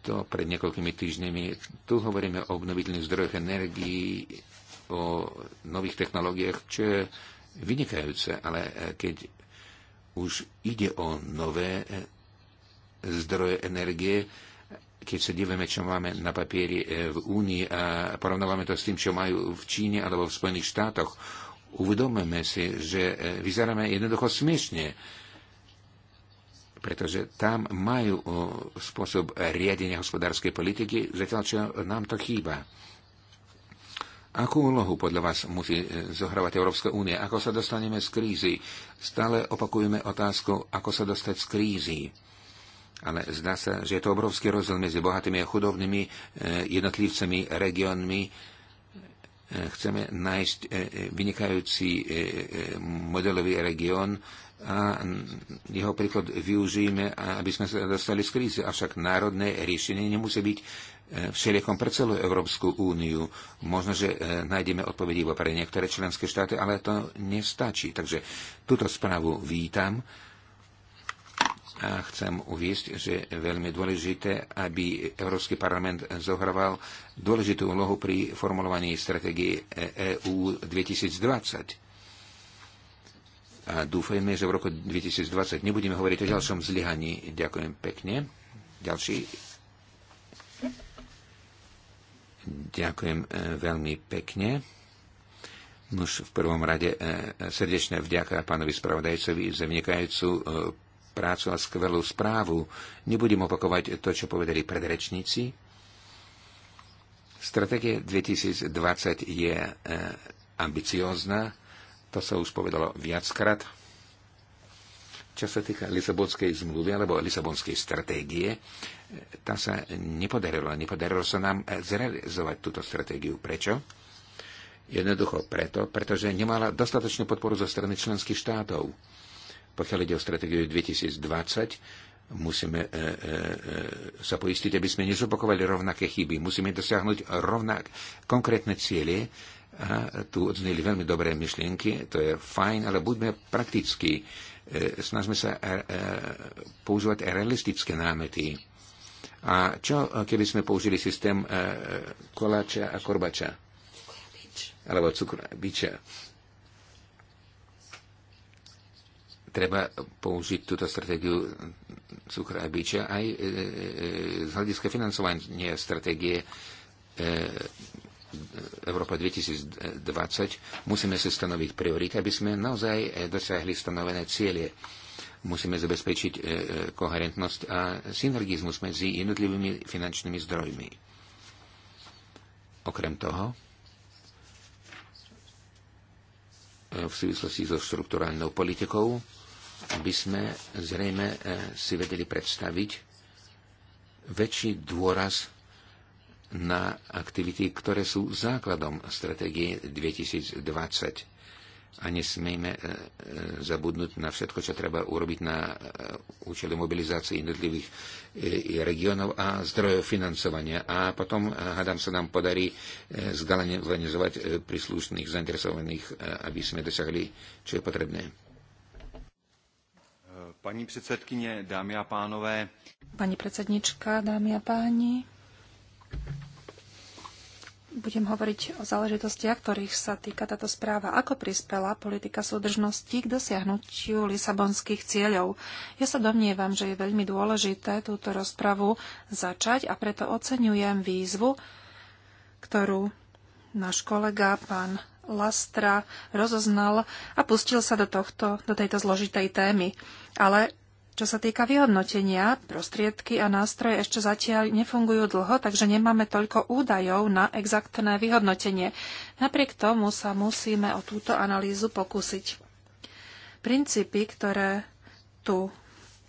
to pred niekoľkými týždňami. Tu hovoríme o obnoviteľných zdrojoch energii, o nových technológiách, čo je vynikajúce, ale keď už ide o nové zdroje energie, keď sa dívame, čo máme na papieri e, v Únii a porovnávame to s tým, čo majú v Číne alebo v Spojených štátoch, uvedomujeme si, že e, vyzeráme jednoducho smiešne pretože tam majú spôsob riadenia hospodárskej politiky, zatiaľ čo nám to chýba. Akú úlohu podľa vás musí e, zohrávať Európska únia? Ako sa dostaneme z krízy? Stále opakujeme otázku, ako sa dostať z krízy. Ale zdá sa, že je to obrovský rozdiel medzi bohatými a chudobnými e, jednotlivcami, regiónmi, Chceme nájsť e, e, vynikajúci e, modelový región a jeho príklad využijeme, aby sme sa dostali z krízy. Avšak národné riešenie nemusí byť všeliekom pre celú Európsku úniu. Možno, že nájdeme odpovedi iba pre niektoré členské štáty, ale to nestačí. Takže túto správu vítam a chcem uviesť, že je veľmi dôležité, aby Európsky parlament zohrával dôležitú úlohu pri formulovaní stratégie EU e 2020. A dúfajme, že v roku 2020 nebudeme hovoriť o ďalšom zlyhaní. Ďakujem pekne. Ďalší. Ďakujem eh, veľmi pekne. Nuž v prvom rade eh, srdečne vďaka pánovi spravodajcovi za vynikajúcu eh, prácu a skvelú správu. Nebudem opakovať to, čo povedali predrečníci. Stratégia 2020 je e, ambiciózna, to sa už povedalo viackrát. Čo sa týka Lisabonskej zmluvy alebo Lisabonskej stratégie, e, tam sa nepodarilo. Nepodarilo sa nám e, zrealizovať túto stratégiu. Prečo? Jednoducho preto, pretože nemala dostatočnú podporu zo strany členských štátov pokiaľ ide o stratégiu 2020, musíme e, e, e, sa poistiť, aby sme nezopakovali rovnaké chyby. Musíme dosiahnuť rovnak konkrétne cieľe. A tu odzneli veľmi dobré myšlienky, to je fajn, ale buďme praktickí. E, snažme sa e, e, používať realistické námety. A čo, e, keby sme použili systém e, e koláča a korbača? Alebo cukru, biča. treba použiť túto stratégiu cukra a biča aj e, e, e, z hľadiska financovania stratégie Európa 2020. Musíme si stanoviť priority, aby sme naozaj dosiahli stanovené cieľe. Musíme zabezpečiť koherentnosť a synergizmus medzi jednotlivými finančnými zdrojmi. Okrem toho, v súvislosti so štruktúrálnou politikou, by sme zrejme e, si vedeli predstaviť väčší dôraz na aktivity, ktoré sú základom stratégie 2020. A nesmieme e, e, zabudnúť na všetko, čo treba urobiť na účely mobilizácie jednotlivých regionov a zdrojov financovania. A potom, hádam sa nám podarí zgalanizovať príslušných zainteresovaných, aby sme dosiahli, čo je potrebné. Pani predsedkynie, dámy a pánové. Pani predsednička, dámy a páni. Budem hovoriť o záležitostiach, ktorých sa týka táto správa. Ako prispela politika súdržnosti k dosiahnutiu lisabonských cieľov? Ja sa domnievam, že je veľmi dôležité túto rozpravu začať a preto oceňujem výzvu, ktorú náš kolega pán Lastra rozoznal a pustil sa do, tohto, do tejto zložitej témy. Ale čo sa týka vyhodnotenia, prostriedky a nástroje ešte zatiaľ nefungujú dlho, takže nemáme toľko údajov na exaktné vyhodnotenie. Napriek tomu sa musíme o túto analýzu pokúsiť. Princípy, ktoré tu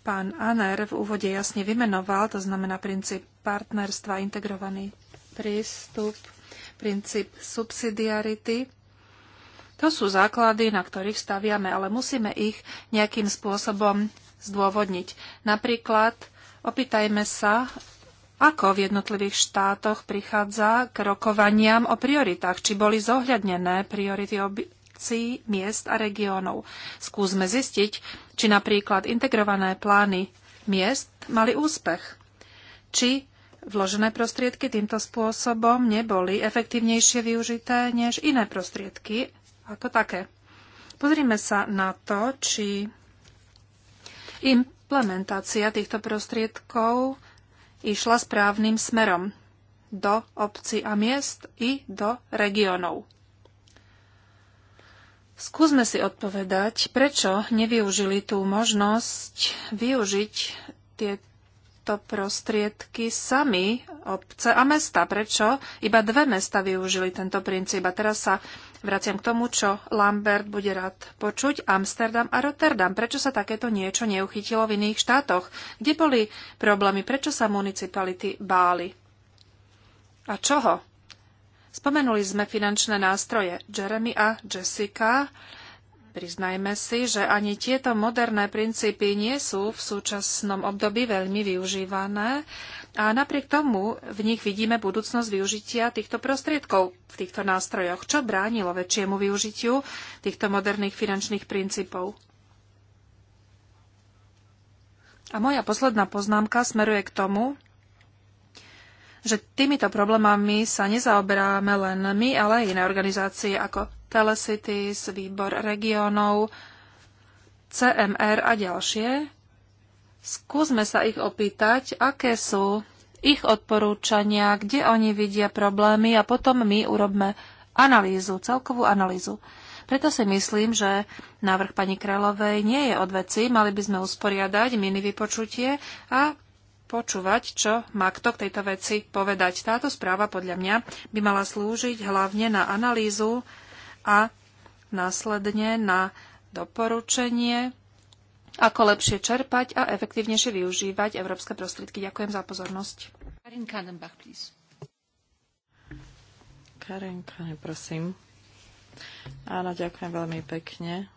pán Aner v úvode jasne vymenoval, to znamená princíp partnerstva, integrovaný prístup, princíp subsidiarity, to sú základy, na ktorých staviame, ale musíme ich nejakým spôsobom zdôvodniť. Napríklad opýtajme sa, ako v jednotlivých štátoch prichádza k rokovaniam o prioritách, či boli zohľadnené priority obcí, miest a regiónov. Skúsme zistiť, či napríklad integrované plány miest mali úspech, či vložené prostriedky týmto spôsobom neboli efektívnejšie využité než iné prostriedky ako také. Pozrime sa na to, či implementácia týchto prostriedkov išla správnym smerom do obcí a miest i do regionov. Skúsme si odpovedať, prečo nevyužili tú možnosť využiť tieto prostriedky sami obce a mesta. Prečo iba dve mesta využili tento princíp a teraz sa vraciam k tomu, čo Lambert bude rád počuť, Amsterdam a Rotterdam. Prečo sa takéto niečo neuchytilo v iných štátoch? Kde boli problémy? Prečo sa municipality báli? A čoho? Spomenuli sme finančné nástroje Jeremy a Jessica Priznajme si, že ani tieto moderné princípy nie sú v súčasnom období veľmi využívané a napriek tomu v nich vidíme budúcnosť využitia týchto prostriedkov v týchto nástrojoch, čo bránilo väčšiemu využitiu týchto moderných finančných princípov. A moja posledná poznámka smeruje k tomu, že týmito problémami sa nezaoberáme len my, ale aj iné organizácie ako Telecities, výbor regionov, CMR a ďalšie. Skúsme sa ich opýtať, aké sú ich odporúčania, kde oni vidia problémy a potom my urobme analýzu, celkovú analýzu. Preto si myslím, že návrh pani Kráľovej nie je od veci. Mali by sme usporiadať mini vypočutie a počúvať, čo má kto k tejto veci povedať. Táto správa podľa mňa by mala slúžiť hlavne na analýzu a následne na doporučenie, ako lepšie čerpať a efektívnejšie využívať európske prostriedky. Ďakujem za pozornosť. Karin Kanenbach, please. Karin Kane, prosím. Áno, ďakujem veľmi pekne.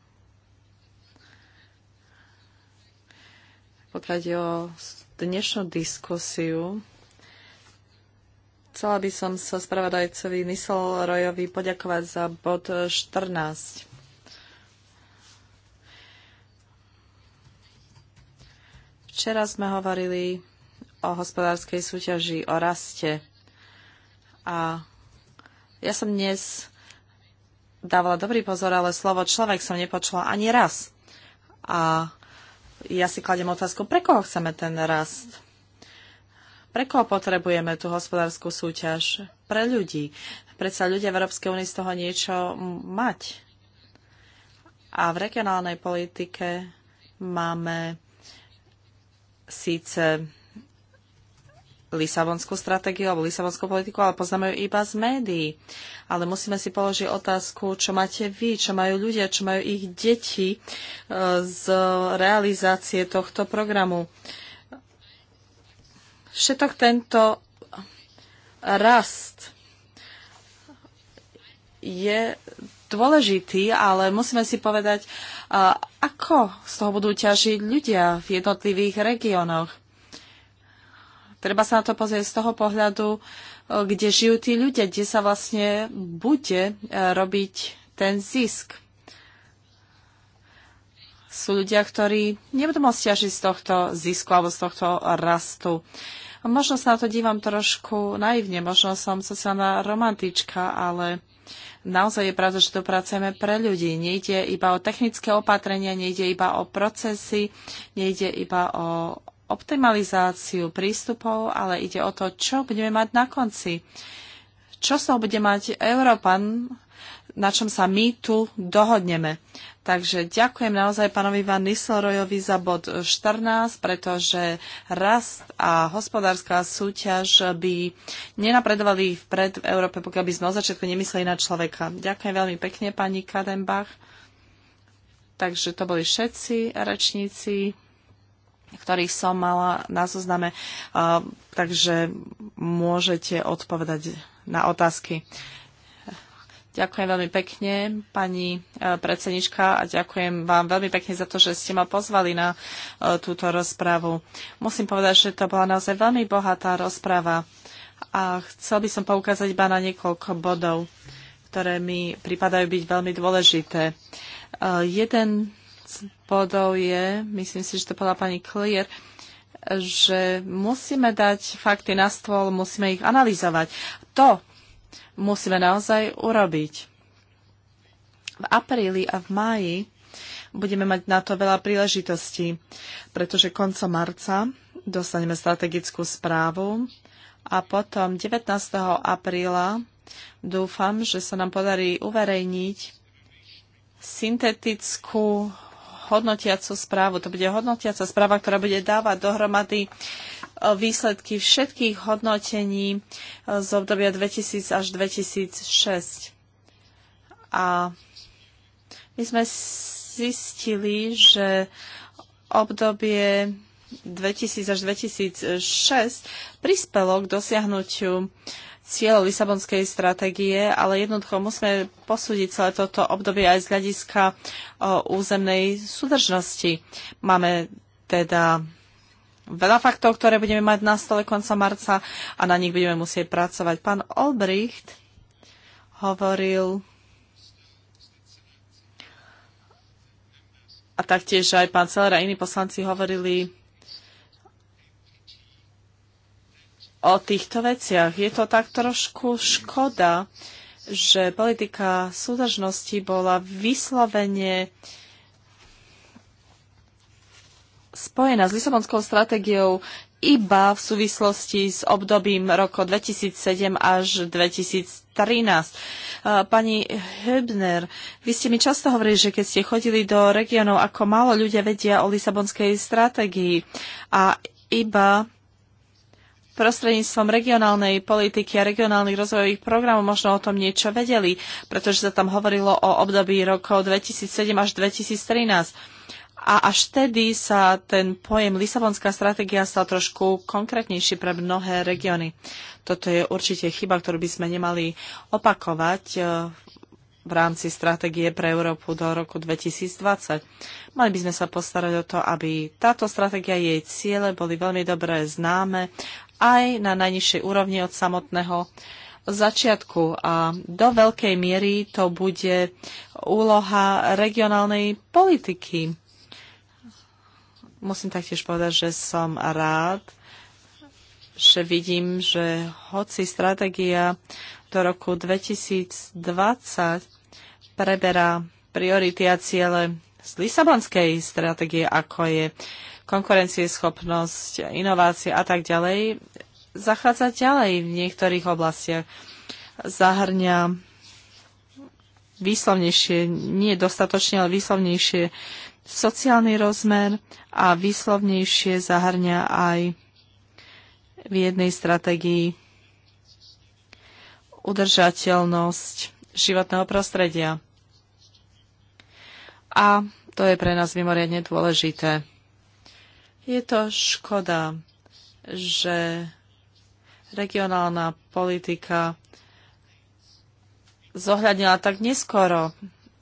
Pokiaľ ide o dnešnú diskusiu, Chcela by som sa spravodajcovi Nisol poďakovať za bod 14. Včera sme hovorili o hospodárskej súťaži, o raste. A ja som dnes dávala dobrý pozor, ale slovo človek som nepočula ani raz. A ja si kladem otázku, pre koho chceme ten rast? Pre koho potrebujeme tú hospodárskú súťaž? Pre ľudí. Predsa ľudia v Európskej únii z toho niečo mať. A v regionálnej politike máme síce Lisabonskú stratégiu alebo Lisabonskú politiku, ale poznáme ju iba z médií. Ale musíme si položiť otázku, čo máte vy, čo majú ľudia, čo majú ich deti e, z realizácie tohto programu všetok tento rast je dôležitý, ale musíme si povedať, ako z toho budú ťažiť ľudia v jednotlivých regiónoch. Treba sa na to pozrieť z toho pohľadu, kde žijú tí ľudia, kde sa vlastne bude e, robiť ten zisk. Sú ľudia, ktorí nebudú môcť ťažiť z tohto zisku alebo z tohto rastu. Možno sa na to dívam trošku naivne, možno som sociálna romantička, ale naozaj je pravda, že to pracujeme pre ľudí. Nejde iba o technické opatrenia, nejde iba o procesy, nejde iba o optimalizáciu prístupov, ale ide o to, čo budeme mať na konci. Čo sa bude mať Európan, na čom sa my tu dohodneme. Takže ďakujem naozaj pánovi Van Nislerojovi za bod 14, pretože rast a hospodárska súťaž by nenapredovali vpred v Európe, pokiaľ by sme od začiatku nemysleli na človeka. Ďakujem veľmi pekne, pani Kadenbach. Takže to boli všetci rečníci ktorých som mala na zozname, uh, takže môžete odpovedať na otázky. Ďakujem veľmi pekne, pani e, predsednička, a ďakujem vám veľmi pekne za to, že ste ma pozvali na e, túto rozprávu. Musím povedať, že to bola naozaj veľmi bohatá rozpráva a chcel by som poukázať iba na niekoľko bodov, ktoré mi pripadajú byť veľmi dôležité. E, jeden z bodov je, myslím si, že to bola pani Clear, že musíme dať fakty na stôl, musíme ich analyzovať. To, musíme naozaj urobiť. V apríli a v máji budeme mať na to veľa príležitostí, pretože koncom marca dostaneme strategickú správu a potom 19. apríla dúfam, že sa nám podarí uverejniť syntetickú hodnotiacu správu. To bude hodnotiaca správa, ktorá bude dávať dohromady výsledky všetkých hodnotení e, z obdobia 2000 až 2006. A my sme zistili, že obdobie 2000 až 2006 prispelo k dosiahnutiu cieľov Lisabonskej stratégie, ale jednoducho musíme posúdiť celé toto obdobie aj z hľadiska o, e, územnej súdržnosti. Máme teda veľa faktov, ktoré budeme mať na stole konca marca a na nich budeme musieť pracovať. Pán Olbricht hovoril a taktiež aj pán Celer a iní poslanci hovorili o týchto veciach. Je to tak trošku škoda, že politika súdržnosti bola vyslovene uh, spojená s Lisabonskou stratégiou iba v súvislosti s obdobím roku 2007 až 2013. E, pani Hübner, vy ste mi často hovorili, že keď ste chodili do regiónov, ako málo ľudia vedia o Lisabonskej stratégii a iba prostredníctvom regionálnej politiky a regionálnych rozvojových programov možno o tom niečo vedeli, pretože sa tam hovorilo o období rokov 2007 až 2013 a až vtedy sa ten pojem Lisabonská stratégia stal trošku konkrétnejší pre mnohé regióny. Toto je určite chyba, ktorú by sme nemali opakovať e, v rámci stratégie pre Európu do roku 2020. Mali by sme sa postarať o to, aby táto stratégia jej ciele boli veľmi dobre známe aj na najnižšej úrovni od samotného začiatku a do veľkej miery to bude úloha regionálnej politiky Musím taktiež povedať, že som rád, že vidím, že hoci stratégia do roku 2020 preberá priority a ciele z Lisabonskej stratégie, ako je konkurencieschopnosť, inovácie a tak ďalej, zachádza ďalej v niektorých oblastiach. Zahrňa výslovnejšie, nie dostatočne, ale výslovnejšie sociálny rozmer a výslovnejšie zahrňa aj v jednej stratégii udržateľnosť životného prostredia. A to je pre nás mimoriadne dôležité. Je to škoda, že regionálna politika zohľadnila tak neskoro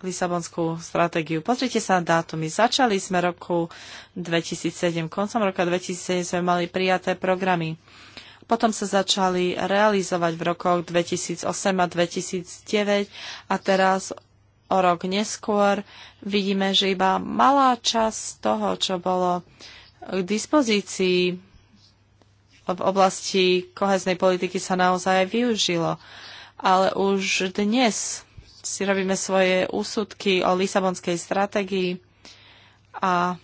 Lisabonskú stratégiu. Pozrite sa na dátumy. Začali sme roku 2007. Koncom roka 2007 sme mali prijaté programy. Potom sa začali realizovať v rokoch 2008 a 2009 a teraz o rok neskôr vidíme, že iba malá časť toho, čo bolo k dispozícii v oblasti koheznej politiky sa naozaj využilo. Ale už dnes si robíme svoje úsudky o Lisabonskej stratégii a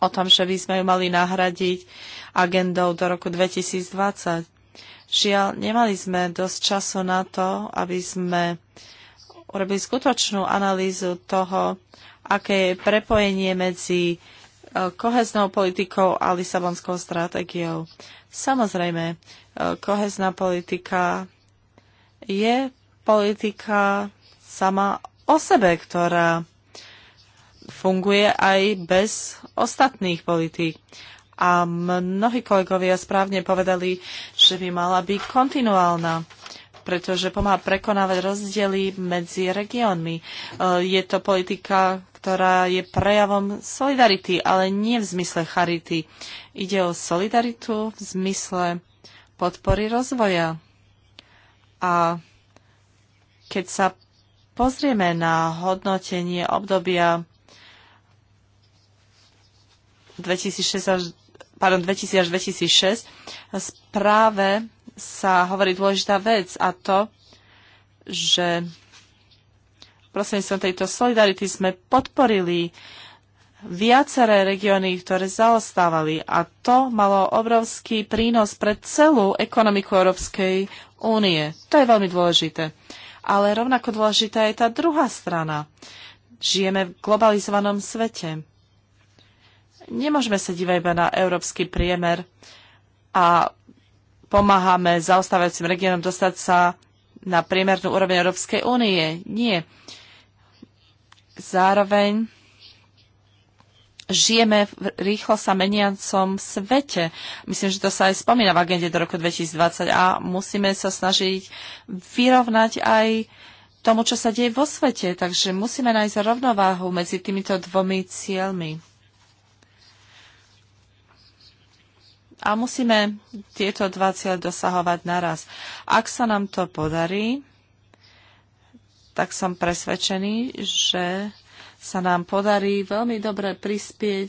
o tom, že by sme ju mali nahradiť agendou do roku 2020. Žiaľ, nemali sme dosť času na to, aby sme urobili skutočnú analýzu toho, aké je prepojenie medzi e, koheznou politikou a Lisabonskou stratégiou. Samozrejme, e, kohezná politika je politika sama o sebe, ktorá funguje aj bez ostatných politík. A mnohí kolegovia správne povedali, že by mala byť kontinuálna, pretože pomáha prekonávať rozdiely medzi regiónmi. E, je to politika, ktorá je prejavom solidarity, ale nie v zmysle charity. Ide o solidaritu v zmysle podpory rozvoja. A keď sa pozrieme na hodnotenie obdobia 2006 až, 2000 až 2006, správe sa hovorí dôležitá vec a to, že prosím som tejto solidarity sme podporili viaceré regióny, ktoré zaostávali a to malo obrovský prínos pre celú ekonomiku Európskej únie. To je veľmi dôležité. Uh, ale rovnako dôležitá je tá druhá strana. Žijeme v globalizovanom svete. Nemôžeme sa dívať iba na európsky priemer a pomáhame zaostávajúcim regiónom dostať sa na priemernú úroveň Európskej únie. Nie. Zároveň žijeme v rýchlo sa meniacom svete. Myslím, že to sa aj spomína v agende do roku 2020 a musíme sa snažiť vyrovnať aj tomu, čo sa deje vo svete. Takže musíme nájsť rovnováhu medzi týmito dvomi cieľmi. A musíme tieto dva cieľe dosahovať naraz. Ak sa nám to podarí, tak som presvedčený, že sa nám podarí veľmi dobre prispieť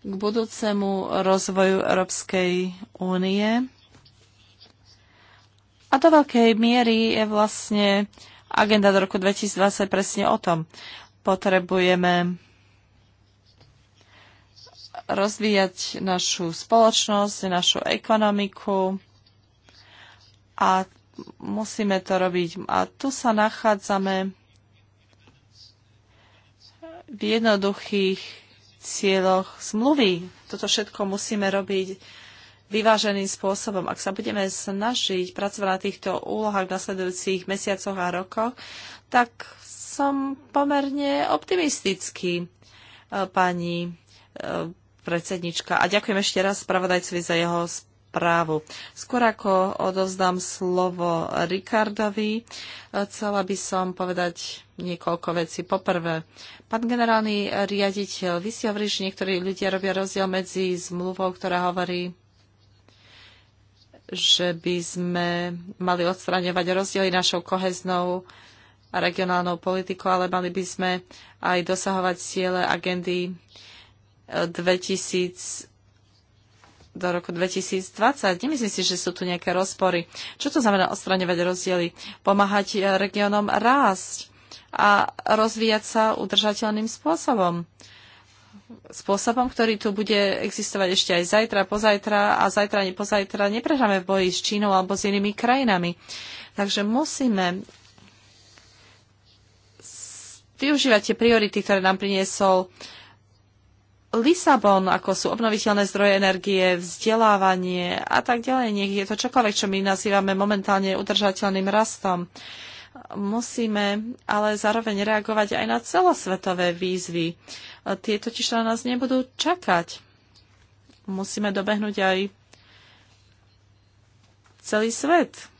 k budúcemu rozvoju Európskej únie. A do veľkej miery je vlastne agenda do roku 2020 presne o tom. Potrebujeme rozvíjať našu spoločnosť, našu ekonomiku a musíme to robiť. A tu sa nachádzame v jednoduchých cieľoch zmluvy. Toto všetko musíme robiť vyváženým spôsobom. Ak sa budeme snažiť pracovať na týchto úlohách v nasledujúcich mesiacoch a rokoch, tak som pomerne optimistický, e, pani e, predsednička. A ďakujem ešte raz spravodajcovi za jeho spoločnosť správu. Skôr ako odovzdám slovo Rikardovi, e, chcela by som povedať niekoľko vecí. Poprvé, pán generálny riaditeľ, vy si hovorí, že niektorí ľudia robia rozdiel medzi zmluvou, ktorá hovorí že by sme mali odstraňovať rozdiely našou koheznou a regionálnou politikou, ale mali by sme aj dosahovať ciele agendy 2020 e, do roku 2020. Nemyslím si, že sú tu nejaké rozpory. Čo to znamená odstraňovať rozdiely? Pomáhať e, regiónom rásť a rozvíjať sa udržateľným spôsobom. Spôsobom, ktorý tu bude existovať ešte aj zajtra, pozajtra a zajtra ani pozajtra neprehráme v boji s Čínou alebo s inými krajinami. Takže musíme využívať tie priority, ktoré nám priniesol uh, Lisabon, ako sú obnoviteľné zdroje energie, vzdelávanie a tak ďalej. Nech je to čokoľvek, čo my nazývame momentálne udržateľným rastom. Musíme ale zároveň reagovať aj na celosvetové výzvy. Tie totiž na nás nebudú čakať. Musíme dobehnúť aj celý svet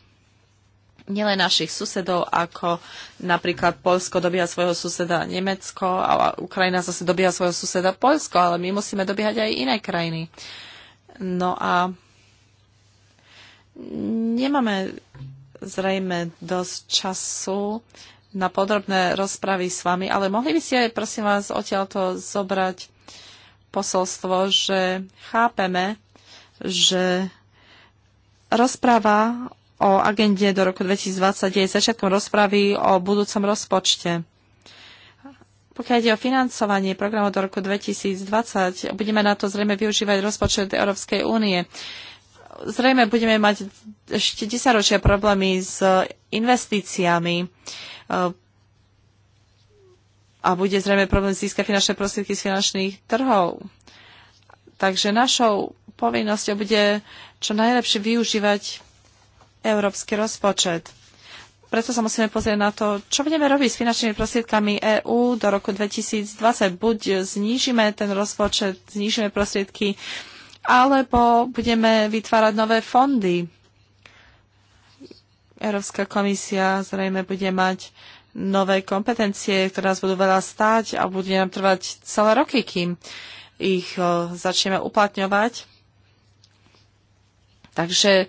nielen našich susedov, ako napríklad Polsko dobíha svojho suseda Nemecko a Ukrajina zase dobíha svojho suseda Polsko, ale my musíme dobíhať aj iné krajiny. No a nemáme zrejme dosť času na podrobné rozpravy s vami, ale mohli by ste aj, prosím vás, odtiaľto zobrať posolstvo, že chápeme, že rozpráva o agende do roku 2020 je začiatkom rozpravy o budúcom rozpočte. Pokiaľ ide o financovanie programov do roku 2020, budeme na to zrejme využívať rozpočet Európskej únie. Zrejme budeme mať ešte desaťročia problémy s investíciami e, a bude zrejme problém získať finančné prostriedky z finančných trhov. Takže našou povinnosťou bude čo najlepšie využívať európsky rozpočet. Preto sa musíme pozrieť na to, čo budeme robiť s finančnými prostriedkami EÚ do roku 2020. Buď znížime ten rozpočet, znížime prostriedky, alebo budeme vytvárať nové fondy. Európska komisia zrejme bude mať nové kompetencie, ktoré nás budú veľa stáť a bude nám trvať celé roky, kým ich e, začneme uplatňovať. Takže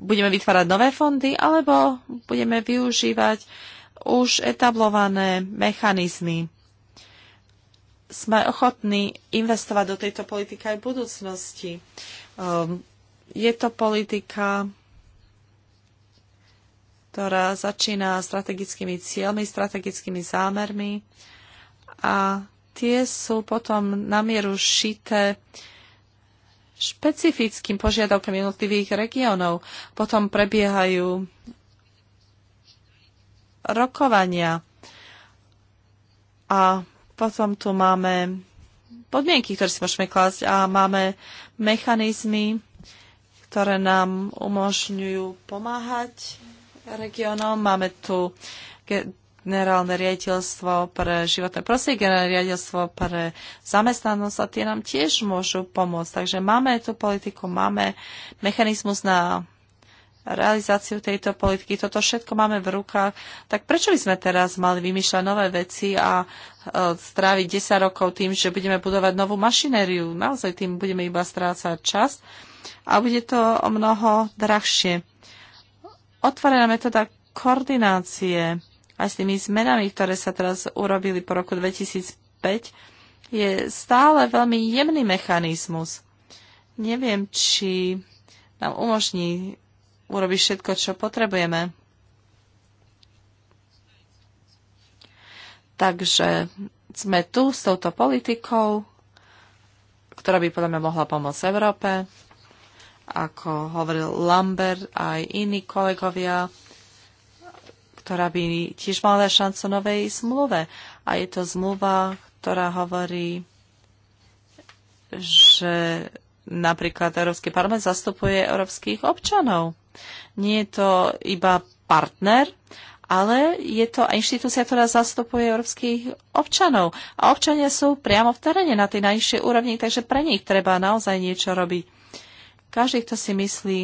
budeme vytvárať nové fondy, alebo budeme využívať už etablované mechanizmy. Sme ochotní investovať do tejto politiky aj v budúcnosti. Ehm, je to politika, ktorá začína strategickými cieľmi, strategickými zámermi a tie sú potom na mieru šité uh, špecifickým požiadavkám jednotlivých regiónov. Potom prebiehajú rokovania a potom tu máme podmienky, ktoré si môžeme klásť a máme mechanizmy, ktoré nám umožňujú pomáhať regiónom. Máme tu generálne riaditeľstvo pre životné prostredie, generálne riaditeľstvo pre zamestnanosť a tie nám tiež môžu pomôcť. Takže máme tú politiku, máme mechanizmus na realizáciu tejto politiky, toto všetko máme v rukách, tak prečo by sme teraz mali vymýšľať nové veci a e, stráviť 10 rokov tým, že budeme budovať novú mašinériu? Naozaj tým budeme iba strácať čas a bude to o mnoho drahšie. Otvorená metóda koordinácie aj s tými zmenami, ktoré sa teraz urobili po roku 2005, je stále veľmi jemný mechanizmus. Neviem, či nám umožní urobiť všetko, čo potrebujeme. Takže sme tu s touto politikou, ktorá by podľa mňa mohla pomôcť Európe, ako hovoril Lambert aj iní kolegovia ktorá by tiež mala šancu novej zmluve. A je to zmluva, ktorá hovorí, že napríklad Európsky parlament zastupuje európskych občanov. Nie je to iba partner, ale je to inštitúcia, ktorá zastupuje európskych občanov. A občania sú priamo v teréne na tej najvyššej úrovni, takže pre nich treba naozaj niečo robiť. Každý, kto si myslí,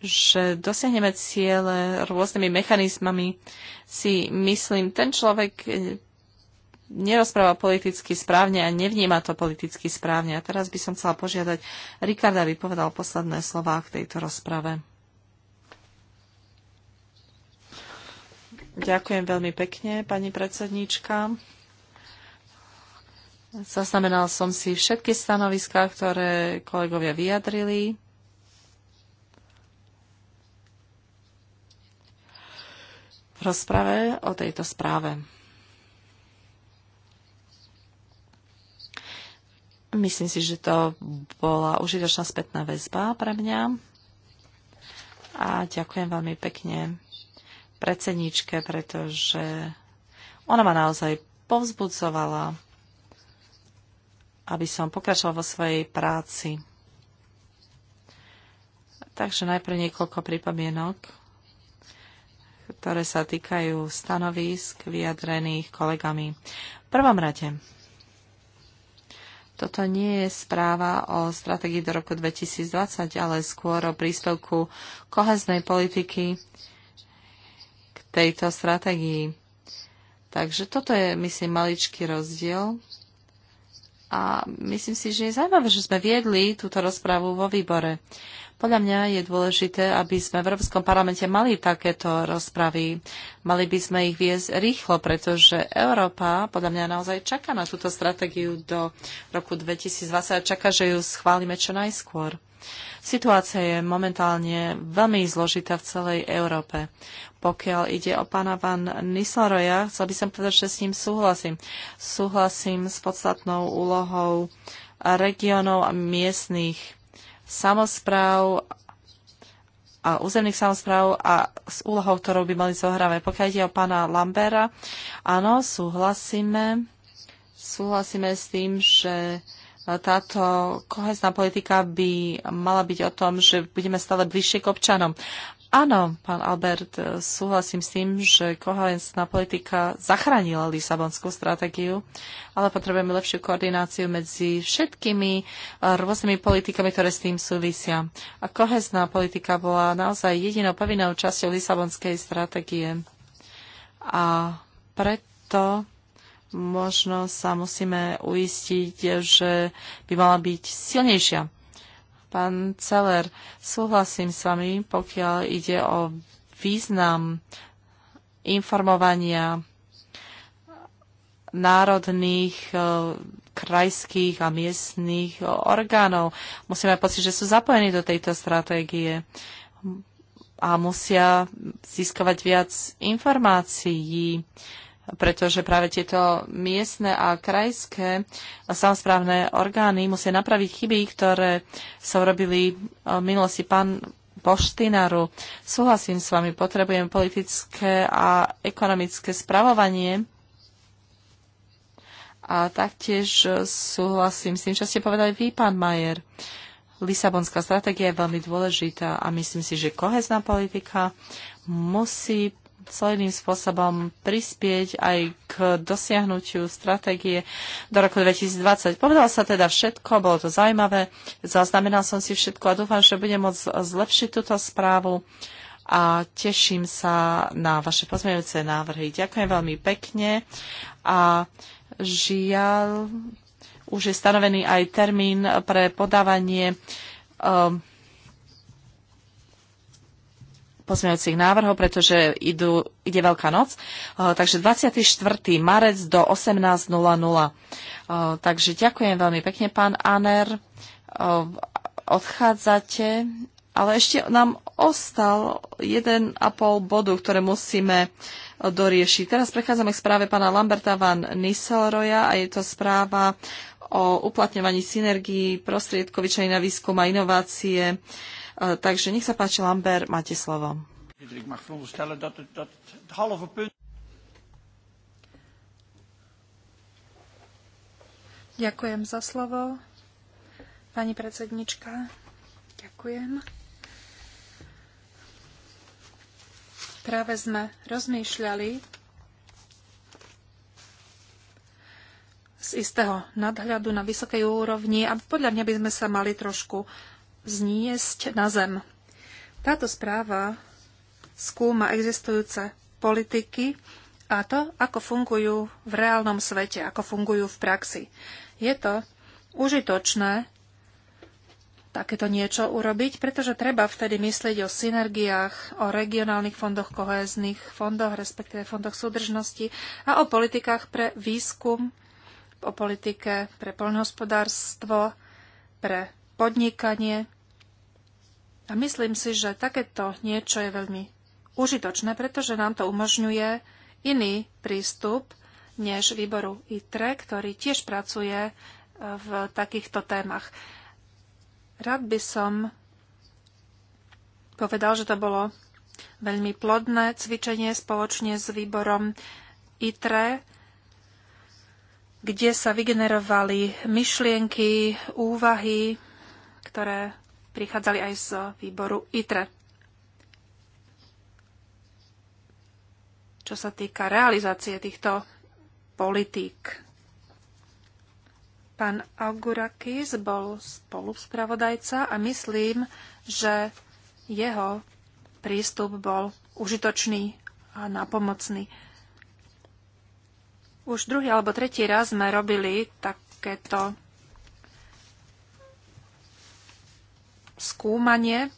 že dosiahneme ciele rôznymi mechanizmami, si myslím, ten človek e, nerozpráva politicky správne a nevníma to politicky správne. A teraz by som chcela požiadať Rikarda, aby povedal posledné slová k tejto rozprave. Ďakujem veľmi pekne, pani predsedníčka. Zaznamenal som si všetky stanoviská, ktoré kolegovia vyjadrili. rozprave o tejto správe. Myslím si, že to bola užitočná spätná väzba pre mňa. A ďakujem veľmi pekne predsedničke, pretože ona ma naozaj povzbudzovala, aby som pokračovala vo svojej práci. Takže najprv niekoľko pripomienok ktoré sa týkajú stanovisk vyjadrených kolegami. V prvom rade, toto nie je správa o stratégii do roku 2020, ale skôr o príspevku koheznej politiky k tejto stratégii. Takže toto je, myslím, maličký rozdiel. A myslím si, že je zaujímavé, že sme viedli túto rozprávu vo výbore. Podľa mňa je dôležité, aby sme v Európskom parlamente mali takéto rozpravy. Mali by sme ich viesť rýchlo, pretože Európa podľa mňa naozaj čaká na túto stratégiu do roku 2020 a čaká, že ju schválime čo najskôr. Situácia je momentálne veľmi zložitá v celej Európe. Pokiaľ ide o pána Van Nisleroja, chcel by som povedať, že s ním súhlasím. Súhlasím s podstatnou úlohou regionov a miestných samozpráv a územných samozpráv a s úlohou, ktorou by mali zohrávať. Pokiaľ ide o pána Lambera, áno, súhlasíme. Súhlasíme s tým, že táto kohezná politika by mala byť o tom, že budeme stále bližšie k občanom. Áno, pán Albert, e, súhlasím s tým, že koherentná politika zachránila Lisabonskú stratégiu, ale potrebujeme lepšiu koordináciu medzi všetkými e, rôznymi politikami, ktoré s tým súvisia. A kohezná politika bola naozaj jedinou povinnou časťou Lisabonskej stratégie. A preto možno sa musíme uistiť, že by mala byť silnejšia. Pán Celer, súhlasím s vami, pokiaľ ide o význam informovania národných, e, krajských a miestných orgánov. Musíme pocit, že sú zapojení do tejto stratégie a musia získovať viac informácií pretože práve tieto miestne a krajské samozprávne orgány musia napraviť chyby, ktoré sa urobili eh, v minulosti. Pán Poštinaru, súhlasím s vami, potrebujem politické a ekonomické spravovanie a taktiež eh, súhlasím s tým, čo ste povedali vy, pán Majer. Lisabonská stratégia je veľmi dôležitá a myslím si, že kohezná politika musí celým spôsobom prispieť aj k dosiahnutiu stratégie do roku 2020. Povedal sa teda všetko, bolo to zaujímavé, zaznamenal som si všetko a dúfam, že budem môcť zlepšiť túto správu a teším sa na vaše pozmeňujúce návrhy. Ďakujem veľmi pekne a žiaľ, už je stanovený aj termín pre podávanie um, pozmeňujúcich návrhov, pretože idú, ide Veľká noc. Takže 24. marec do 18.00. Takže ďakujem veľmi pekne, pán Aner. Odchádzate, ale ešte nám ostal 1,5 bodu, ktoré musíme doriešiť. Teraz prechádzame k správe pána Lamberta van Nisselroja a je to správa o uplatňovaní synergií prostriedkovičej na výskum a inovácie E, takže nech sa páči, Lambert, máte slovo. Ďakujem za slovo. Pani predsednička, ďakujem. Práve sme rozmýšľali z istého nadhľadu na vysokej úrovni a podľa mňa by sme sa mali trošku zniesť na zem. Táto správa skúma existujúce politiky a to, ako fungujú v reálnom svete, ako fungujú v praxi. Je to užitočné takéto niečo urobiť, pretože treba vtedy myslieť o synergiách, o regionálnych fondoch, kohéznych fondoch, respektíve fondoch súdržnosti a o politikách pre výskum, o politike pre poľnohospodárstvo, pre podnikanie. A myslím si, že takéto niečo je veľmi užitočné, pretože nám to umožňuje iný prístup než výboru ITRE, ktorý tiež pracuje e, v takýchto témach. Rád by som povedal, že to bolo veľmi plodné cvičenie spoločne s výborom ITRE, kde sa vygenerovali myšlienky, úvahy, ktoré prichádzali aj z výboru ITRE. Čo sa týka realizácie týchto politík. Pán Augurakis bol spoluspravodajca a myslím, že jeho prístup bol užitočný a napomocný. Už druhý alebo tretí raz sme robili takéto skúmanie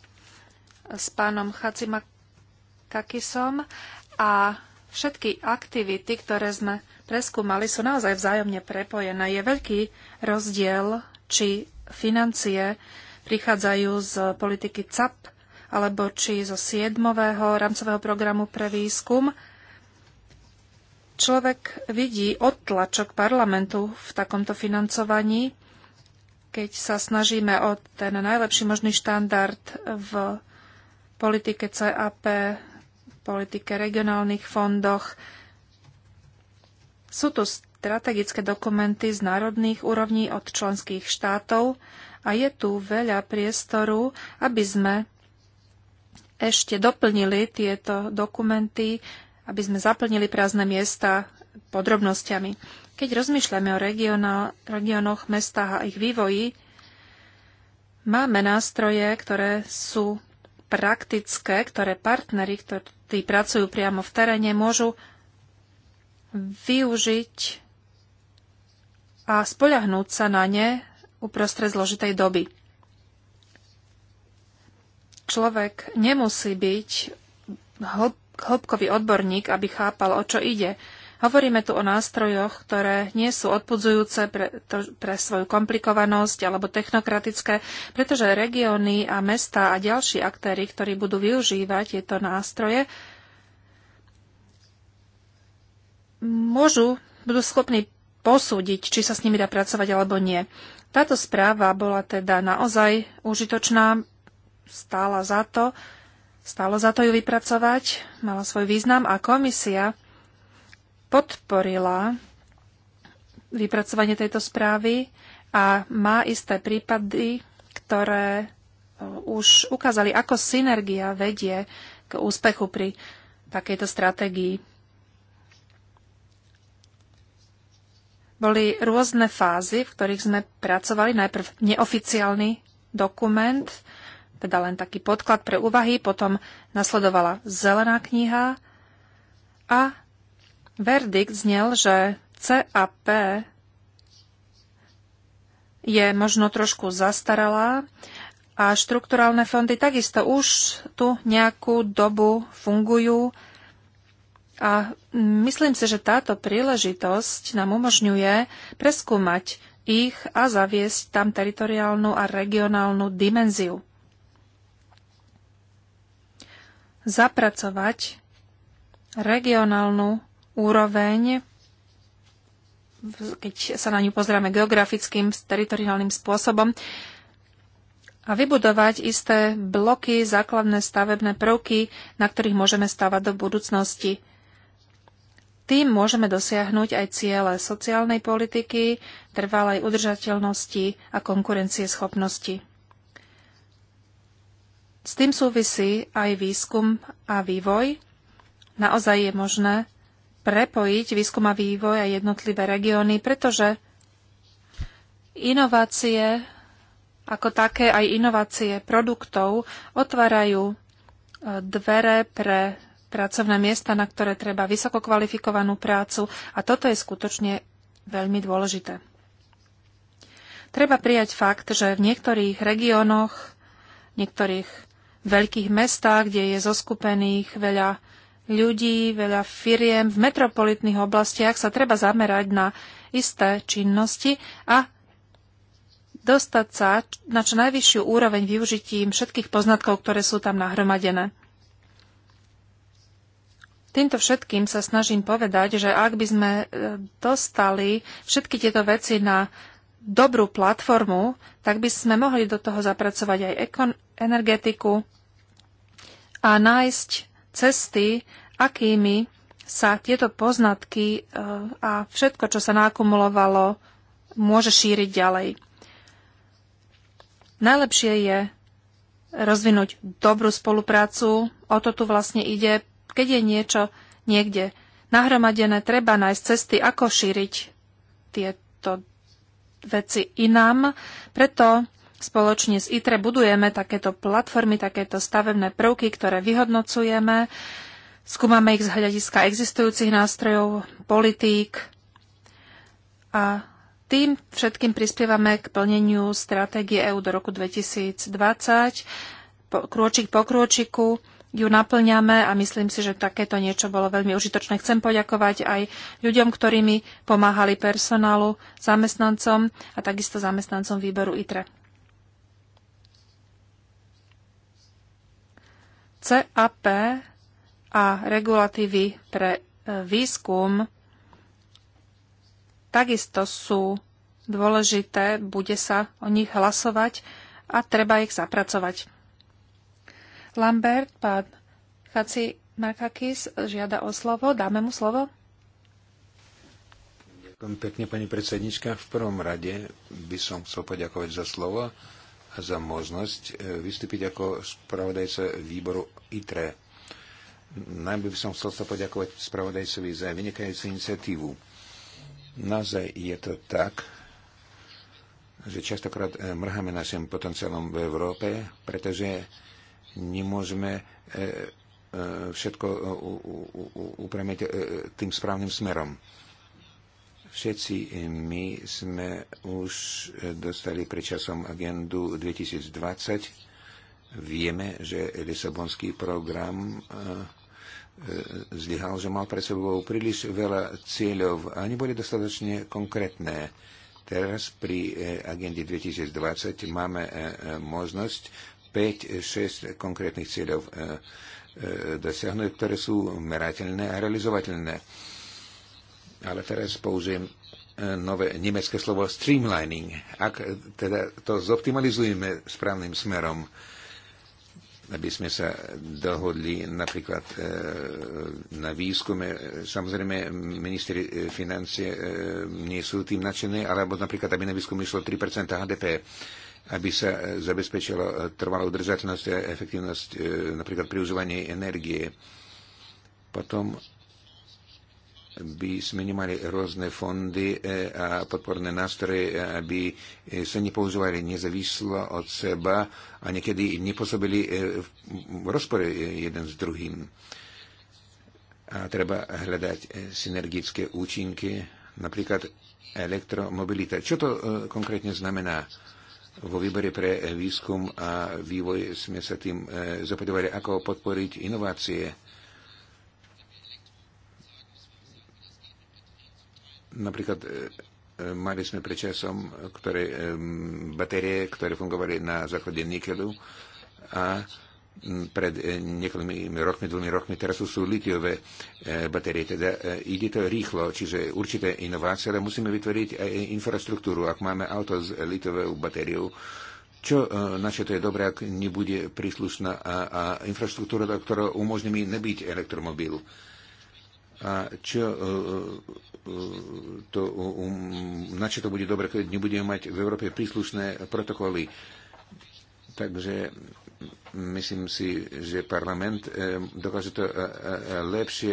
s pánom Chacimakakisom a všetky aktivity, ktoré sme preskúmali, sú naozaj vzájomne prepojené. Je veľký rozdiel, či financie prichádzajú z politiky CAP alebo či zo 7. rámcového programu pre výskum. Človek vidí odtlačok parlamentu v takomto financovaní keď sa snažíme o ten najlepší možný štandard v politike CAP, politike regionálnych fondoch. Sú tu strategické dokumenty z národných úrovní od členských štátov a je tu veľa priestoru, aby sme ešte doplnili tieto dokumenty, aby sme zaplnili prázdne miesta podrobnosťami. Keď rozmýšľame o regiónoch, mestách a ich vývoji, máme nástroje, ktoré sú praktické, ktoré partnery, ktorí pracujú priamo v teréne, môžu využiť a spoľahnúť sa na ne uprostred zložitej doby. Človek nemusí byť hlbkový hĺbkový odborník, aby chápal, o čo ide. Hovoríme tu o nástrojoch, ktoré nie sú odpudzujúce pre, to, pre svoju komplikovanosť alebo technokratické, pretože regióny a mesta a ďalší aktéry, ktorí budú využívať tieto nástroje, môžu, budú schopní posúdiť, či sa s nimi dá pracovať alebo nie. Táto správa bola teda naozaj užitočná, stála za to, stálo za to ju vypracovať, mala svoj význam a komisia podporila vypracovanie tejto správy a má isté prípady, ktoré e, už ukázali, ako synergia vedie k úspechu pri takejto stratégii. Boli rôzne fázy, v ktorých sme pracovali. Najprv neoficiálny dokument, teda len taký podklad pre úvahy, potom nasledovala zelená kniha a Verdikt znel, že CAP je možno trošku zastaralá a štrukturálne fondy takisto už tu nejakú dobu fungujú a myslím si, že táto príležitosť nám umožňuje preskúmať ich a zaviesť tam teritoriálnu a regionálnu dimenziu. Zapracovať regionálnu úroveň, keď sa na ňu pozrieme geografickým, teritoriálnym spôsobom, a vybudovať isté bloky, základné stavebné prvky, na ktorých môžeme stavať do budúcnosti. Tým môžeme dosiahnuť aj ciele sociálnej politiky, trvalej udržateľnosti a konkurencieschopnosti. S tým súvisí aj výskum a vývoj. Naozaj je možné prepojiť výskum a vývoj a jednotlivé regióny, pretože inovácie ako také aj inovácie produktov otvárajú e, dvere pre pracovné miesta, na ktoré treba vysoko kvalifikovanú prácu a toto je skutočne veľmi dôležité. Treba prijať fakt, že v niektorých regiónoch, niektorých veľkých mestách, kde je zoskupených veľa ľudí, veľa firiem v metropolitných oblastiach sa treba zamerať na isté činnosti a dostať sa na čo najvyššiu úroveň využitím všetkých poznatkov, ktoré sú tam nahromadené. Týmto všetkým sa snažím povedať, že ak by sme e, dostali všetky tieto veci na dobrú platformu, tak by sme mohli do toho zapracovať aj energetiku a nájsť cesty, akými sa tieto poznatky e, a všetko, čo sa nakumulovalo, môže šíriť ďalej. Najlepšie je rozvinúť dobrú spoluprácu. O to tu vlastne ide. Keď je niečo niekde nahromadené, treba nájsť cesty, ako šíriť tieto veci inám. Preto Spoločne s ITRE budujeme takéto platformy, takéto stavebné prvky, ktoré vyhodnocujeme. Skúmame ich z hľadiska existujúcich nástrojov, politík a tým všetkým prispievame k plneniu stratégie EÚ do roku 2020. Po, krôčik po krôčiku ju naplňame a myslím si, že takéto niečo bolo veľmi užitočné. Chcem poďakovať aj ľuďom, ktorí mi pomáhali personálu, zamestnancom a takisto zamestnancom výboru ITRE. CAP a regulatívy pre e, výskum takisto sú dôležité, bude sa o nich hlasovať a treba ich zapracovať. Lambert, pán Chaci Markakis žiada o slovo. Dáme mu slovo? Ďakujem pekne, pani predsednička. V prvom rade by som chcel poďakovať za slovo za možnosť e, vystúpiť ako spravodajca výboru ITRE. Najmä by som chcel sa poďakovať spravodajcovi za vynikajúcu iniciatívu. Naozaj je to tak, že častokrát e, mrháme našim potenciálom v Európe, pretože nemôžeme e, všetko upremiť tým správnym smerom. Všetci my sme už dostali predčasom agendu 2020. Vieme, že Lisabonský program e, e, zlyhal, že mal pred sebou príliš veľa cieľov a neboli dostatočne konkrétne. Teraz pri e, agende 2020 máme možnosť 5-6 konkrétnych cieľov dosiahnuť, ktoré sú merateľné a realizovateľné ale teraz použijem e, nové nemecké slovo streamlining. Ak teda to zoptimalizujeme správnym smerom, aby sme sa dohodli napríklad e, na výskume. E, samozrejme, ministri financie nie sú tým nadšení, alebo napríklad, aby na výskum išlo 3% HDP, aby sa zabezpečilo trvalú udržateľnosť a efektivnosť napríklad pri užívaní energie. Potom by sme nemali rôzne fondy e, a podporné nástroje, e, aby e, sa nepoužívali nezávislo od seba a niekedy nepôsobili v rozpore jeden s druhým. A treba hľadať synergické účinky, napríklad elektromobilita. Čo to konkrétne znamená? Vo výbore pre výskum a vývoj sme sa tým zapadovali, ako podporiť inovácie Napríklad e, e, mali sme prečasom ktoré, e, batérie, ktoré fungovali na základe nikelu a pred niekoľkými rokmi, dvomi rokmi, teraz sú, sú litiové batérie. Teda ide to rýchlo, čiže určité inovácie, ale musíme vytvoriť aj infraštruktúru. Ak máme auto s Litovou batériou, čo na čo to je dobré, ak nebude príslušná a, a infraštruktúra, ktorá umožní mi nebyť elektromobil. A čo e, e, to, na čo to bude dobre, keď nebudeme mať v Európe príslušné protokoly. Takže myslím si, že parlament e, dokáže to lepšie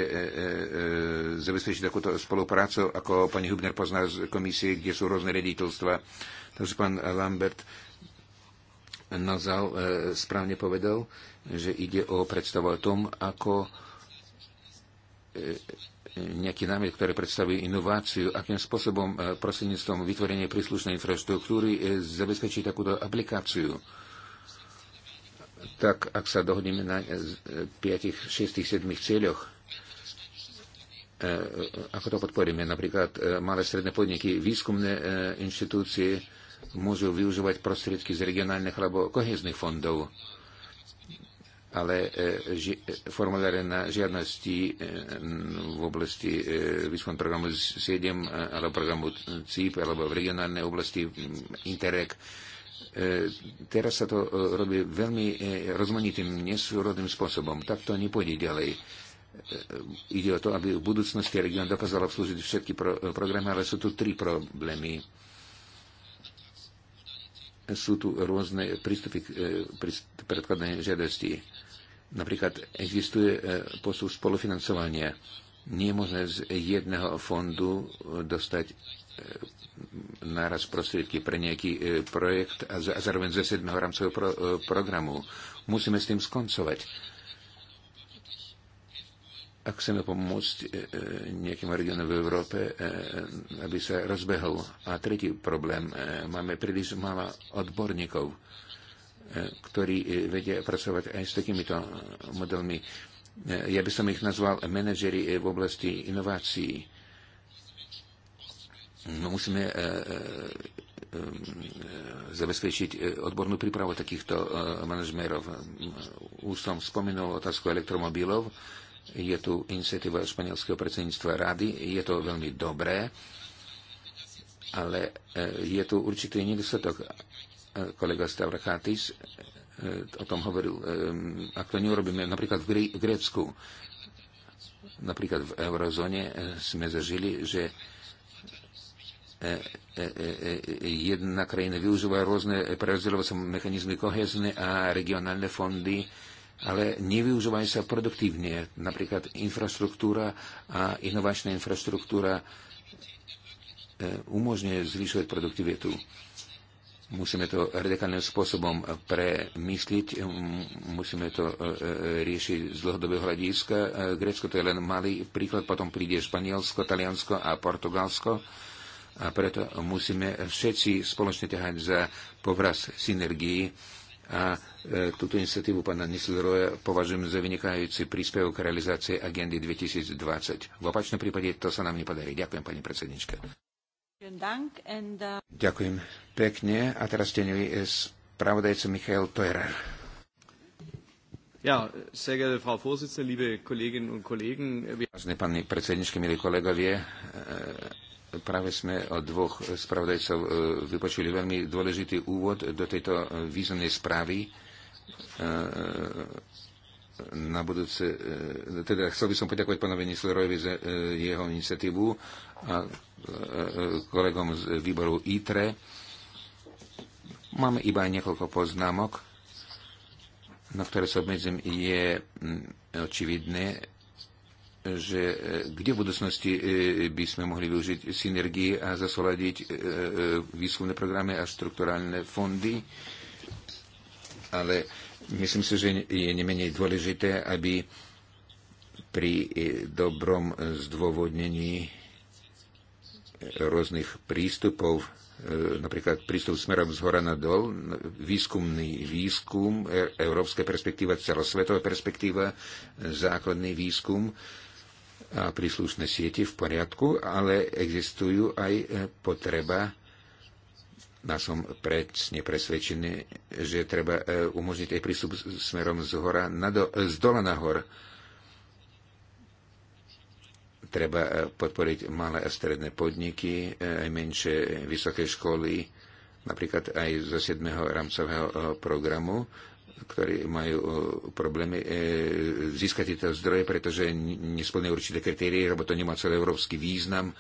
zabezpečiť takúto spoluprácu, ako pani Hubner pozná z komisie, kde sú rôzne rediteľstva. Takže pán Lambert nazal správne povedal, že ide o predstavu o tom, ako E, e, nejaký námet, ktorý predstavuje inováciu, akým spôsobom e, prostredníctvom vytvorenie príslušnej infraštruktúry zabezpečí takúto aplikáciu. Tak, ak sa dohodneme na 5, 6, 7 cieľoch, ako to podporíme, napríklad malé stredné podniky, výskumné inštitúcie môžu využívať prostriedky z regionálnych alebo kohezných fondov ale e, ži- e, formuláre na žiadnosti e, v oblasti výskum programu 7 alebo programu CIP alebo v regionálnej oblasti Interreg. Teraz sa to robí veľmi rozmanitým, nesúrodným spôsobom. Tak to nepôjde ďalej. Ide o to, aby v budúcnosti region dokázal obslúžiť všetky pro- programy, ale sú tu tri problémy sú tu rôzne prístupy k e, predkladnej žiadosti. Napríklad existuje e, posúd spolufinancovania. Nie je možné z jedného fondu e, dostať náraz prostriedky pre nejaký projekt a zároveň ze 7. rámcového pro, programu. Musíme s tým skoncovať ak chceme pomôcť e, e, nejakému regionu v Európe, e, aby sa rozbehol. A tretí problém, máme príliš málo odborníkov, ktorí vedia pracovať aj s takýmito modelmi. Ja by som ich nazval manažeri v oblasti inovácií. No, musíme zabezpečiť odbornú prípravu takýchto manažmerov. Už som spomenul otázku elektromobilov. Je tu iniciatíva španielského predsedníctva rady, je to veľmi dobré, ale e, je tu určitý nedostatok. E, kolega Stavrachatis e, o tom hovoril, ak to neurobíme napríklad v Grécku, napríklad v eurozóne sme zažili, že jedna krajina využíva rôzne prerozdeľovacie mechanizmy kohezné a regionálne fondy ale nevyužívajú sa produktívne. Napríklad infraštruktúra a inovačná infraštruktúra e, umožňuje zvyšovať produktivitu. Musíme to radikálnym spôsobom premysliť, musíme to e, e, riešiť z dlhodobého hľadiska. Grécko to je len malý príklad, potom príde Španielsko, Taliansko a Portugalsko a preto musíme všetci spoločne ťahať za povraz synergii a e, túto iniciatívu pána Nisleroja považujem za vynikajúci príspevok k realizácii agendy 2020. V opačnom prípade to sa nám nepodarí. Ďakujem, pani predsednička. Ďakujem pekne. A teraz ste tenili spravodajca Michal Teurer. Ja, sehr geehrte Frau Vorsitzende, liebe Kolleginnen und Kollegen. Vážený pani predsedničky, milí kolegovie, e, Práve sme od dvoch spravodajcov e, vypočuli veľmi dôležitý úvod do tejto e, významnej správy. E, na budúce, teda chcel by som poďakovať pánovi Nislerovi za jeho iniciatívu a kolegom z výboru ITRE. Máme iba niekoľko poznámok, na ktoré sa obmedzím. Je mm, očividné, že e, kde v budúcnosti e, by sme mohli využiť synergie a zasoladiť e, výskumné programy a štrukturálne fondy, ale myslím si, že je nemenej dôležité, aby pri dobrom zdôvodnení rôznych prístupov, napríklad prístup smerom z hora na dol, výskumný výskum, európska perspektíva, celosvetová perspektíva, základný výskum, a príslušné siete v poriadku, ale existujú aj e, potreba na som presne presvedčený, že treba e, umožniť aj prístup smerom z, hora na do, z dola nahor. Treba e, podporiť malé a stredné podniky, aj menšie vysoké školy, napríklad aj zo 7. rámcového programu ktorí majú e, problémy e, získať tieto zdroje, pretože nesplňujú určité kritérie, lebo to nemá európsky význam,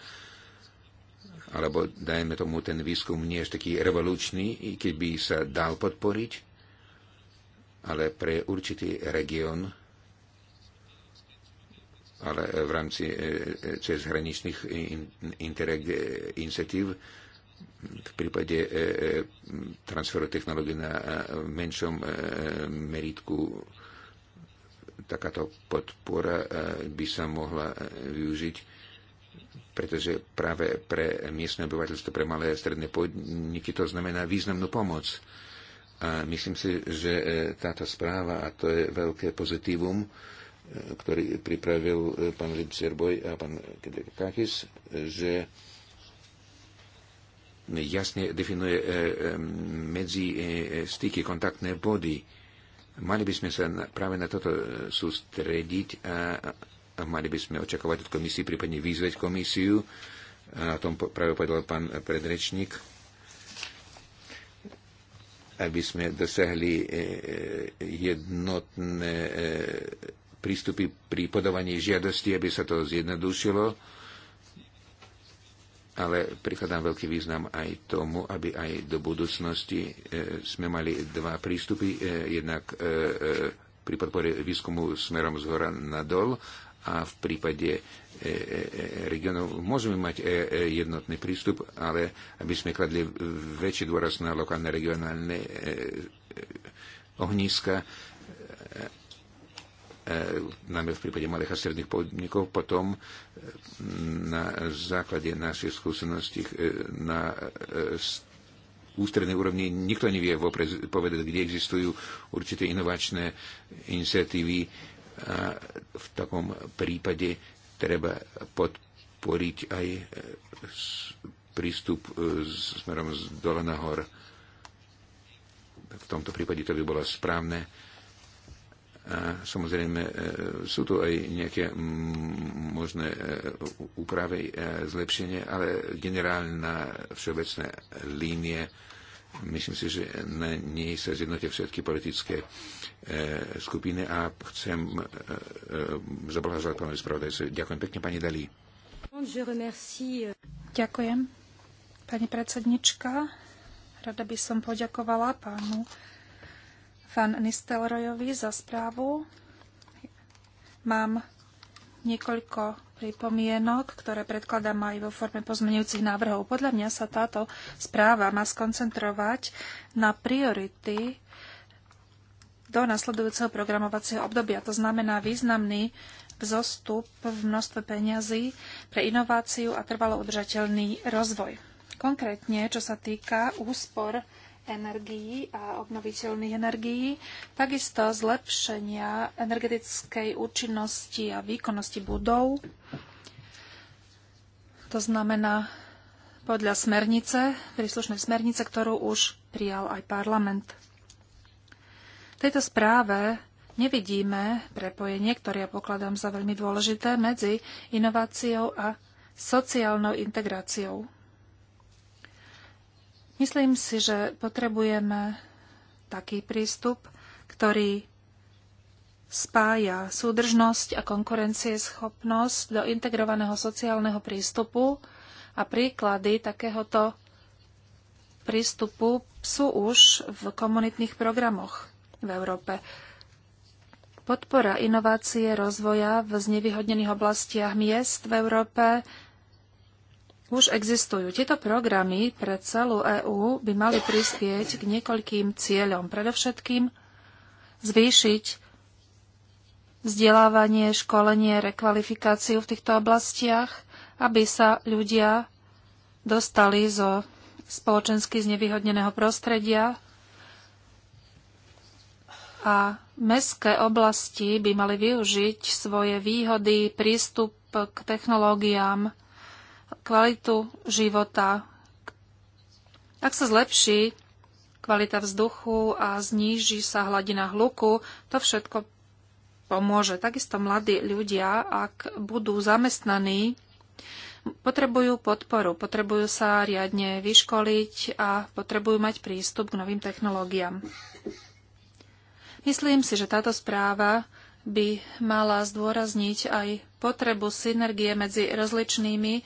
alebo dajme tomu ten výskum nie je taký revolučný, i keď by sa dal podporiť, ale pre určitý región, ale v rámci e, cezhraničných interreg iniciatív, v prípade e, e, transferu technológií na e, menšom meritku takáto podpora by sa mohla využiť, pretože práve pre miestne obyvateľstvo, pre malé a stredné podniky to znamená významnú pomoc. A myslím si, že táto správa, a to je veľké pozitívum, ktorý pripravil pán Libcerboj a pán Kedekakis, že jasne definuje e, e, medzi e, styky, kontaktné body. Mali by sme sa práve na toto sústrediť a mali by sme očakovať od komisie, prípadne vyzveť komisiu. A o tom práve povedal pán predrečník aby sme dosiahli jednotné prístupy pri podávaní žiadosti, aby sa to zjednodušilo ale prikladám veľký význam aj tomu, aby aj do budúcnosti e, sme mali dva prístupy, e, jednak e, pri podpore výskumu smerom z hora na dol a v prípade regionov môžeme mať e jednotný prístup, ale aby sme kladli väčší dôraz na lokálne regionálne ohniska, E, najmä v prípade malých a stredných podnikov. Potom e, na základe našich skúseností e, na ústrednej úrovni nikto nevie vopred povedať, kde existujú určité inovačné iniciatívy. A v takom prípade treba podporiť aj prístup smerom z dole nahor. V tomto prípade to by bolo správne samozrejme, e, sú tu aj nejaké možné e, úpravy, e, zlepšenie, ale generálna všeobecná línie, myslím si, že na nej sa zjednotia všetky politické skupiny a chcem zablahoželať pánovi spravodajcovi. Ďakujem pekne, pani Dalí. Ďakujem, pani predsednička. Rada by som poďakovala pánu Fan Nistelrojovi za správu. Mám niekoľko pripomienok, ktoré predkladám aj vo forme pozmenujúcich návrhov. Podľa mňa sa táto správa má skoncentrovať na priority do nasledujúceho programovacieho obdobia. To znamená významný vzostup v množstve peňazí pre inováciu a trvalo udržateľný rozvoj. Konkrétne, čo sa týka úspor energií a obnoviteľných energií, takisto zlepšenia energetickej účinnosti a výkonnosti budov. To znamená podľa smernice, príslušnej smernice, ktorú už prijal aj parlament. V tejto správe nevidíme prepojenie, ktoré ja pokladám za veľmi dôležité, medzi inováciou a sociálnou integráciou Myslím si, že potrebujeme taký prístup, ktorý spája súdržnosť a konkurencieschopnosť do integrovaného sociálneho prístupu a príklady takéhoto prístupu sú už v komunitných programoch v Európe. Podpora inovácie rozvoja v znevýhodnených oblastiach miest v Európe už existujú. Tieto programy pre celú EÚ by mali prispieť k niekoľkým cieľom. Predovšetkým zvýšiť vzdelávanie, školenie, rekvalifikáciu v týchto oblastiach, aby sa ľudia dostali zo spoločensky znevýhodneného prostredia a mestské oblasti by mali využiť svoje výhody, prístup k technológiám, kvalitu života. Ak sa zlepší kvalita vzduchu a zníži sa hladina hluku, to všetko pomôže. Takisto mladí ľudia, ak budú zamestnaní, potrebujú podporu, potrebujú sa riadne vyškoliť a potrebujú mať prístup k novým technológiám. Myslím si, že táto správa by mala zdôrazniť aj potrebu synergie medzi rozličnými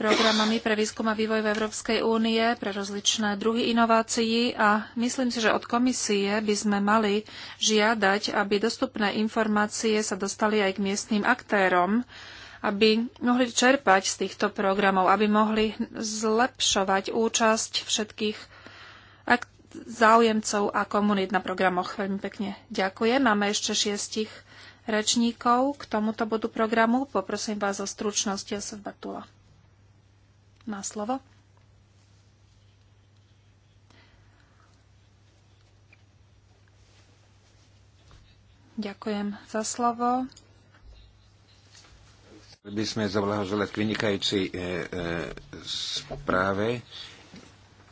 programami pre výskum a vývoj v Európskej únie, pre rozličné druhy inovácií a myslím si, že od komisie by sme mali žiadať, aby dostupné informácie sa dostali aj k miestnym aktérom, aby mohli čerpať z týchto programov, aby mohli zlepšovať účasť všetkých záujemcov a komunít na programoch. Veľmi pekne ďakujem. Máme ešte šiestich rečníkov k tomuto bodu programu. Poprosím vás o stručnosť a Batula má slovo. Ďakujem za slovo. Chceli by sme zavlahoželať k vynikajúcej e, e, správe.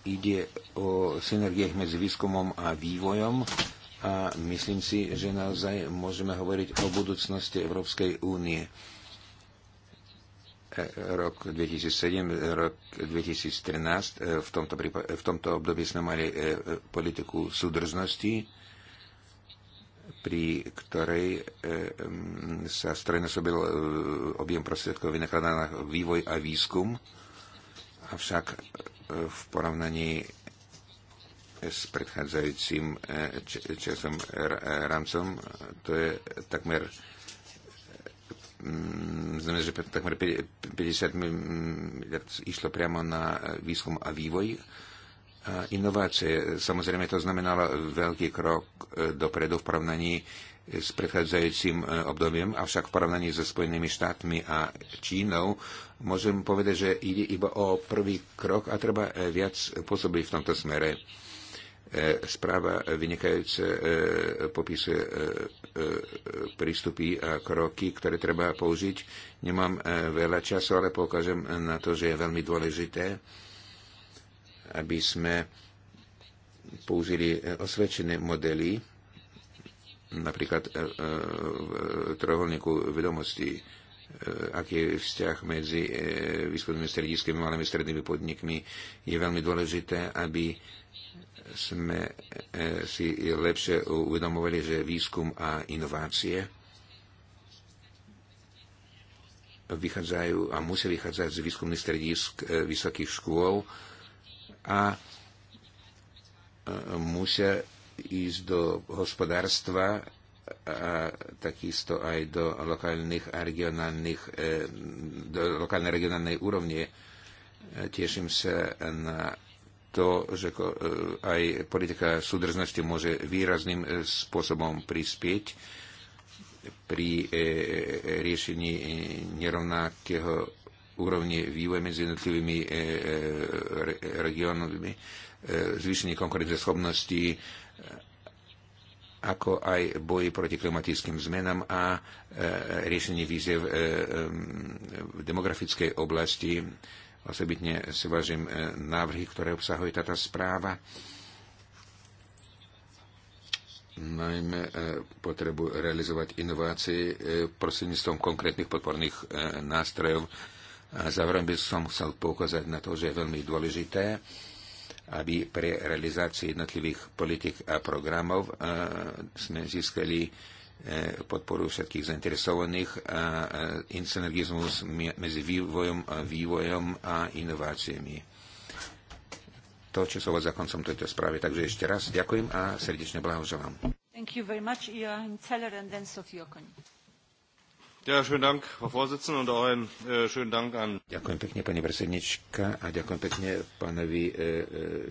Ide o synergiách medzi výskumom a vývojom a myslím si, že naozaj môžeme hovoriť o budúcnosti Európskej únie. E, E, rok 2007, rok 2013. E, v tomto, e, v tomto období sme mali politiku súdržnosti, pri ktorej sa strojnásobil objem prostriedkov vynakladaných na vývoj a výskum. Avšak v porovnaní s predchádzajúcim časom rámcom, to je takmer Mm, znamená, že takmer 50 miliard išlo priamo na eh, výskum a vývoj inovácie. Samozrejme, to znamenalo veľký krok eh, dopredu v porovnaní s predchádzajúcim eh, obdobím, avšak v porovnaní so Spojenými štátmi a Čínou môžem povedať, že ide iba o prvý krok a treba viac pôsobiť v tomto smere. Správa vynikajúce popisuje E, prístupy a kroky, ktoré treba použiť. Nemám e, veľa času, ale poukážem na to, že je veľmi dôležité, aby sme použili e, osvedčené modely, napríklad v trojuholníku vedomostí, aký je vzťah medzi výskumnými strediskami a malými strednými podnikmi, je veľmi dôležité, aby sme e, si lepšie uvedomovali, že výskum a inovácie vychádzajú a musia vychádzať z výskumných stredisk e, vysokých škôl a e, musia ísť do hospodárstva a takisto aj do lokálnych a regionálnych, do lokálnej regionálnej úrovne. Teším sa na to, že e, aj politika súdržnosti môže výrazným e, spôsobom prispieť pri e, riešení nerovnakého úrovne vývoja medzi jednotlivými regiónmi, zvýšení konkurenceschopnosti, ako aj boji proti klimatickým zmenám a riešenie výziev v demografickej oblasti Osobitne si vážim e, návrhy, ktoré obsahuje táto správa najmä e, potrebu realizovať inovácie e, prostredníctvom konkrétnych podporných nástrojov. A záverom by som chcel poukázať na to, že je veľmi dôležité, aby pre realizácii jednotlivých politik a programov sme získali E, podporu všetkých zainteresovaných a e, e, synergizmus medzi vývojom, a vývojom a inováciami. To, čo sa za koncom tejto správy. Takže ešte raz ďakujem a srdečne blahoželám. Äh, ďakujem pekne, pani predsednička, a ďakujem pekne pánovi e,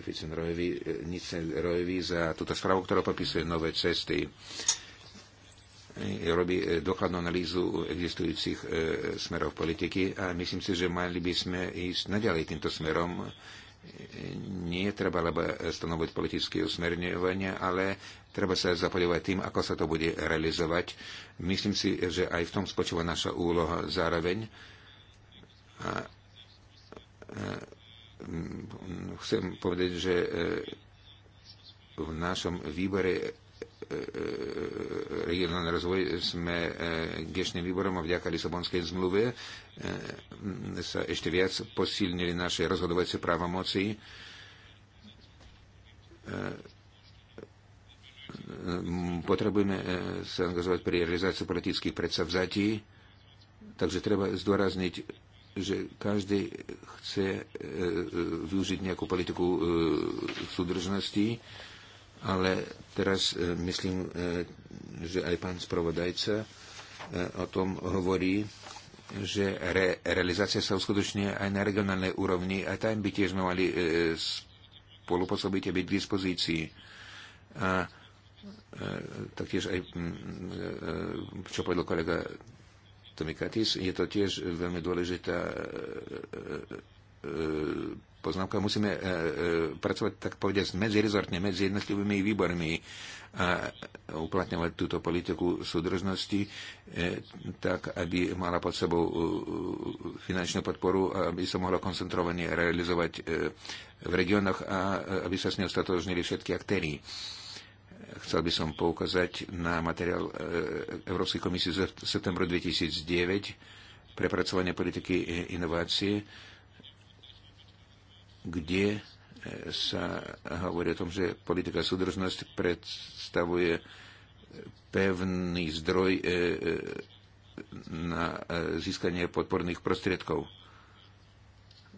e, Ficenrojovi, za túto správu, ktorá popisuje nové cesty. E, E, robí e, dokladnú analýzu existujúcich e, smerov politiky a myslím si, že mali by sme ísť naďalej týmto smerom. Nie treba lebo stanovať politické usmerňovania, ale treba sa zapoľovať tým, ako sa to bude realizovať. Myslím si, že aj v tom spočíva naša úloha zároveň. A, chcem povedať, že v našom výbore regionálny rozvoj sme dnešným e, výborom a vďaka Lisabonskej zmluve e, sa ešte viac posilnili naše rozhodovacie právomoci e, potrebujeme sa angažovať pri realizácii politických predsavzatí, takže treba zdôrazniť, že každý chce využiť nejakú politiku súdržnosti ale teraz e, myslím, e, že aj pán spravodajca e, o tom hovorí, že re, realizácia sa uskutočňuje aj na regionálnej úrovni a tam by tiež sme mali spolupôsobiť a byť k dispozícii. A taktiež aj, čo povedal kolega Tomikatis, je to tiež veľmi dôležitá poznámka, musíme e, e, pracovať, tak povediať, medzirezortne, medzi jednotlivými výbormi a uplatňovať túto politiku súdržnosti e, tak, aby mala pod sebou finančnú podporu, aby sa mohla koncentrovanie realizovať v regiónoch a aby sa s ňou statožnili všetky aktéry chcel by som poukázať na materiál Európskej komisie z septembru 2009, prepracovanie politiky inovácie, kde e, sa hovorí o tom, že politika súdržnosti predstavuje pevný zdroj e, e, na získanie podporných prostriedkov.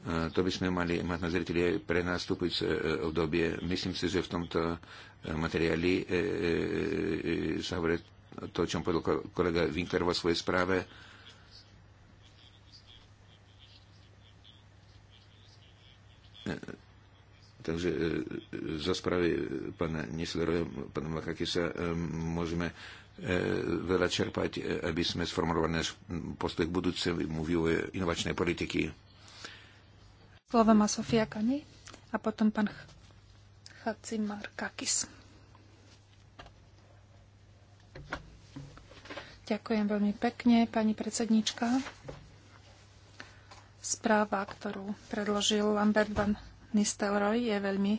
To by sme mali mať na zreteli aj pre nástupujúce obdobie. Myslím si, že v tomto materiáli sa hovorí to, čom povedal kolega Winkler vo svojej správe, E, takže e, za správy pána Nislerova, pána Makakisa e, môžeme veľa čerpať, aby sme sformulovali náš postoj k budúcemu vývoju inovačnej politiky. Slova má Sofia Kani a potom pán Chacimar Kakis. Ďakujem veľmi pekne, pani predsednička. Správa, ktorú predložil Lambert van Nistelrooy, je veľmi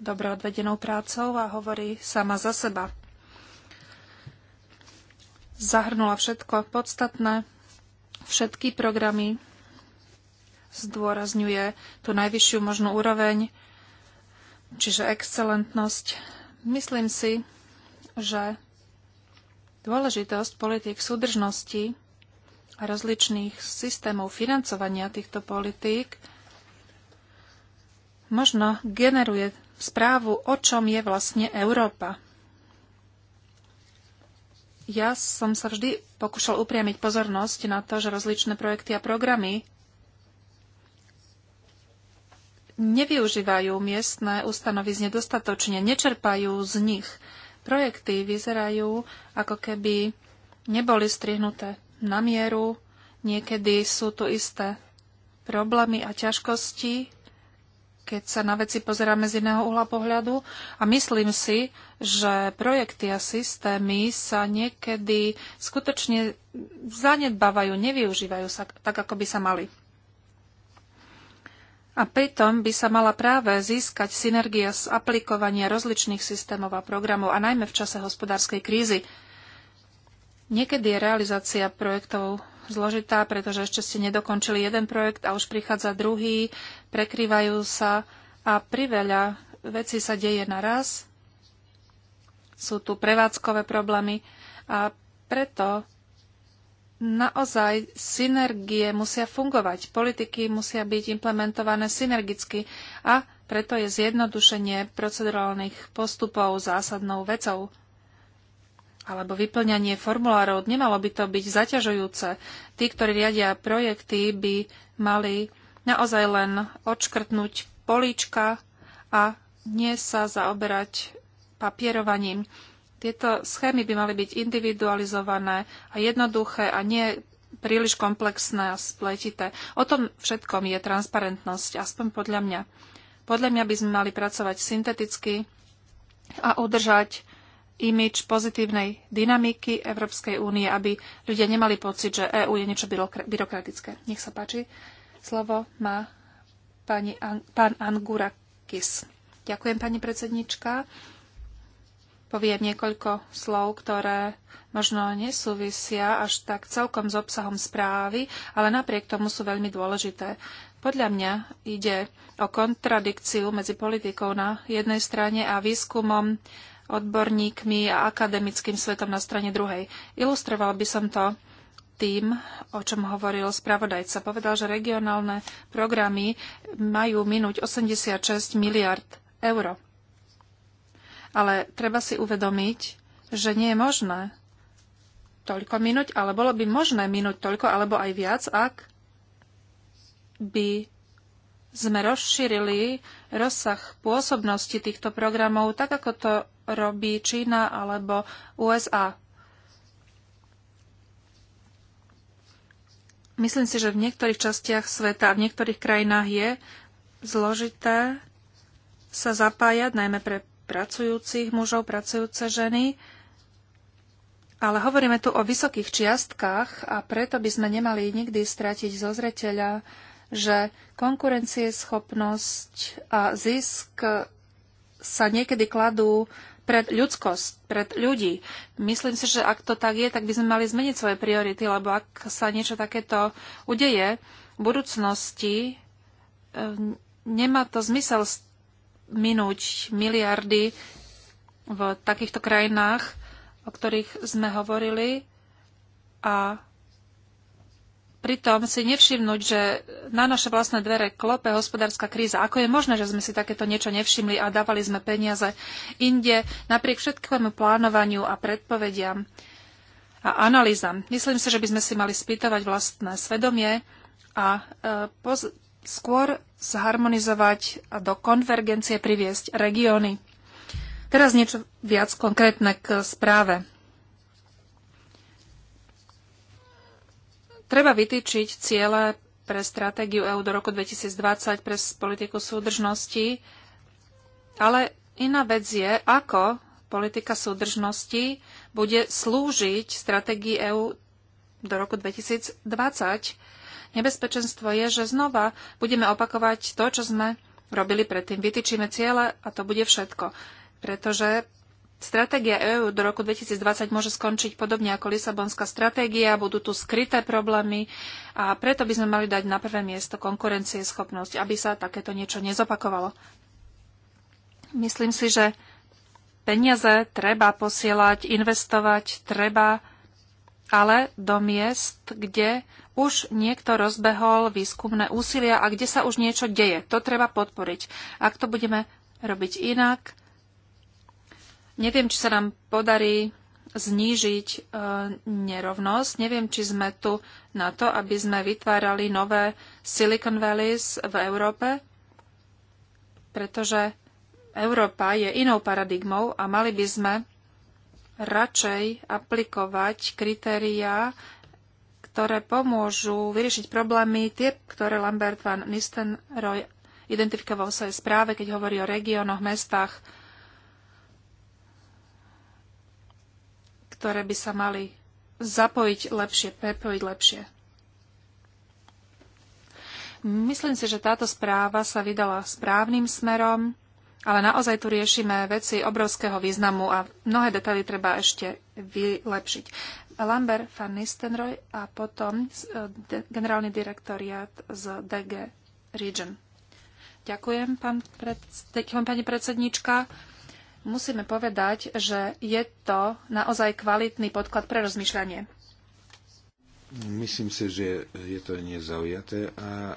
dobre odvedenou prácou a hovorí sama za seba. Zahrnula všetko podstatné, všetky programy, zdôrazňuje tú najvyššiu možnú úroveň, čiže excelentnosť. Myslím si, že dôležitosť politik súdržnosti rozličných systémov financovania týchto politík možno generuje správu, o čom je vlastne Európa. Ja som sa vždy pokúšal upriamiť pozornosť na to, že rozličné projekty a programy nevyužívajú miestne ustanovy z nedostatočne, nečerpajú z nich. Projekty vyzerajú, ako keby neboli strihnuté na mieru, niekedy sú tu isté problémy a ťažkosti, keď sa na veci pozeráme z iného uhla pohľadu. A myslím si, že projekty a systémy sa niekedy skutočne zanedbávajú, nevyužívajú sa tak, ako by sa mali. A pritom by sa mala práve získať synergia z aplikovania rozličných systémov a programov, a najmä v čase hospodárskej krízy. Niekedy je realizácia projektov zložitá, pretože ešte ste nedokončili jeden projekt a už prichádza druhý, prekrývajú sa a priveľa vecí sa deje naraz. Sú tu prevádzkové problémy a preto naozaj synergie musia fungovať. Politiky musia byť implementované synergicky a preto je zjednodušenie procedurálnych postupov zásadnou vecou alebo vyplňanie formulárov. Nemalo by to byť zaťažujúce. Tí, ktorí riadia projekty, by mali naozaj len odškrtnúť políčka a nie sa zaoberať papierovaním. Tieto schémy by mali byť individualizované a jednoduché a nie príliš komplexné a spletité. O tom všetkom je transparentnosť, aspoň podľa mňa. Podľa mňa by sme mali pracovať synteticky a udržať imič pozitívnej dynamiky Európskej únie, aby ľudia nemali pocit, že EÚ je niečo byrokratické. Nech sa páči. Slovo má pani, pán Angurakis. Ďakujem, pani predsednička. Poviem niekoľko slov, ktoré možno nesúvisia až tak celkom s obsahom správy, ale napriek tomu sú veľmi dôležité. Podľa mňa ide o kontradikciu medzi politikou na jednej strane a výskumom odborníkmi a akademickým svetom na strane druhej. Ilustroval by som to tým, o čom hovoril spravodajca. Povedal, že regionálne programy majú minúť 86 miliard eur. Ale treba si uvedomiť, že nie je možné toľko minúť, ale bolo by možné minúť toľko alebo aj viac, ak by sme rozšírili rozsah pôsobnosti týchto programov, tak ako to robí Čína alebo USA. Myslím si, že v niektorých častiach sveta a v niektorých krajinách je zložité sa zapájať, najmä pre pracujúcich mužov, pracujúce ženy. Ale hovoríme tu o vysokých čiastkách a preto by sme nemali nikdy stratiť zo zreteľa že konkurencieschopnosť a zisk sa niekedy kladú pred ľudskosť, pred ľudí. Myslím si, že ak to tak je, tak by sme mali zmeniť svoje priority, lebo ak sa niečo takéto udeje v budúcnosti, eh, nemá to zmysel minúť miliardy v takýchto krajinách, o ktorých sme hovorili a pritom si nevšimnúť, že na naše vlastné dvere klope hospodárska kríza. Ako je možné, že sme si takéto niečo nevšimli a dávali sme peniaze inde napriek všetkému plánovaniu a predpovediam a analýzam. Myslím si, že by sme si mali spýtovať vlastné svedomie a e, skôr zharmonizovať a do konvergencie priviesť regióny. Teraz niečo viac konkrétne k správe. Treba vytýčiť ciele pre stratégiu EÚ do roku 2020 pre politiku súdržnosti, ale iná vec je, ako politika súdržnosti bude slúžiť stratégii EÚ do roku 2020. Nebezpečenstvo je, že znova budeme opakovať to, čo sme robili predtým. Vytýčime ciele a to bude všetko. Pretože Stratégia EÚ do roku 2020 môže skončiť podobne ako Lisabonská stratégia, budú tu skryté problémy a preto by sme mali dať na prvé miesto konkurencieschopnosť, aby sa takéto niečo nezopakovalo. Myslím si, že peniaze treba posielať, investovať, treba ale do miest, kde už niekto rozbehol výskumné úsilia a kde sa už niečo deje. To treba podporiť. Ak to budeme robiť inak, Neviem, či sa nám podarí znížiť e, nerovnosť. Neviem, či sme tu na to, aby sme vytvárali nové Silicon Valleys v Európe, pretože Európa je inou paradigmou a mali by sme radšej aplikovať kritériá, ktoré pomôžu vyriešiť problémy, tie, ktoré Lambert van Nistenroy identifikoval sa aj správe, keď hovorí o regiónoch, mestách, ktoré by sa mali zapojiť lepšie, prepojiť lepšie. Myslím si, že táto správa sa vydala správnym smerom, ale naozaj tu riešime veci obrovského významu a mnohé detaily treba ešte vylepšiť. Lambert van Nistenroy a potom e, generálny direktoriát z DG Region. Ďakujem, pán pred... Ďakujem pani predsednička musíme povedať, že je to naozaj kvalitný podklad pre rozmýšľanie. Myslím si, že je to nezaujaté a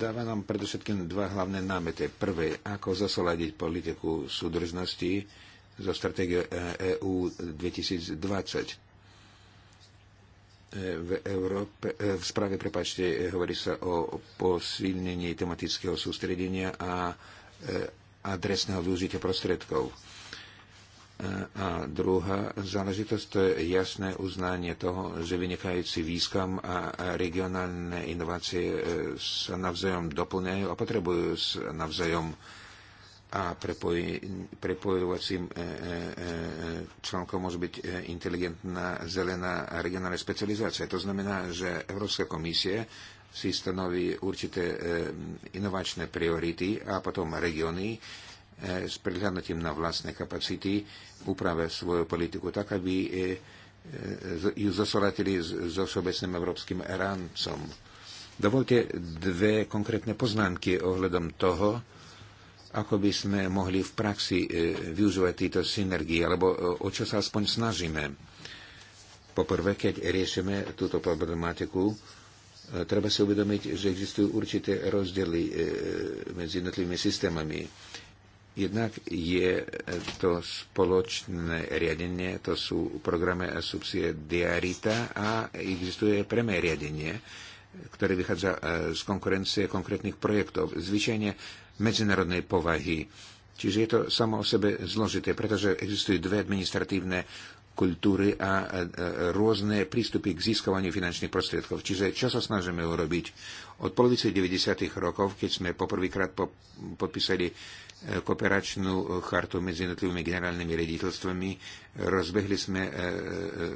dáva nám predovšetkým dva hlavné námety. Prvé, ako zasoladiť politiku súdržnosti zo stratégie EU 2020 e, v Európe, e, v správe, prepáčte, e, hovorí sa o posilnení tematického sústredenia a adresného využitia prostriedkov. A druhá záležitosť to je jasné uznanie toho, že vynikajúci výskum a regionálne inovácie e, sa navzájom doplňajú a potrebujú sa navzájom a prepojovacím e, e, článkom môže byť inteligentná zelená regionálna specializácia. To znamená, že Európska komisie si stanoví určité inovačné priority a potom regióny, Eh, s prihľadnutím na vlastné kapacity upravia svoju politiku tak, aby eh, eh, ju zosolatili so všeobecným európskym rámcom. Dovolte dve konkrétne poznámky ohľadom toho, ako by sme mohli v praxi využívať tieto synergie, alebo o čo sa aspoň snažíme. Poprvé, keď riešime túto problematiku, treba si uvedomiť, že existujú určité rozdiely medzi jednotlivými systémami Jednak je to spoločné riadenie, to sú programy subsidiarita a existuje premé riadenie, ktoré vychádza e, z konkurencie konkrétnych projektov, zvyčajne medzinárodnej povahy. Čiže je to samo o sebe zložité, pretože existujú dve administratívne kultúry a e, e, rôzne prístupy k získovaniu finančných prostriedkov. Čiže čo sa snažíme urobiť? Od polovice 90. rokov, keď sme poprvýkrát podpísali kooperačnú chartu medzi jednotlivými generálnymi rediteľstvami. Rozbehli sme e, e,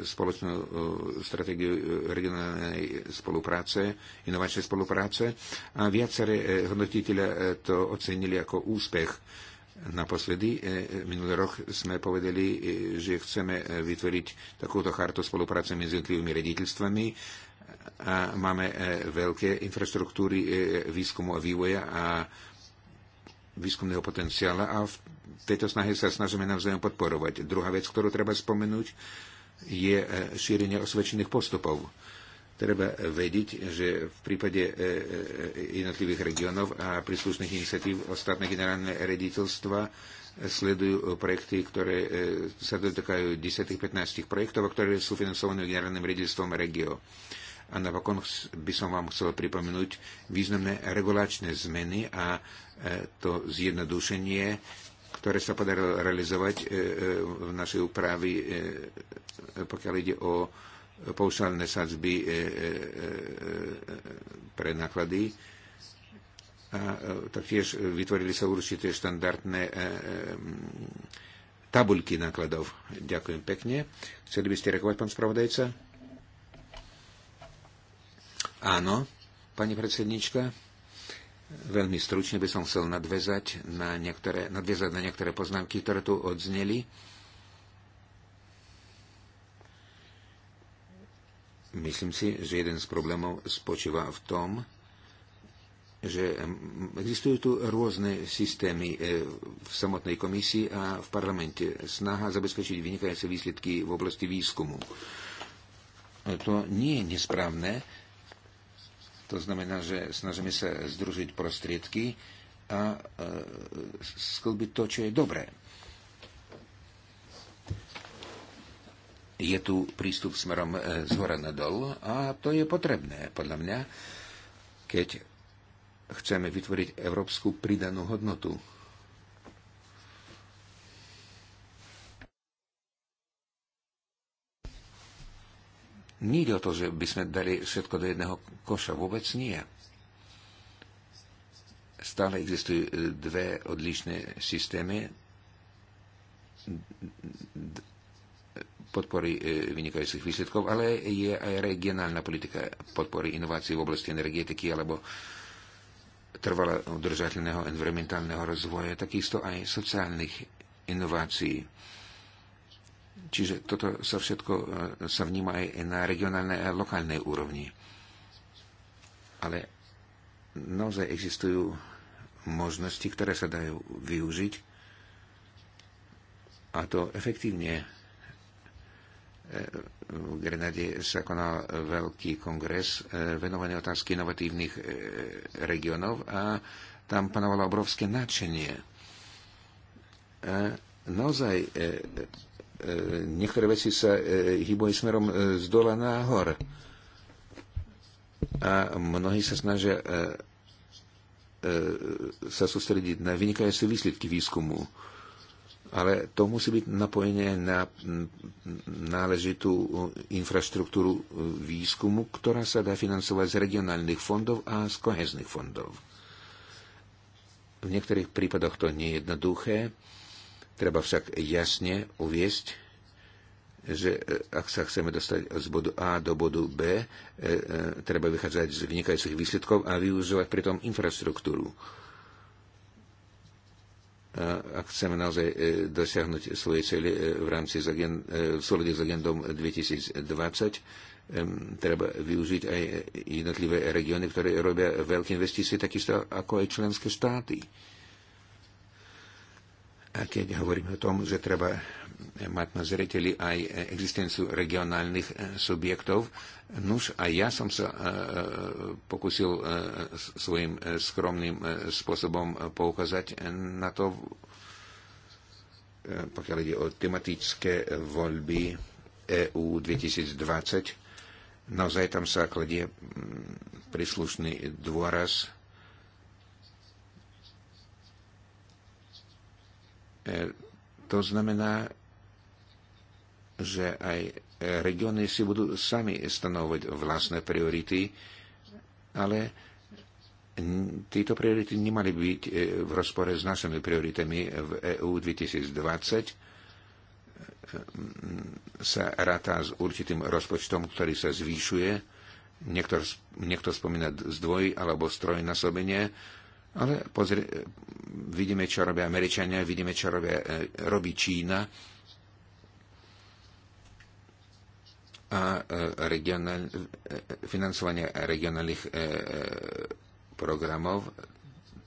spoločnú e, stratégiu regionálnej spolupráce, inovačnej spolupráce a viaceré hodnotiteľe to ocenili ako úspech. Naposledy, minulý rok sme povedali, že chceme vytvoriť takúto chartu spolupráce medzi jednotlivými rediteľstvami a máme veľké infraštruktúry výskumu a vývoja a výskumného potenciála a v tejto snahe sa snažíme navzájom podporovať. Druhá vec, ktorú treba spomenúť, je e, šírenie osvedčených postupov. Treba vedieť, že v prípade e, e, jednotlivých regionov a príslušných iniciatív ostatné generálne rediteľstva sledujú projekty, ktoré sa dotýkajú 10-15 projektov, ktoré sú financované generálnym rediteľstvom Regio. A napokon by som vám chcel pripomenúť významné regulačné zmeny a E, to zjednodušenie, ktoré sa podarilo realizovať e, e, v našej úpravi, pokiaľ ide o paušálne sadzby pre náklady. A taktiež vytvorili sa určité štandardné tabuľky nákladov. Ďakujem pekne. Chceli by ste rekovať, pán spravodajca? Áno, pani predsednička. Veľmi stručne by som chcel nadväzať na niektoré, nadväzať na niektoré poznámky, ktoré tu odzneli. Myslím si, že jeden z problémov spočíva v tom, že existujú tu rôzne systémy e, v samotnej komisii a v parlamente. Snaha zabezpečiť vynikajúce výsledky v oblasti výskumu. E, to nie je nesprávne, to znamená, že snažíme sa združiť prostriedky a e, sklbiť to, čo je dobré. Je tu prístup smerom e, z hora na dol a to je potrebné, podľa mňa, keď chceme vytvoriť európsku pridanú hodnotu Nie ide o to, že by sme dali všetko do jedného koša. Vôbec nie. Stále existujú e, dve odlišné systémy podpory e, vynikajúcich výsledkov, ale je aj regionálna politika podpory inovácií v oblasti energetiky alebo trvalo udržateľného environmentálneho rozvoja, takisto aj sociálnych inovácií. Čiže toto sa všetko e, sa vníma aj na regionálnej a lokálnej úrovni. Ale naozaj existujú možnosti, ktoré sa dajú využiť a to efektívne. E, v Grenade sa konal veľký kongres e, venovaný otázky inovatívnych regionov a tam panovalo obrovské nadšenie. naozaj E, niektoré veci sa e, hýbujú smerom e, z dola nahor. A mnohí sa snažia sa sústrediť na vynikajúce výsledky výskumu. Ale to musí byť napojené na náležitú infraštruktúru výskumu, ktorá sa dá financovať z regionálnych fondov a z kohezných fondov. V niektorých prípadoch to nie je jednoduché Treba však jasne uviesť, že e, ak sa chceme dostať z bodu A do bodu B, e, e, treba vychádzať z vynikajúcich výsledkov a využívať pritom infraštruktúru. A ak chceme naozaj e, dosiahnuť svoje cely e, v rámci agen, e, v súlade s agendom 2020, treba využiť aj jednotlivé regióny, ktoré robia veľké investície, takisto ako aj členské štáty. A keď hovoríme o tom, že treba mať na zreteli aj existenciu regionálnych e, subjektov, nuž a ja som sa e, e, pokusil svojim skromným spôsobom poukázať na to, pokiaľ ide o tematické voľby EU 2020. Naozaj tam sa kladie príslušný dôraz E, to znamená, že aj regióny si budú sami stanovať vlastné priority, ale títo priority nemali byť e, v rozpore s našimi prioritami v EU 2020 e, sa ráta s určitým rozpočtom, ktorý sa zvýšuje. Niektor, niekto spomína zdvoj alebo stroj na strojnásobenie. Ale pozri, e, vidíme, čo robia Američania, vidíme, čo robia, e, robí Čína. a e, regionál, financovanie regionálnych programov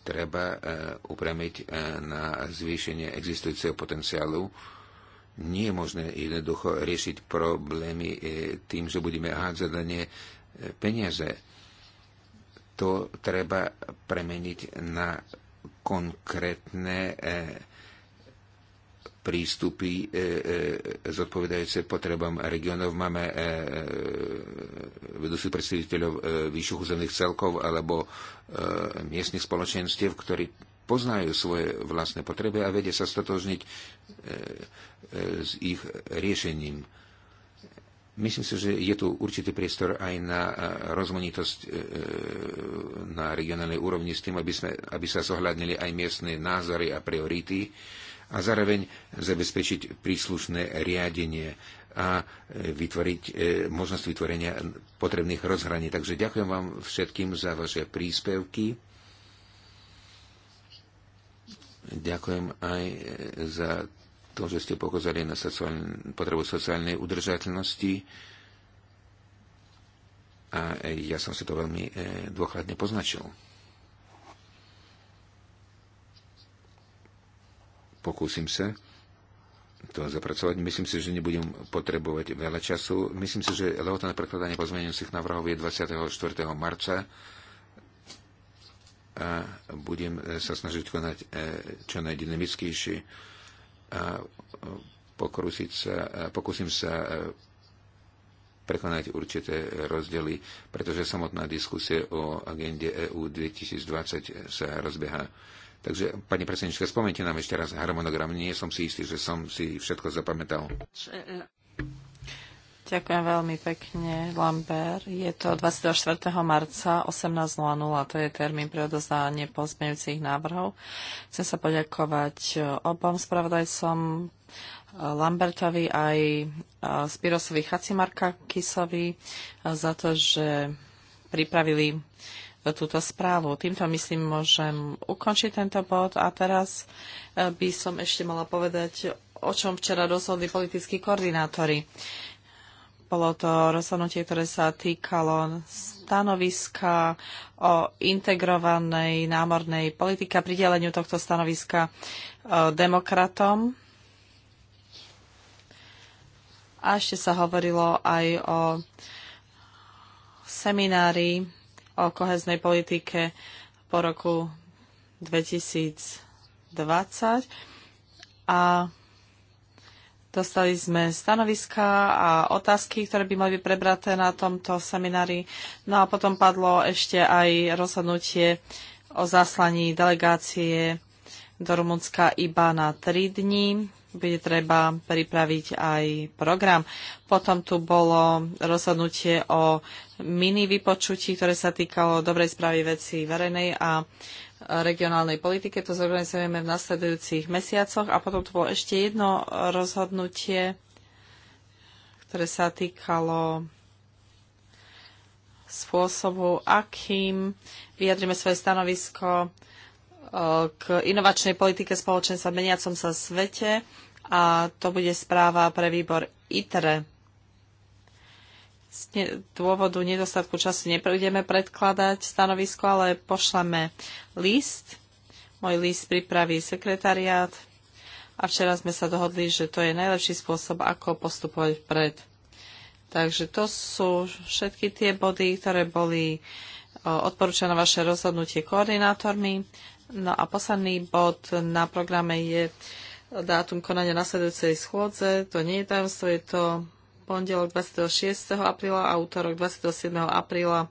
treba upremiť na zvýšenie existujúceho potenciálu. Nie je možné jednoducho riešiť problémy tým, že budeme hádzať na ne peniaze to treba premeniť na konkrétne e, prístupy e, e, zodpovedajúce potrebám regionov. Máme vedúcich predstaviteľov vyšších územných celkov alebo miestnych spoločenstiev, ktorí poznajú svoje vlastné potreby a vedia sa stotožniť s ich riešením Myslím si, že je tu určitý priestor aj na e, rozmanitosť e, e, na regionálnej úrovni s tým, aby, sme, aby sa zohľadnili aj miestne názory a priority a zároveň zabezpečiť príslušné riadenie a vytvoriť možnosť vytvorenia potrebných rozhraní. Takže ďakujem vám všetkým za vaše príspevky. Ďakujem aj za to, že ste pokazali na sociálne, potrebu sociálnej udržateľnosti. A e, ja som si to veľmi e, dôkladne poznačil. Pokúsim sa to zapracovať. Myslím si, že nebudem potrebovať veľa času. Myslím si, že lehota na prekladanie pozmeňujúcich návrhov je 24. marca a budem e, sa snažiť konať čo najdynamickejšie a sa, pokúsim sa prekonať určité rozdiely, pretože samotná diskusia o agende EU 2020 sa rozbieha. Takže, pani predsednička, spomente nám ešte raz harmonogram. Nie som si istý, že som si všetko zapamätal. Ďakujem veľmi pekne, Lambert. Je to 24. marca 18.00, to je termín pre odozdanie pozmeňujúcich návrhov. Chcem sa poďakovať obom spravodajcom, Lambertovi aj Spirosovi Chacimarka Kisovi za to, že pripravili túto správu. Týmto myslím, môžem ukončiť tento bod a teraz e, by som ešte mala povedať, o čom včera rozhodli politickí koordinátori. Bolo to rozhodnutie, ktoré sa týkalo stanoviska o integrovanej námornej politike a prideleniu tohto stanoviska e, demokratom. A ešte sa hovorilo aj o seminári o koheznej politike po roku 2020 a Dostali sme stanoviska a otázky, ktoré by mali byť prebraté na tomto seminári. No a potom padlo ešte aj rozhodnutie o zaslaní delegácie do Rumunska iba na 3 dní bude treba pripraviť aj program. Potom tu bolo rozhodnutie o mini vypočutí, ktoré sa týkalo dobrej správy veci verejnej a regionálnej politike. To zorganizujeme v nasledujúcich mesiacoch. A potom tu bolo ešte jedno rozhodnutie, ktoré sa týkalo spôsobu, akým vyjadrime svoje stanovisko k inovačnej politike spoločenstva v meniacom sa svete a to bude správa pre výbor ITRE. Z dôvodu nedostatku času neprídeme predkladať stanovisko, ale pošleme list. Môj list pripraví sekretariát a včera sme sa dohodli, že to je najlepší spôsob, ako postupovať vpred. Takže to sú všetky tie body, ktoré boli odporúčané vaše rozhodnutie koordinátormi. No a posledný bod na programe je dátum konania nasledujúcej schôdze. To nie je tajomstvo, je to pondelok 26. apríla a útorok 27. apríla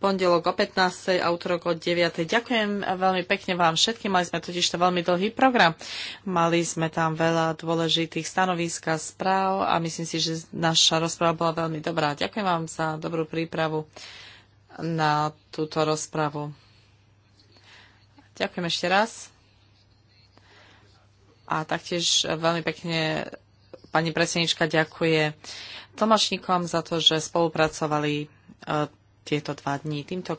pondelok o 15. a útorok o 9. Ďakujem veľmi pekne vám všetkým. Mali sme totiž to veľmi dlhý program. Mali sme tam veľa dôležitých stanovísk a správ a myslím si, že naša rozpráva bola veľmi dobrá. Ďakujem vám za dobrú prípravu na túto rozpravu. Ďakujem ešte raz. A taktiež veľmi pekne pani predsednička ďakuje Tomášnikom za to, že spolupracovali e, tieto dva dní. Týmto